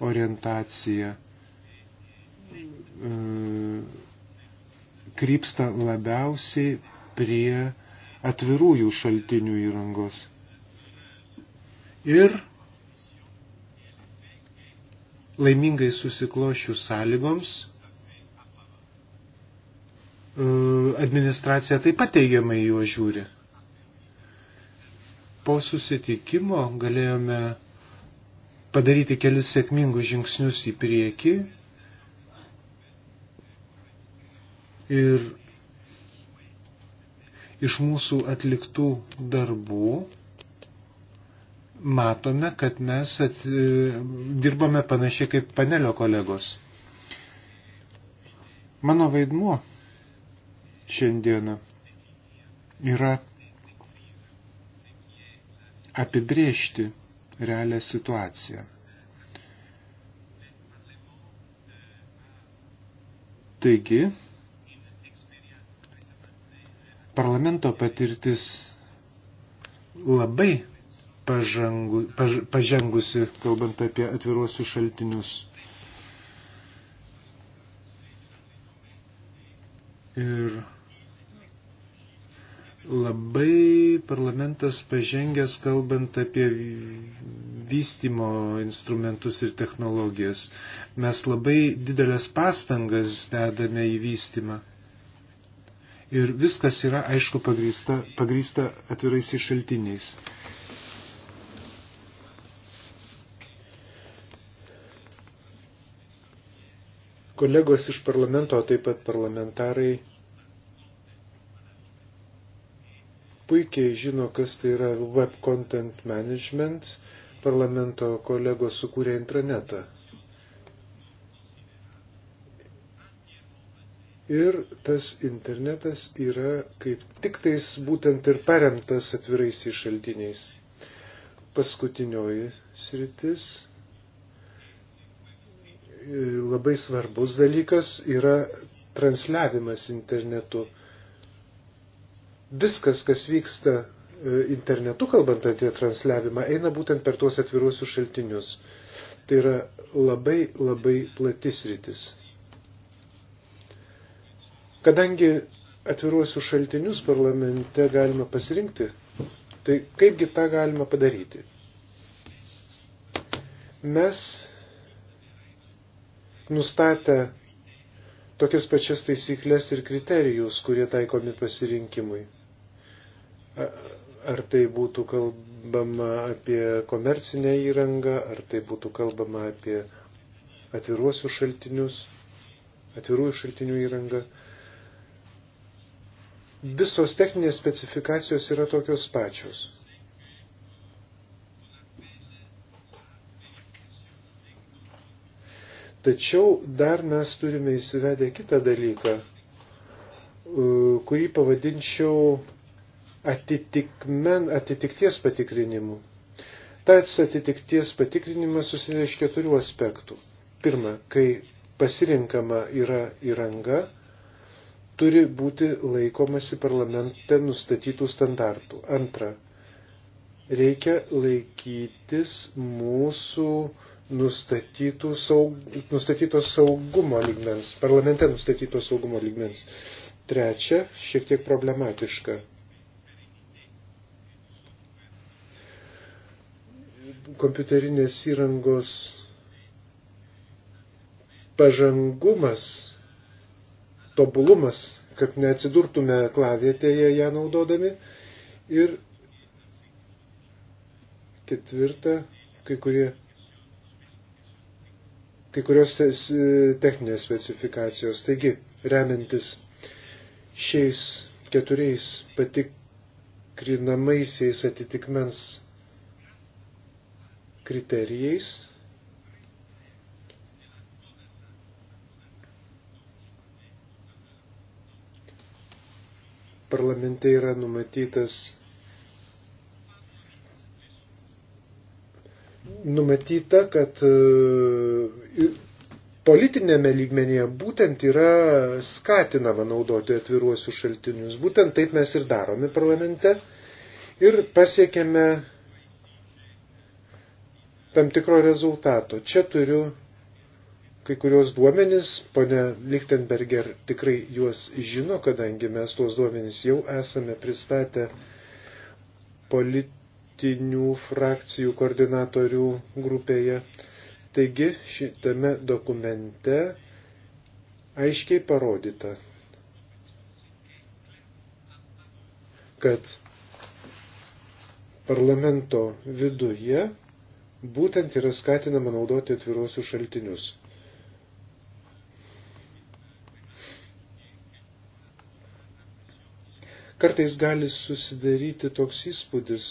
orientacija e, krypsta labiausiai prie atvirųjų šaltinių įrangos. Ir laimingai susiklošių sąlygoms e, administracija taip pat teigiamai juo žiūri. Po susitikimo galėjome padaryti kelis sėkmingus žingsnius į priekį ir iš mūsų atliktų darbų matome, kad mes at, e, dirbame panašiai kaip panelio kolegos. Mano vaidmuo šiandieną yra apibriežti realią situaciją. Taigi, parlamento patirtis labai pažangu, paž, pažengusi, kalbant apie atviruosius šaltinius. Ir Labai parlamentas pažengęs kalbant apie vystimo instrumentus ir technologijas. Mes labai didelės pastangas dedame į vystimą. Ir viskas yra, aišku, pagrįsta, pagrįsta atvirais šaltiniais. Kolegos iš parlamento, taip pat parlamentarai puikiai žino, kas tai yra Web Content Management. Parlamento kolegos sukūrė intranetą. Ir tas internetas yra kaip tik tais būtent ir paremtas atvirais šaltiniais. Paskutinioji sritis. E, labai svarbus dalykas yra transliavimas internetu viskas, kas vyksta e, internetu, kalbant apie transliavimą, eina būtent per tuos atviruosius šaltinius. Tai yra labai labai platis rytis. Kadangi atviruosius šaltinius parlamente galima pasirinkti, tai kaipgi tą galima padaryti? Mes nustatę tokias pačias taisyklės ir kriterijus, kurie taikomi pasirinkimui. Ar tai būtų kalbama apie komercinę įrangą, ar tai būtų kalbama apie atviruosius šaltinius, atvirųjų šaltinių įrangą. Visos techninės specifikacijos yra tokios pačios. Tačiau dar mes turime įsivedę kitą dalyką, kurį pavadinčiau atitikmen, atitikties patikrinimu. Tats atitikties patikrinimas susideda iš keturių aspektų. Pirma, kai pasirinkama yra įranga, turi būti laikomasi parlamente nustatytų standartų. Antra, reikia laikytis mūsų saug, nustatyto saugumo lygmens, parlamente nustatyto saugumo lygmens. Trečia, šiek tiek problematiška. kompiuterinės įrangos pažangumas, tobulumas, kad neatsidurtume klavietėje ją naudodami. Ir ketvirta, kai, kurie, kai kurios techninės specifikacijos. Taigi, remiantis šiais keturiais patikrinamaisiais atitikmens kriterijais. Parlamente yra numatytas numatyta, kad e, politinėme lygmenyje būtent yra skatinama naudoti atviruosius šaltinius. Būtent taip mes ir darome parlamente ir pasiekėme tam tikro rezultato. Čia turiu kai kurios duomenys, ponia Lichtenberger tikrai juos žino, kadangi mes tuos duomenys jau esame pristatę politinių frakcijų koordinatorių grupėje. Taigi šitame dokumente aiškiai parodyta, kad parlamento viduje būtent yra skatinama naudoti atvirosius šaltinius. Kartais gali susidaryti toks įspūdis,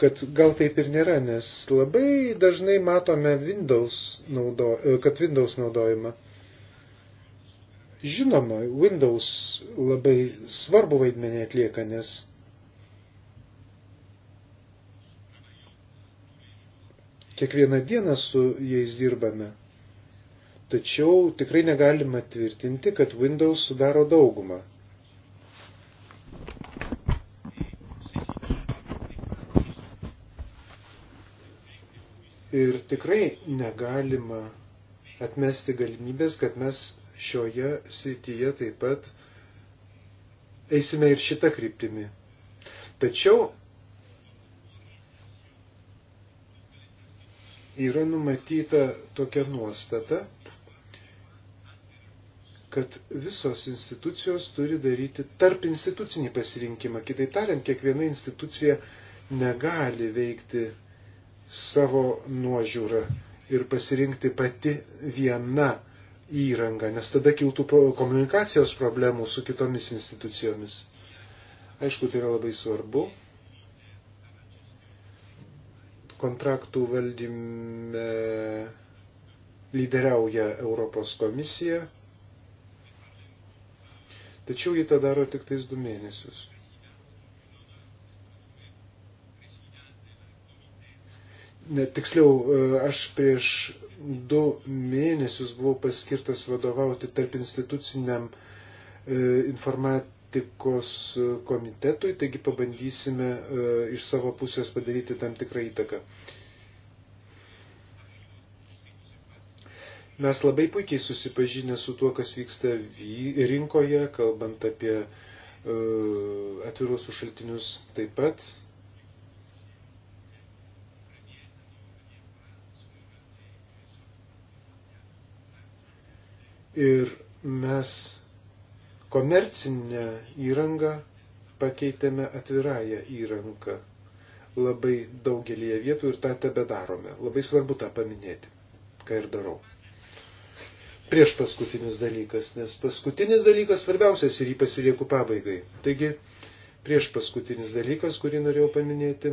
kad gal taip ir nėra, nes labai dažnai matome Windows, naudo, kad Windows naudojama. Žinoma, Windows labai svarbu vaidmenį atlieka, nes kiekvieną dieną su jais dirbame. Tačiau tikrai negalima tvirtinti, kad Windows sudaro daugumą. Ir tikrai negalima atmesti galimybės, kad mes šioje srityje taip pat eisime ir šitą kryptimį. Tačiau yra numatyta tokia nuostata, kad visos institucijos turi daryti tarp institucinį pasirinkimą. Kitaip tariant, kiekviena institucija negali veikti savo nuožiūrą ir pasirinkti pati viena įrangą, nes tada kiltų komunikacijos problemų su kitomis institucijomis. Aišku, tai yra labai svarbu, kontraktų valdyme lyderiauja Europos komisija, tačiau jį tą daro tik tais du mėnesius. Net tiksliau, e, aš prieš du mėnesius buvau paskirtas vadovauti tarp instituciniam e, informat, politikos komitetui, taigi pabandysime e, iš savo pusės padaryti tam tikrą įtaką. Mes labai puikiai susipažinę su tuo, kas vyksta rinkoje, kalbant apie e, atvirus šaltinius taip pat. Ir mes Komercinę įrangą pakeitėme atvirąją įrangą labai daugelįje vietų ir tą tebe darome. Labai svarbu tą paminėti, ką ir darau. Prieš paskutinis dalykas, nes paskutinis dalykas svarbiausias ir jį pasilieku pabaigai. Taigi, prieš paskutinis dalykas, kurį norėjau paminėti.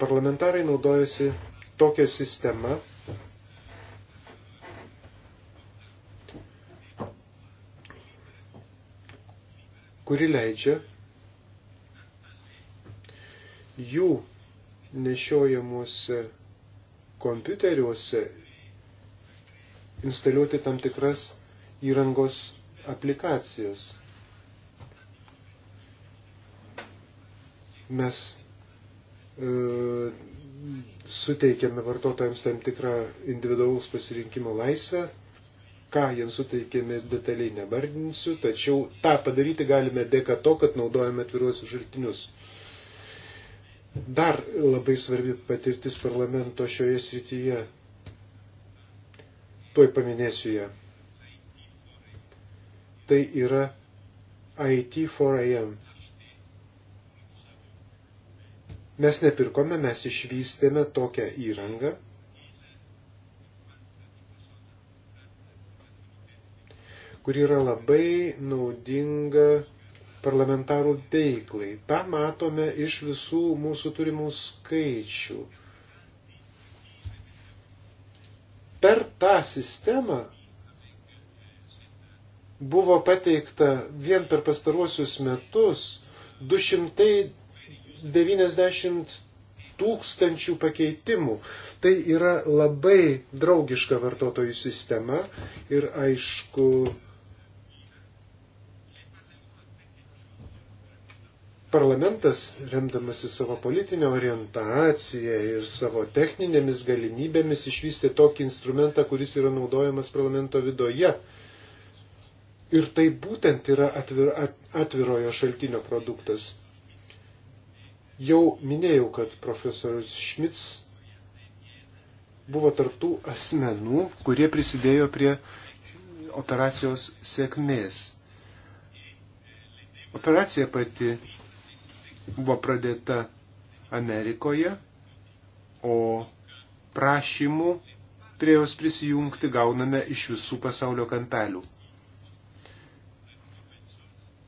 Parlamentarai naudojasi tokią sistemą, kuri leidžia jų nešiojamuose kompiuteriuose instaliuoti tam tikras įrangos aplikacijas. Mes e, suteikiame vartotojams tam tikrą individualaus pasirinkimo laisvę, ką jiems suteikėme detaliai nevardinsiu, tačiau tą padaryti galime dėka to, kad naudojame atviruosius šaltinius. Dar labai svarbi patirtis parlamento šioje srityje. Tuoj paminėsiu ją. Tai yra IT4AM. Mes nepirkome, mes išvystėme tokią įrangą kuri yra labai naudinga parlamentarų veiklai. Ta matome iš visų mūsų turimų skaičių. Per tą sistemą buvo pateikta vien per pastaruosius metus 290 tūkstančių pakeitimų. Tai yra labai draugiška vartotojų sistema ir aišku, parlamentas, remdamasi savo politinę orientaciją ir savo techninėmis galimybėmis, išvystė tokį instrumentą, kuris yra naudojamas parlamento viduje. Ir tai būtent yra atvir, at, atvirojo šaltinio produktas. Jau minėjau, kad profesorius Šmits buvo tartų asmenų, kurie prisidėjo prie operacijos sėkmės. Operacija pati buvo pradėta Amerikoje, o prašymų prie jos prisijungti gauname iš visų pasaulio kampelių.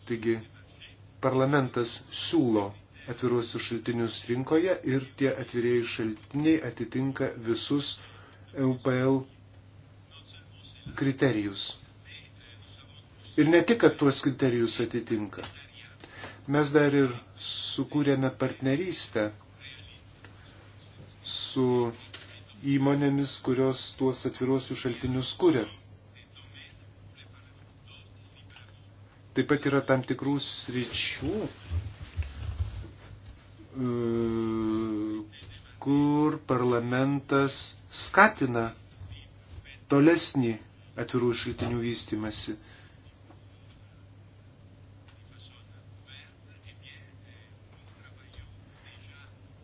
Taigi parlamentas siūlo atviruosius šaltinius rinkoje ir tie atvirieji šaltiniai atitinka visus EUPL kriterijus. Ir ne tik, kad tuos kriterijus atitinka. Mes dar ir sukūrėme partnerystę su įmonėmis, kurios tuos atviruosius šaltinius kūrė. Taip pat yra tam tikrų sričių, e, kur parlamentas skatina tolesnį atvirų šaltinių vystimasi.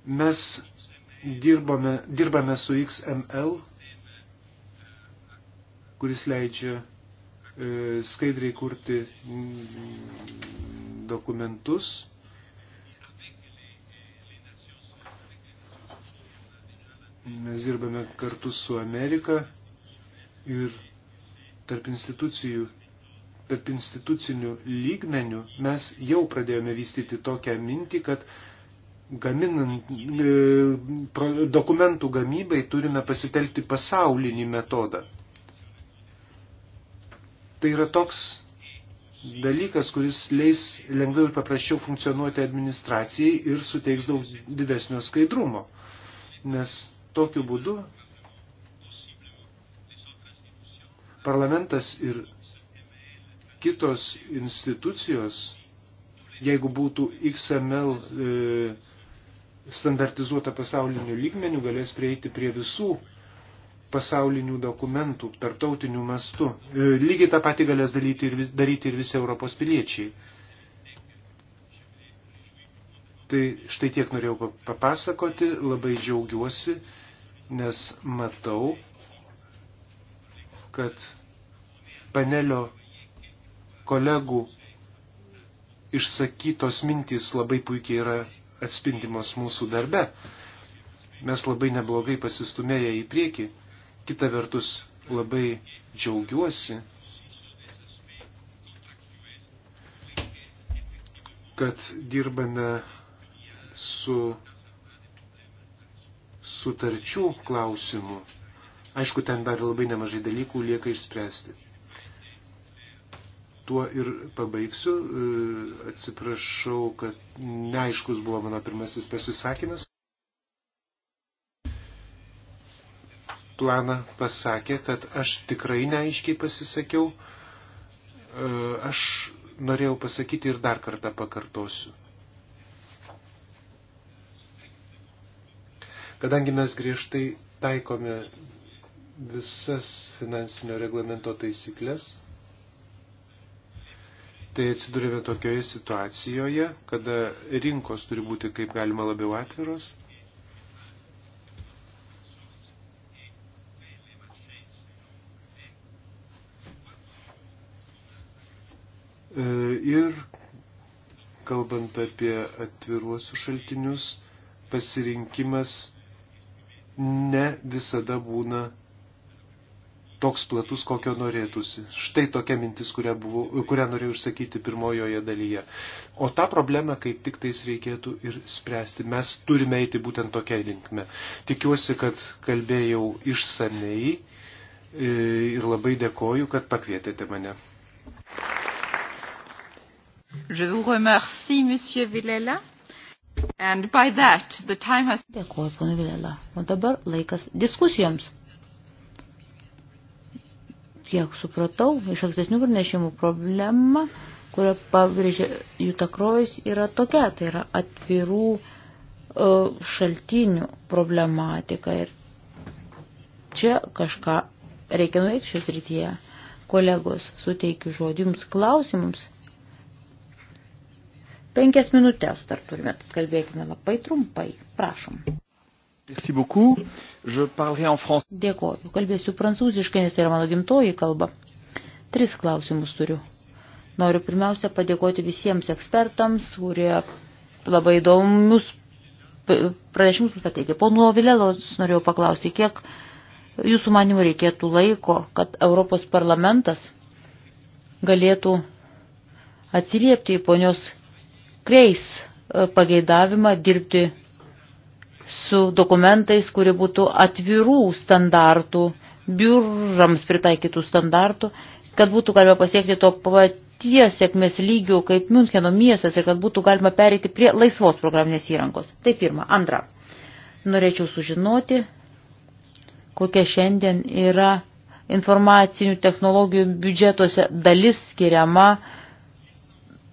Mes dirbame, dirbame su XML, kuris leidžia e, skaidriai kurti mm, dokumentus. Mes dirbame kartu su Amerika ir tarp institucijų, tarp institucinių lygmenių mes jau pradėjome vystyti tokią mintį, kad gaminant e, dokumentų gamybai turime pasitelkti pasaulinį metodą. Tai yra toks dalykas, kuris leis lengviau ir paprasčiau funkcionuoti administracijai ir suteiks daug didesnio skaidrumo. Nes tokiu būdu parlamentas ir kitos institucijos, jeigu būtų XML e, standartizuota pasauliniu lygmeniu galės prieiti prie visų pasaulinių dokumentų, tarptautinių mastų. E, lygiai tą patį galės daryti ir, daryti ir visi Europos piliečiai. Tai štai tiek norėjau papasakoti, labai džiaugiuosi, nes matau, kad panelio kolegų išsakytos mintys labai puikiai yra atspindimos mūsų darbe. Mes labai neblogai pasistumėję į priekį. Kita vertus, labai džiaugiuosi, kad dirbame su sutarčių klausimu. Aišku, ten dar labai nemažai dalykų lieka išspręsti tuo ir pabaigsiu. E, atsiprašau, kad neaiškus buvo mano pirmasis pasisakymas. Plana pasakė, kad aš tikrai neaiškiai pasisakiau. E, aš norėjau pasakyti ir dar kartą pakartosiu. Kadangi mes griežtai taikome visas finansinio reglamento taisyklės, tai atsidurėme tokioje situacijoje, kada rinkos turi būti kaip galima labiau atviros. E, ir kalbant apie atviruosius šaltinius, pasirinkimas ne visada būna toks platus, kokio norėtųsi. Štai tokia mintis, kurią, buvau, kurią norėjau išsakyti pirmojoje dalyje. O tą problemą kaip tik tais reikėtų ir spręsti. Mes turime eiti būtent tokia linkme. Tikiuosi, kad kalbėjau išsamei e, ir labai dėkoju, kad pakvietėte mane. Je vous remercie, monsieur Villela. And by that, the time has... Dėkuoju, ponė Vilela. O dabar laikas diskusijoms kiek supratau, iš ankstesnių pranešimų problema, kurią pabrėžė Juta Krojus, yra tokia, tai yra atvirų e, šaltinių problematika. Ir čia kažką reikia nuveikti šios rytyje. Kolegos, suteikiu žodį jums klausimams. Penkias minutės dar turime, kalbėkime labai trumpai. Prašom. Dėkoju. Kalbėsiu prancūziškai, nes tai yra mano gimtoji kalba. Tris klausimus turiu. Noriu pirmiausia padėkoti visiems ekspertams, kurie labai įdomius pranešimus pateikė. Pono Vilelos norėjau paklausti, kiek jūsų manimų reikėtų laiko, kad Europos parlamentas galėtų atsiliepti į ponios Kreis e, pageidavimą dirbti su dokumentais, kurie būtų atvirų standartų, biurams pritaikytų standartų, kad būtų galima pasiekti to paties sėkmės lygių kaip Müncheno miestas ir kad būtų galima perėti prie laisvos programinės įrangos. Tai pirma. Antra. Norėčiau sužinoti, kokia šiandien yra informacinių technologijų biudžetuose dalis skiriama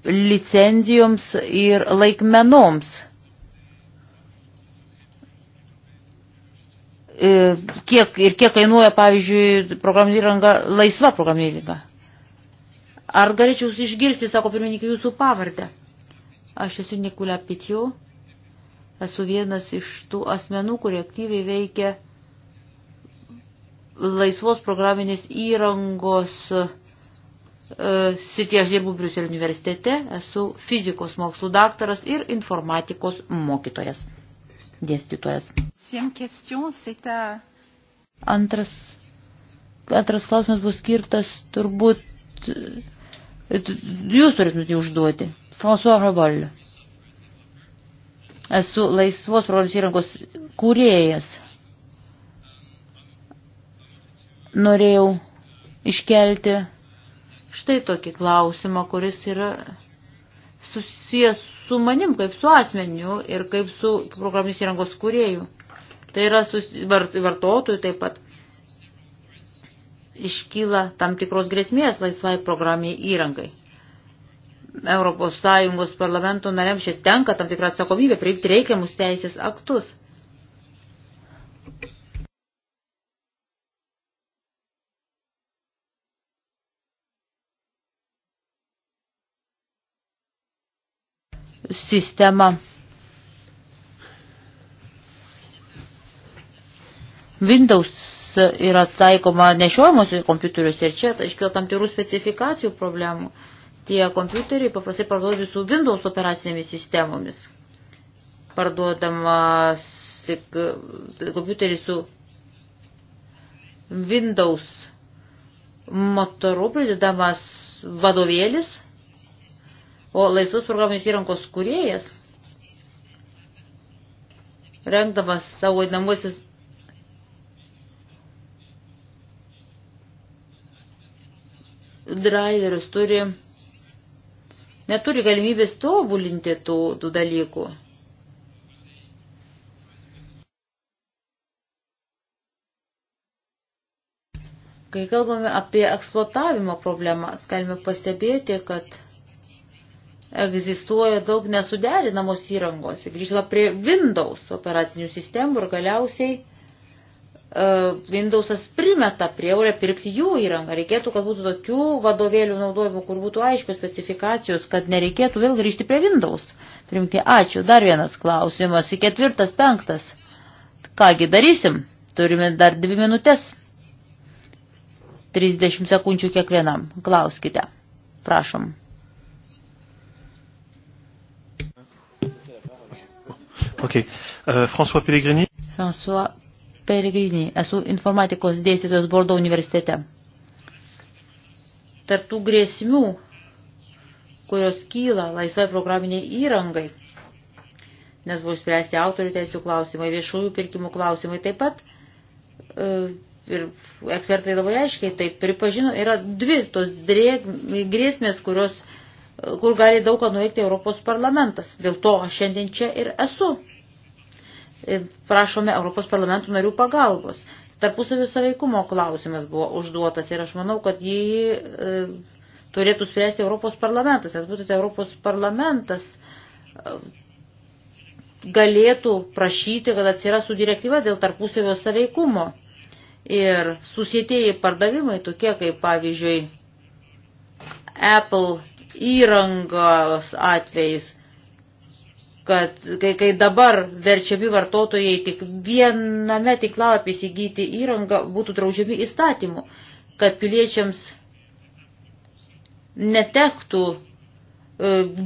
licenzijoms ir laikmenoms E, kiek ir kiek kainuoja, pavyzdžiui, programinė įranga, laisva programinė įranga. Ar galėčiau išgirsti, sako pirmininkai, jūsų pavardę? Aš esu Nikulė Pitijau, esu vienas iš tų asmenų, kurie aktyviai veikia laisvos programinės įrangos e, sitie. Aš dirbu Briuselio universitete, esu fizikos mokslų daktaras ir informatikos mokytojas dėstytojas. Antras, antras klausimas bus skirtas turbūt jūs turėtumėte užduoti. François Raval. Esu laisvos programos įrangos kūrėjas. Norėjau iškelti štai tokį klausimą, kuris yra susijęs su manim, kaip su asmeniu ir kaip su programinės įrangos kūrėjų. Tai yra vartotojų taip pat iškyla tam tikros grėsmės laisvai programiniai įrangai. Europos Sąjungos parlamento nariams šis tenka tam tikrą atsakomybę priimti reikiamus teisės aktus. sistema. Windows yra taikoma nešiojimuose kompiuteriuose ir čia tai iškėl tam tikrų specifikacijų problemų. Tie kompiuteriai paprastai parduodami su Windows operacinėmis sistemomis. Parduodamas tai kompiuterį su Windows motoru pridedamas vadovėlis O laisvos programinės įrankos kūrėjas, rengdamas savo įdamusis driverius, turi, neturi galimybės tobulinti tų, tų dalykų. Kai kalbame apie eksploatavimo problemas, galime pastebėti, kad egzistuoja daug nesuderinamos įrangos. Grįžtama prie Windows operacinių sistemų ir galiausiai e, Windowsas primeta prievolę pirkti jų įrangą. Reikėtų, kad būtų tokių vadovėlių naudojimų, kur būtų aiškios specifikacijos, kad nereikėtų vėl grįžti prie Windows. Primti, ačiū. Dar vienas klausimas. Ketvirtas, penktas. Kągi darysim? Turime dar dvi minutės. 30 sekundžių kiekvienam. Klauskite. Prašom. Ok. Uh, François Pellegrini. François Pellegrini. Esu informatikos dėstytojas Bordo universitete. Tartų grėsmių, kurios kyla laisvai programiniai įrangai, nes buvo spręsti autorių teisų klausimai, viešųjų pirkimų klausimai taip pat. Uh, ir ekspertai labai aiškiai tai pripažino, yra dvi tos drėg, grėsmės, kurios, kur gali daug ką nuveikti Europos parlamentas. Dėl to aš šiandien čia ir esu. E, prašome Europos parlamentų narių pagalbos. Tarpusavio saveikumo klausimas buvo užduotas ir aš manau, kad jį e, turėtų spręsti Europos parlamentas, nes būtent Europos parlamentas e, galėtų prašyti, kad atsirastų direktyva dėl tarpusavio saveikumo. Ir susietėjai pardavimai, tokie kaip pavyzdžiui Apple įrangos atvejais, kad kai, kai dabar verčiami vartotojai tik viename tinklalapį įsigyti įrangą, būtų draudžiami įstatymu, kad piliečiams netektų e,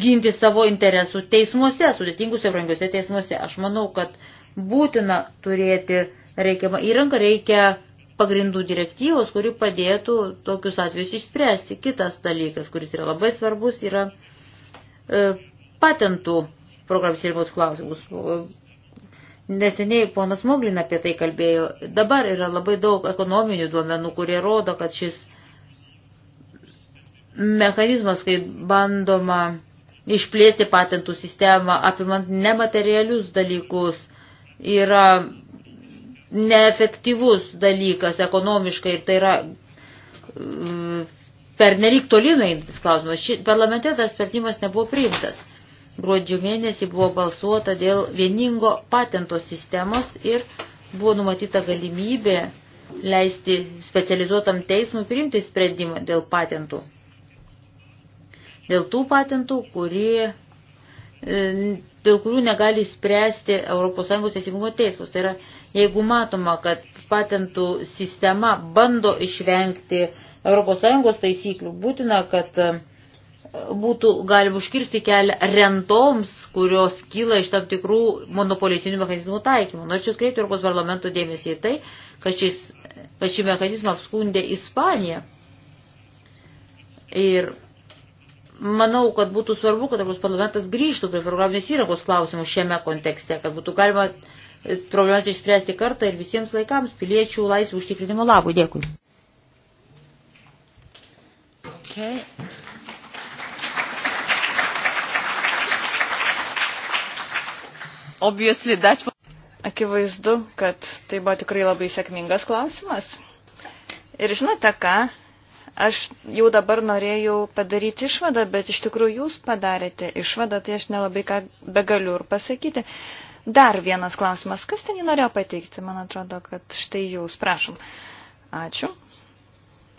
ginti savo interesų teismuose, sudėtinguose brangiuose teismuose. Aš manau, kad būtina turėti reikiamą įrangą, reikia pagrindų direktyvos, kuri padėtų tokius atvejus išspręsti. Kitas dalykas, kuris yra labai svarbus, yra e, patentų programos ir mūsų klausimus. Neseniai ponas Moglin apie tai kalbėjo. Dabar yra labai daug ekonominių duomenų, kurie rodo, kad šis mechanizmas, kai bandoma išplėsti patentų sistemą, apimant nematerialius dalykus, yra neefektyvus dalykas ekonomiškai ir tai yra e, per nelik tolinai klausimas. Ši, parlamente tas sprendimas nebuvo priimtas. Gruodžio mėnesį buvo balsuota dėl vieningo patento sistemos ir buvo numatyta galimybė leisti specializuotam teismui priimti sprendimą dėl patentų. Dėl tų patentų, kurie, e, dėl kurių negali spręsti ES teisingumo teismus. Tai yra, jeigu matoma, kad patentų sistema bando išvengti ES taisyklių, būtina, kad e, būtų galima užkirsti kelią rentoms, kurios kyla iš tam tikrų monopolicinių mechanizmų taikymų. Norėčiau nu, atkreipti Europos parlamento dėmesį į tai, kad, šis, kad šį mechanizmą apskundė Ispanija. Ir manau, kad būtų svarbu, kad Europos parlamentas grįžtų prie programinės įrangos klausimų šiame kontekste, kad būtų galima problemas išspręsti kartą ir visiems laikams piliečių laisvių užtikrinimo labui. Dėkui. Okay. Akivaizdu, kad tai buvo tikrai labai sėkmingas klausimas. Ir žinote ką, aš jau dabar norėjau padaryti išvadą, bet iš tikrųjų jūs padarėte išvadą, tai aš nelabai ką begaliu ir pasakyti. Dar vienas klausimas, kas ten jį norėjo pateikti, man atrodo, kad štai jūs, prašom. Ačiū.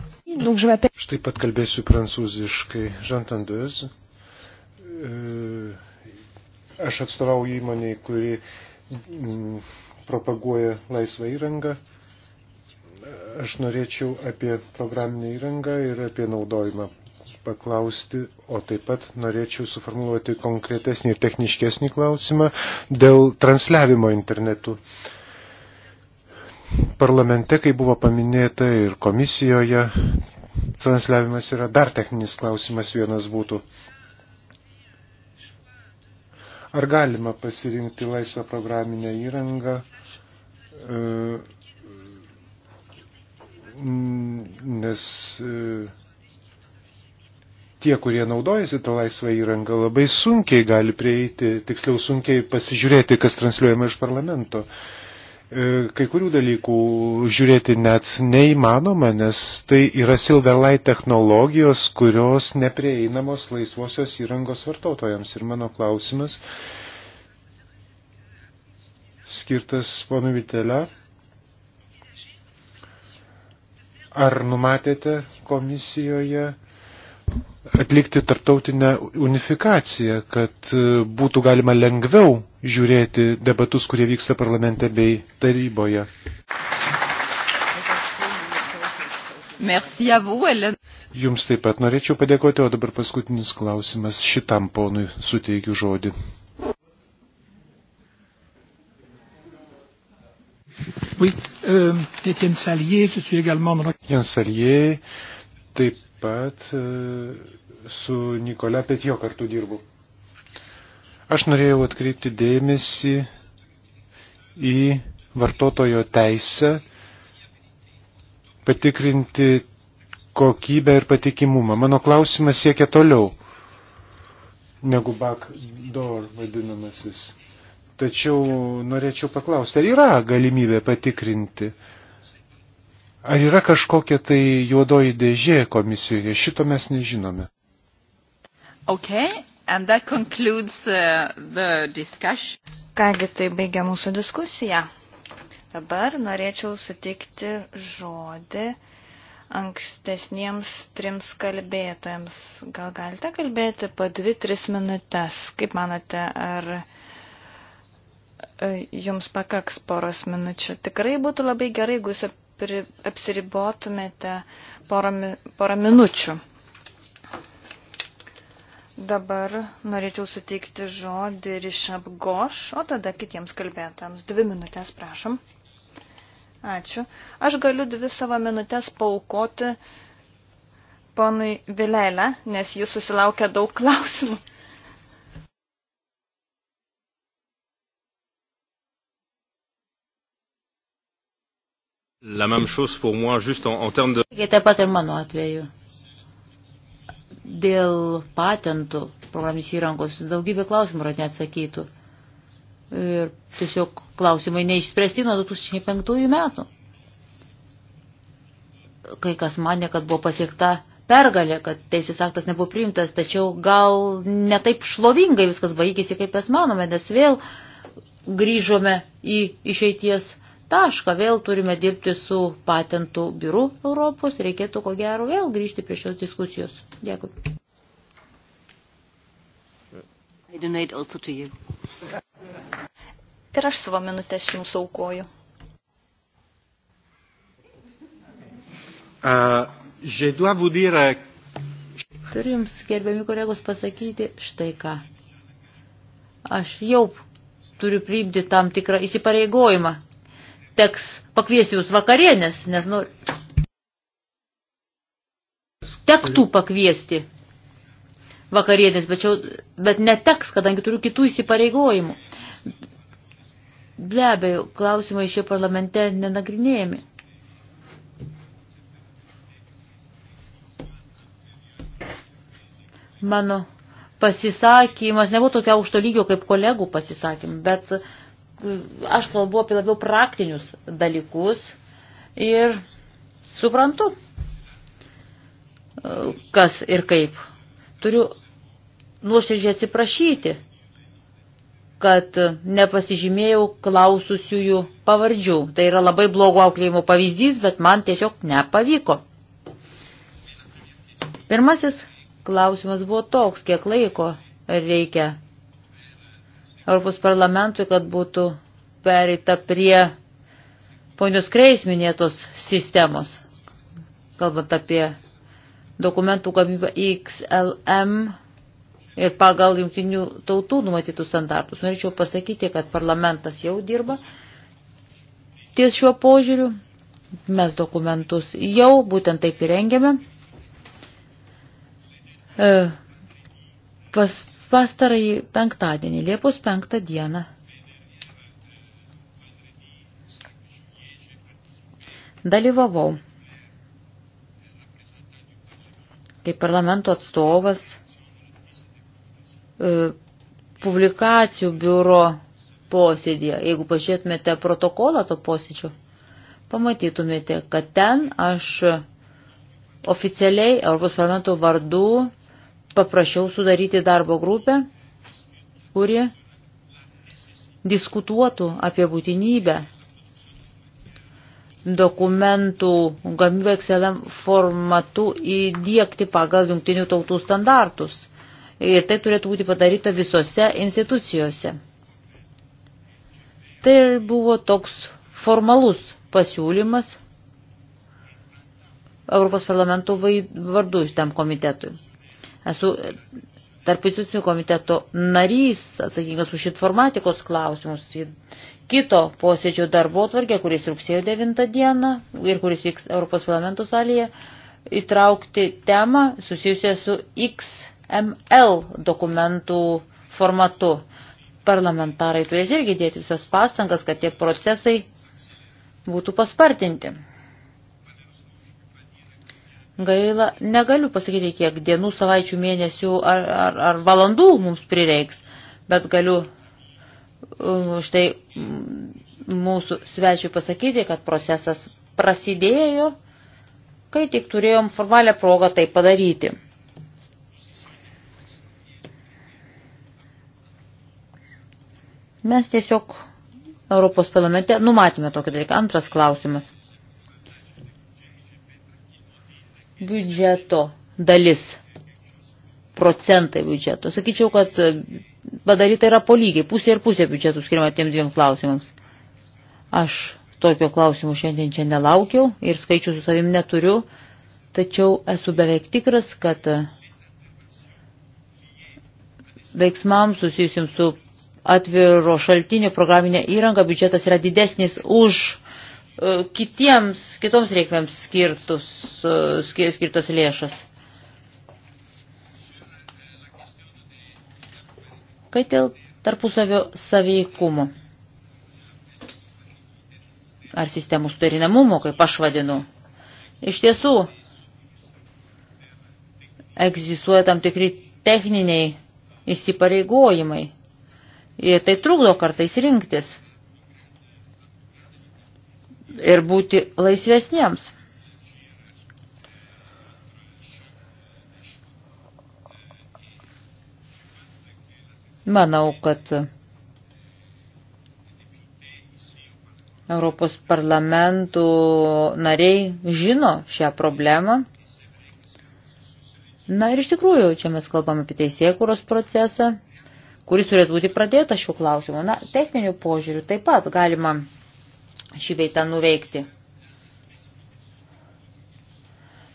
Aš taip pat kalbėsiu prancūziškai. Žantandus, Aš atstovauju įmoniai, kuri m, mm, propaguoja laisvą įrangą. Aš norėčiau apie programinę įrangą ir apie naudojimą paklausti, o taip pat norėčiau suformuluoti konkretesnį ir techniškesnį klausimą dėl transliavimo internetu. Parlamente, kai buvo paminėta ir komisijoje, transliavimas yra dar techninis klausimas vienas būtų. Ar galima pasirinkti laisvą programinę įrangą, e, nes e, tie, kurie naudojasi tą laisvą įrangą, labai sunkiai gali prieiti, tiksliau sunkiai pasižiūrėti, kas transliuojama iš parlamento. Uh, E, kai kurių dalykų žiūrėti net neįmanoma, nes tai yra Silverlight technologijos, kurios neprieinamos laisvosios įrangos vartotojams. Ir mano klausimas skirtas ponui Vitelė. Ar numatėte komisijoje atlikti tarptautinę unifikaciją, kad e, būtų galima lengviau žiūrėti debatus, kurie vyksta parlamente bei taryboje. Jums taip pat norėčiau padėkoti, o dabar paskutinis klausimas šitam ponui suteikiu žodį. Oui, euh, Étienne Salier, je suis également dans la... Étienne Salier, taip pat e, su Nikola Petio kartu dirbu. Aš norėjau atkreipti dėmesį į vartotojo teisę patikrinti kokybę ir patikimumą. Mano klausimas siekia toliau negu backdoor vadinamasis. Tačiau norėčiau paklausti, ar yra galimybė patikrinti uh, Ar yra kažkokia tai juodoji dėžė komisijoje? Šito mes nežinome. Okay, and that concludes uh, the discussion. Kągi tai baigia mūsų diskusiją. Dabar norėčiau sutikti žodį ankstesniems trims kalbėtojams. Gal galite kalbėti po 2-3 minutės? Kaip manote, ar e, jums pakaks poros minučių? Tikrai būtų labai gerai, jeigu jūs pri, apsiribotumėte porą, porą minučių. Dabar norėčiau suteikti žodį Rišab Goš, o tada kitiems kalbėtams. Dvi minutės, prašom. Ačiū. Aš galiu dvi savo minutės paukoti ponui Vilelę, nes jis susilaukia daug klausimų. La même chose pour moi, juste en, en termes de... Lygiai taip pat ir mano atveju. Dėl patentų programinės įrangos daugybė klausimų yra neatsakytų. Ir tiesiog klausimai neišspręsti nuo 2005 metų. Kai kas mane, kad buvo pasiekta pergalė, kad teisės aktas nebuvo priimtas, tačiau gal netaip šlovingai viskas baigėsi, kaip mes manome, nes vėl grįžome į išeities tašką. Vėl turime dirbti su patentų biuru Europos. Reikėtų ko gero vėl grįžti prie šios diskusijos. Dėkui. Ir aš savo minutės jums aukoju. Uh, je dois vous dire uh, Turiu jums, gerbiami kolegos, pasakyti štai ką. Aš jau turiu priimti tam tikrą įsipareigojimą teks pakviesti jūs vakarienės, nes noriu. Tektų pakviesti vakarienės, bet, čia, bet neteks, kadangi turiu kitų įsipareigojimų. Be abejo, klausimai šio parlamente nenagrinėjami. Mano pasisakymas nebuvo tokio aukšto lygio kaip kolegų pasisakymai, bet uh, Aš kalbu apie labiau praktinius dalykus ir suprantu, kas ir kaip. Turiu nuoširdžiai atsiprašyti, kad nepasižymėjau klaususiųjų pavardžių. Tai yra labai blogo auklėjimo pavyzdys, bet man tiesiog nepavyko. Pirmasis klausimas buvo toks, kiek laiko reikia Europos parlamentui, kad būtų pereita prie ponios kreis minėtos sistemos, kalbant apie dokumentų gamybą XLM ir pagal jungtinių tautų numatytų standartus. Norėčiau pasakyti, kad parlamentas jau dirba ties šiuo požiūriu. Mes dokumentus jau būtent taip įrengėme. E, pas pastarąjį penktadienį, Liepos penktą dieną. Dalyvavau kaip parlamento atstovas e, publikacijų biuro posėdėje. Jeigu pažiūrėtumėte protokolą to posėdžio, pamatytumėte, kad ten aš oficialiai Europos parlamento vardu paprašiau sudaryti darbo grupę, kuri diskutuotų apie būtinybę dokumentų gamybą XLM formatu įdėkti pagal jungtinių tautų standartus. Ir tai turėtų būti padaryta visose institucijose. Tai buvo toks formalus pasiūlymas Europos parlamento vardu šitam komitetui. Esu tarp institucijų komiteto narys, atsakingas už informatikos klausimus. Kito posėdžio darbo tvarkė, kuris rugsėjo 9 dieną ir kuris vyks Europos parlamento salėje, įtraukti temą susijusią su XML dokumentų formatu. Parlamentarai turės irgi dėti visas pastangas, kad tie procesai būtų paspartinti. Gaila, negaliu pasakyti, kiek dienų, savaičių, mėnesių ar, ar, ar valandų mums prireiks, bet galiu um, štai mm, mūsų svečiui pasakyti, kad procesas prasidėjo, kai tik turėjom formalią progą tai padaryti. Mes tiesiog Europos parlamente numatėme tokį dalyką. Antras klausimas. biudžeto dalis, procentai biudžeto. Sakyčiau, kad e, padaryta yra polygiai, pusė ir pusė biudžetų skiriama tiems dviem klausimams. Aš tokio klausimų šiandien čia nelaukiau ir skaičių su savim neturiu, tačiau esu beveik tikras, kad e, veiksmams susijusim su atviro šaltinio programinė įranga biudžetas yra didesnis už E, kitiems, kitoms reikmėms skirtus, e, skirtas lėšas. Kai dėl tarpusavio saveikumo ar sistemų sudarinamumo, kaip aš vadinu, iš tiesų egzistuoja tam tikri techniniai įsipareigojimai ir tai trukdo kartais rinktis ir būti laisvesniems. Manau, kad Europos parlamentų nariai žino šią problemą. Na ir iš tikrųjų, čia mes kalbame apie teisėkūros procesą, kuris turėtų būti pradėtas šiuo klausimu. Na, techninių požiūrių taip pat galima šį veitą nuveikti.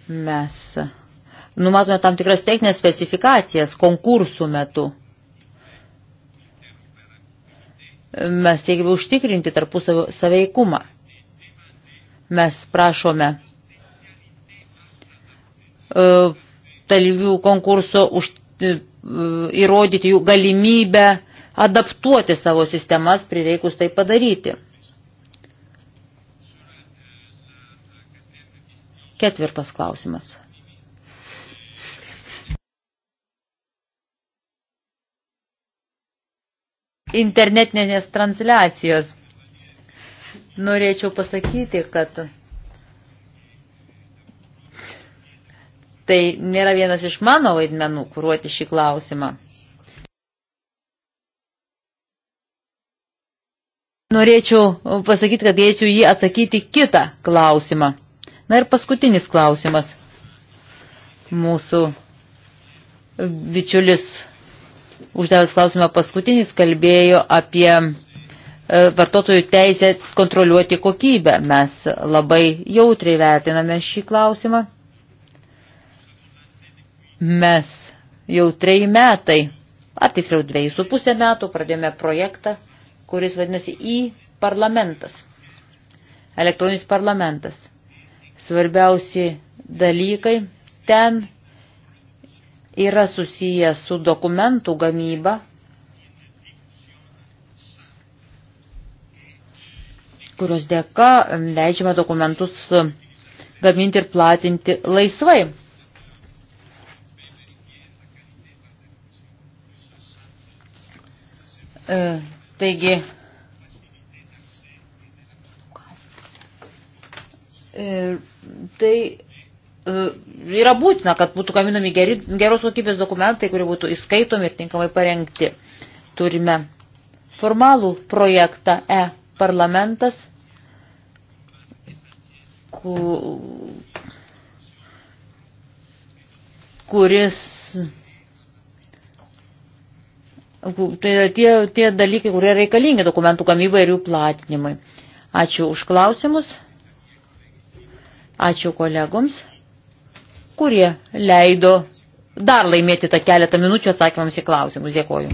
Mes numatome tam tikras techninės specifikacijas konkursų metu. Mes teikime užtikrinti tarpusavio saveikumą. Mes prašome uh, dalyvių konkurso už, uh, įrodyti jų galimybę adaptuoti savo sistemas, prireikus tai padaryti. Ketvirtas klausimas. Internetinės transliacijos. Norėčiau pasakyti, kad tai nėra vienas iš mano vaidmenų kuruoti šį klausimą. Norėčiau pasakyti, kad dėčiau jį atsakyti kitą klausimą. Na ir paskutinis klausimas. Mūsų bičiulis uždavęs klausimą paskutinis kalbėjo apie e, vartotojų teisę kontroliuoti kokybę. Mes labai jautriai vertiname šį klausimą. Mes jau treji metai, ar tiksliau dviejų su pusė metų, pradėjome projektą, kuris vadinasi į parlamentas. Elektroninis parlamentas svarbiausi dalykai ten yra susiję su dokumentų gamyba, kurios dėka leidžiame dokumentus gaminti ir platinti laisvai. E, taigi, E, tai e, yra būtina, kad būtų gaminami geri, geros kokybės dokumentai, kurie būtų įskaitomi ir tinkamai parengti. Turime formalų projektą e-parlamentas, kuris tai tie, tie dalykai, kurie reikalingi dokumentų gamybai ir jų platinimui. Ačiū už klausimus. Ačiū kolegoms, kurie leido dar laimėti tą keletą minučių atsakymams į klausimus. Dėkoju.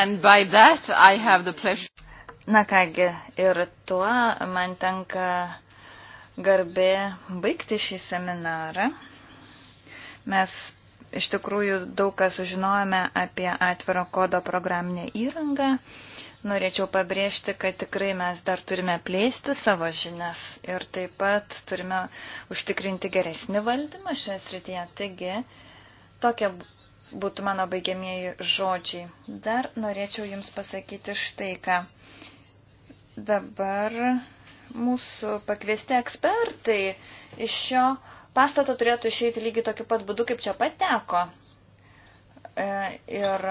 And by that I have the pleasure. Na kągi, ir tuo man tenka garbė baigti šį seminarą. Mes iš tikrųjų daug ką sužinojome apie atviro kodo programinę įrangą. Norėčiau pabrėžti, kad tikrai mes dar turime plėsti savo žinias ir taip pat turime užtikrinti geresnį valdymą šioje srityje. Taigi, tokie būtų mano baigiamieji žodžiai. Dar norėčiau Jums pasakyti štai ką. Dabar mūsų pakviesti ekspertai iš šio pastato turėtų išeiti lygiai tokiu pat būdu, kaip čia pateko. E, ir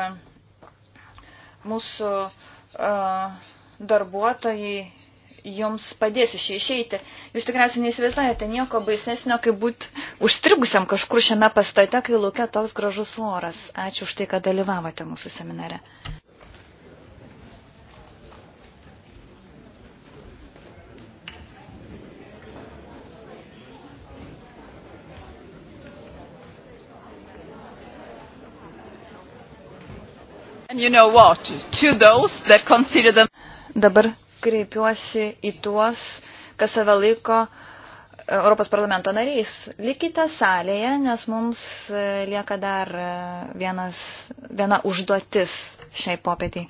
mūsų darbuotojai jums padės iš išeiti. Jūs tikriausiai neįsivaizduojate nieko baisesnio, kaip būti užstrigusiam kažkur šiame pastate, kai laukia toks gražus oras. Ačiū už tai, kad dalyvavote mūsų seminare. you know what, to those that consider them... Dabar kreipiuosi į tuos, kas save laiko e, Europos parlamento nariais. Likite salėje, nes mums e, lieka dar e, vienas, viena užduotis šiai popietiai.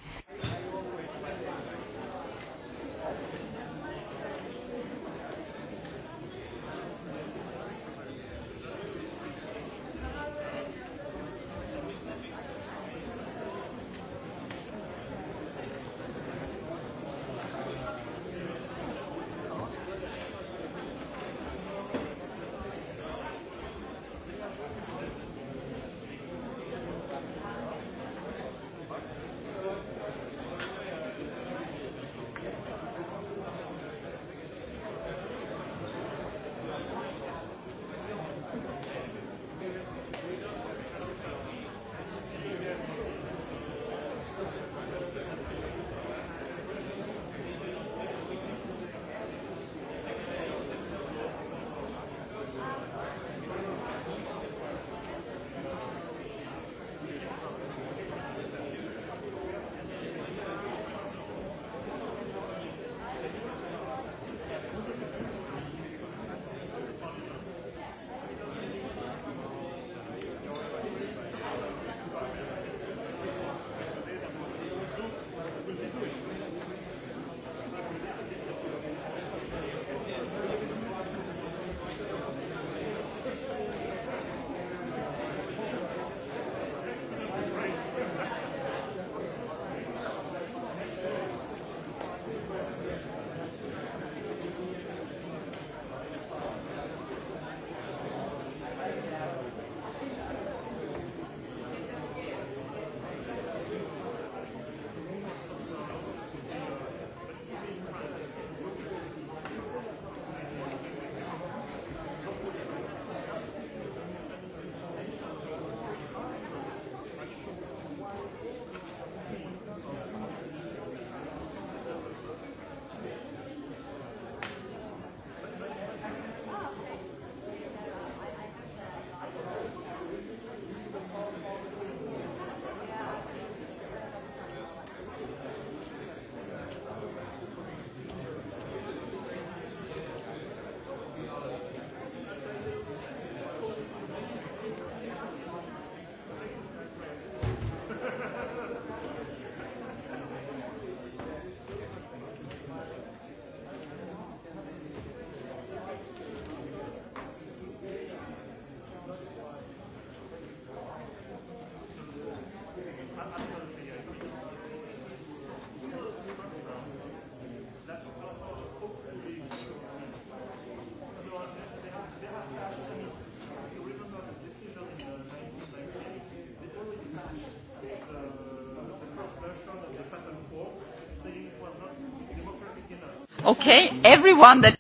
Okay, everyone that...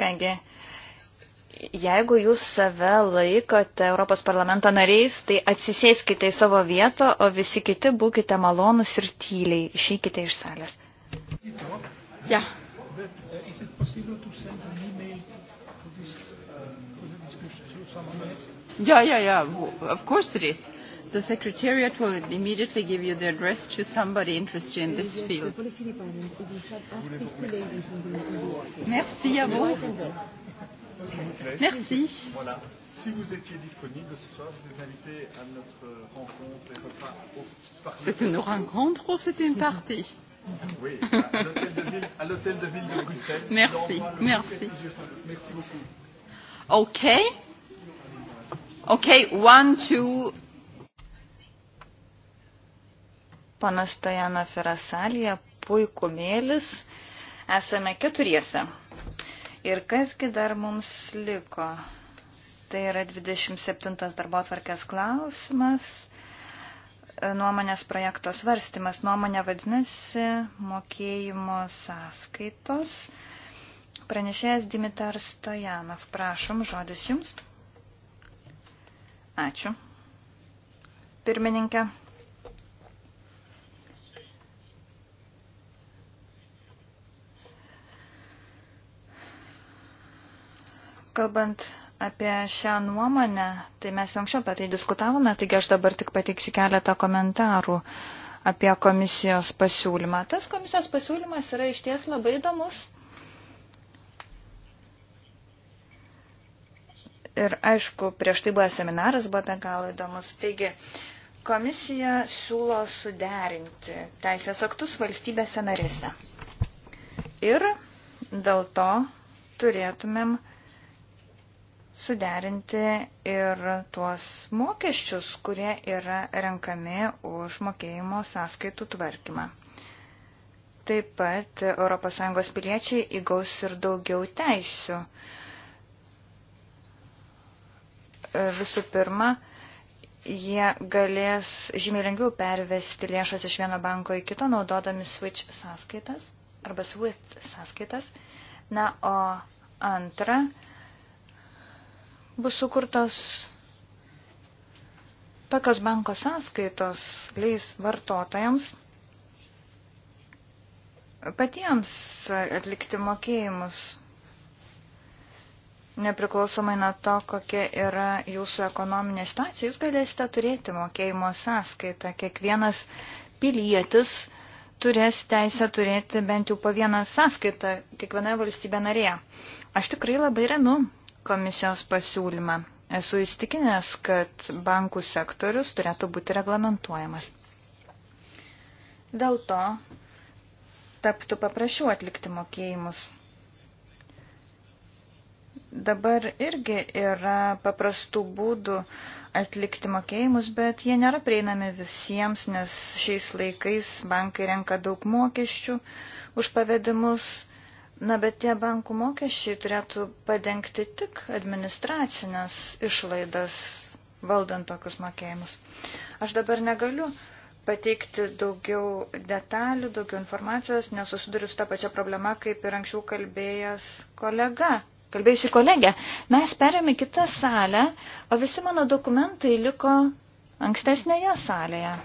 Kągi, jeigu jūs save laikote Europos parlamento nariais, tai atsisėskite į savo vietą, o visi kiti būkite malonus ir tyliai, išeikite iš salės. Yeah. Yeah, yeah, yeah. Of course it is. The Secretariat will immediately give you the address to somebody interested in this field. Merci à vous. Merci. Voilà. Si vous étiez disponible ce soir, vous êtes invité à notre rencontre et repas au parti. C'est une rencontre ou c'est une partie Oui, à l'hôtel de, de ville de Bruxelles. Merci, merci. Merci beaucoup. Okay. Okay, one, two. Pana Stojanov yra salėje, puikų mėlis. Esame keturiese. Ir kasgi dar mums liko? Tai yra 27 darbo tvarkės klausimas. E, nuomonės projekto svarstymas. Nuomonė vadinasi mokėjimo sąskaitos. Pranešėjas Dimitar Stojanov. Prašom, žodis jums. Ačiū. Pirmininkė. Kalbant apie šią nuomonę, tai mes jau anksčiau apie tai diskutavome, taigi aš dabar tik pateiksiu keletą komentarų apie komisijos pasiūlymą. Tas komisijos pasiūlymas yra išties labai įdomus. Ir aišku, prieš tai buvęs seminaras buvo be galo įdomus. Taigi, komisija siūlo suderinti teisės aktus valstybėse narėse. Ir dėl to turėtumėm uh, suderinti ir tuos mokesčius, kurie yra renkami už mokėjimo sąskaitų tvarkymą. Taip pat ES piliečiai įgaus ir daugiau teisių. Visų pirma, jie galės žymiai lengviau pervesti lėšas iš vieno banko į kitą, naudodami switch sąskaitas arba swift sąskaitas. Na, o antra, bus sukurtos tokios banko sąskaitos, leis vartotojams patiems atlikti mokėjimus, nepriklausomai nuo to, kokia yra jūsų ekonominė situacija, jūs galėsite turėti mokėjimo sąskaitą. Kiekvienas pilietis turės teisę turėti bent jau po vieną sąskaitą kiekvienoje valstybė narėje. Aš tikrai labai remiu komisijos pasiūlymą. Esu įstikinęs, kad bankų sektorius turėtų būti reglamentuojamas. Dėl to taptų paprašiau atlikti mokėjimus. Dabar irgi yra paprastų būdų atlikti mokėjimus, bet jie nėra prieinami visiems, nes šiais laikais bankai renka daug mokesčių už pavedimus Na, bet tie bankų mokesčiai turėtų padengti tik administracinės išlaidas valdant tokius mokėjimus. Aš dabar negaliu pateikti daugiau detalių, daugiau informacijos, nesusiduriu su tą pačią problemą, kaip ir anksčiau kalbėjęs kolega. Kalbėjusi kolegė, mes perėmė kitą salę, o visi mano dokumentai liko ankstesnėje salėje.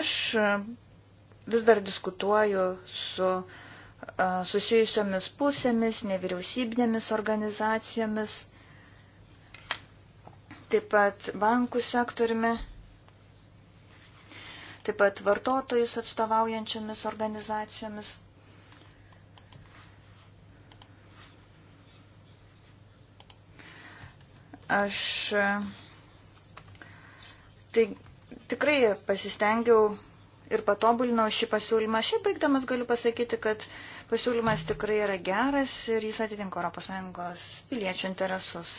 Aš vis dar diskutuoju su uh, susijusiomis pusėmis, nevyriausybinėmis organizacijomis, taip pat bankų sektoriumi, taip pat vartotojus atstovaujančiomis organizacijomis. Aš tai tikrai pasistengiau ir patobulinau šį pasiūlymą. Šiaip baigdamas galiu pasakyti, kad pasiūlymas tikrai yra geras ir jis atitinka ES piliečių interesus.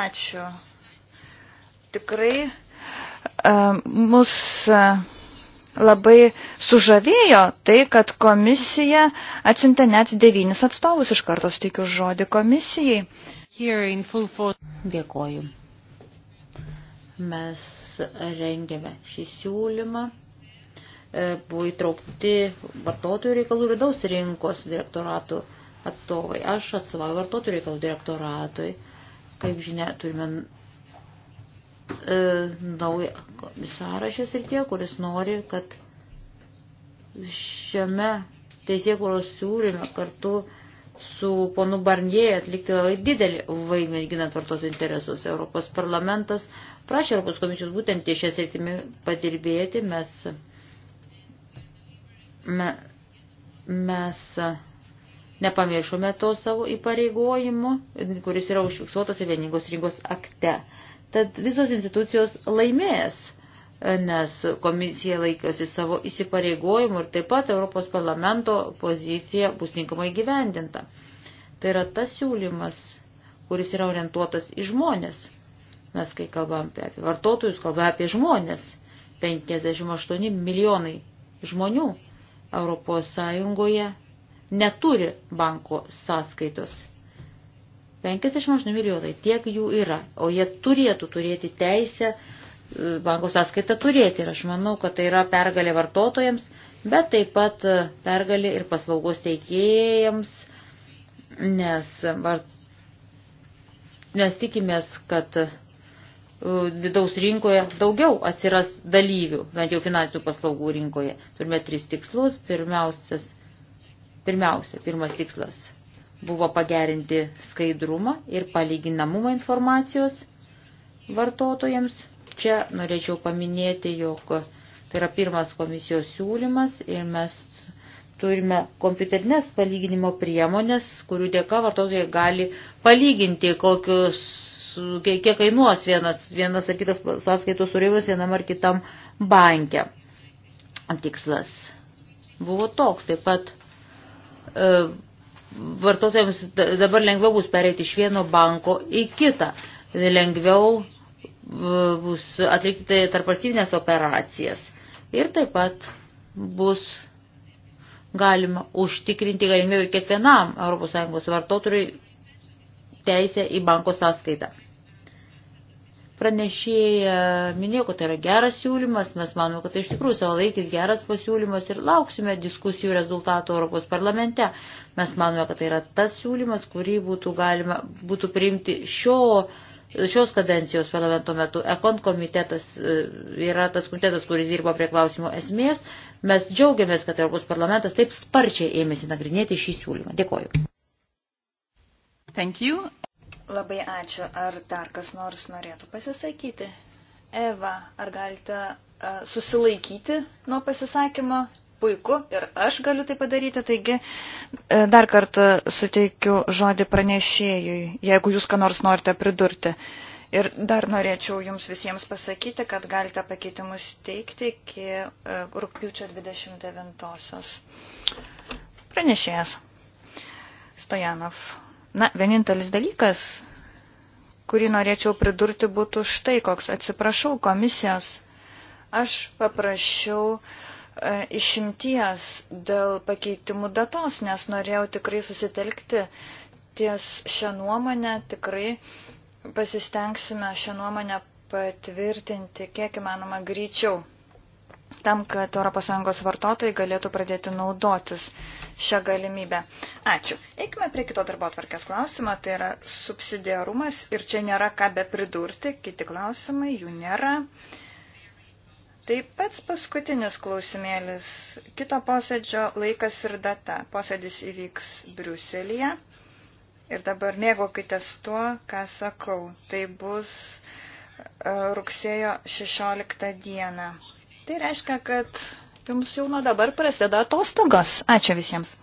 Ačiū. Tikrai uh, mus uh, labai sužavėjo tai, kad komisija atsiuntė net devynis atstovus iš karto suteikiu žodį komisijai. Dėkoju. Mes rengėme šį siūlymą, e, buvo įtraukti vartotojų reikalų vidaus rinkos direktoratų atstovai. Aš atstovauju vartotojų reikalų direktoratui. Kaip žinia, turime e, naują komisarą šią srityje, kuris nori, kad šiame teisėkuros siūlyme kartu e, su ponu Barnie atlikti labai didelį vaidmenį ginant vartotojų interesus. Europos parlamentas prašė Europos komisijos būtent ties šią sritimį padirbėti. Mes, me, mes nepamiršome to savo įpareigojimo, kuris yra užfiksuotas vieningos rinkos akte. Tad visos institucijos laimės nes komisija laikėsi savo įsipareigojimų ir taip pat Europos parlamento pozicija bus tinkamai gyvendinta. Tai yra tas siūlymas, kuris yra orientuotas į žmonės. Mes, kai kalbam apie, apie vartotojus, kalbame apie žmonės. 58 milijonai žmonių Europos Sąjungoje neturi banko sąskaitos. 58 milijonai tiek jų yra, o jie turėtų turėti teisę bankų sąskaitą turėti. Ir aš manau, kad tai yra pergalė vartotojams, bet taip pat e, pergalė ir paslaugos teikėjams, nes, nes tikimės, kad e, vidaus rinkoje daugiau atsiras dalyvių, bent jau finansinių paslaugų rinkoje. Turime tris tikslus. Pirmiausias, pirmiausia, pirmas tikslas buvo pagerinti skaidrumą ir palyginamumą informacijos vartotojams Čia norėčiau paminėti, jog tai yra pirmas komisijos siūlymas ir mes turime kompiuterinės palyginimo priemonės, kurių dėka vartotojai gali palyginti, kokius, kiek kainuos vienas, vienas ar kitas sąskaitos surėvimas vienam ar kitam banke. Tikslas buvo toks, taip pat e, vartotojams dabar lengviau bus pereiti iš vieno banko į kitą, lengviau bus atlikti tai tarpvalstybinės operacijas ir taip pat bus galima užtikrinti galimybę kiekvienam ES vartotojui teisę į banko sąskaitą. Pranešėja minėjo, kad tai yra geras siūlymas, mes manome, kad tai iš tikrųjų savalaikis geras pasiūlymas ir lauksime diskusijų rezultatų Europos parlamente. Mes manome, kad tai yra tas siūlymas, kurį būtų galima būtų priimti šio šios kadencijos parlamento metu. Ekon komitetas e, yra tas komitetas, kuris dirba prie klausimo esmės. Mes džiaugiamės, kad Europos parlamentas taip sparčiai ėmėsi nagrinėti šį siūlymą. Dėkoju. Thank you. Labai ačiū. Ar dar kas nors norėtų pasisakyti? Eva, ar galite uh, susilaikyti nuo pasisakymo? puiku ir aš galiu tai padaryti, taigi e, dar kartą suteikiu žodį pranešėjui, jeigu jūs ką nors norite pridurti. Ir dar norėčiau jums visiems pasakyti, kad galite pakeitimus teikti iki e, rūpiučio 29-osios. Pranešėjas Stojanov. Na, vienintelis dalykas, kurį norėčiau pridurti, būtų štai koks. Atsiprašau komisijos. Aš paprašiau uh, E, išimties dėl pakeitimų datos, nes norėjau tikrai susitelkti ties šią nuomonę, tikrai pasistengsime šią nuomonę patvirtinti kiek įmanoma greičiau, tam, kad ES vartotojai galėtų pradėti naudotis šią galimybę. Ačiū. Eikime prie kito darbo atvarkės klausimo, tai yra subsidiarumas ir čia nėra ką be pridurti, kiti klausimai jų nėra. Uh, Taip pat paskutinis klausimėlis. Kito posėdžio laikas ir data. Posėdis įvyks Briuselėje. Ir dabar mėgaukitės tuo, ką sakau. Tai bus e, rugsėjo 16 dieną. Tai reiškia, kad jums jau nuo dabar prasideda atostogos. Ačiū visiems.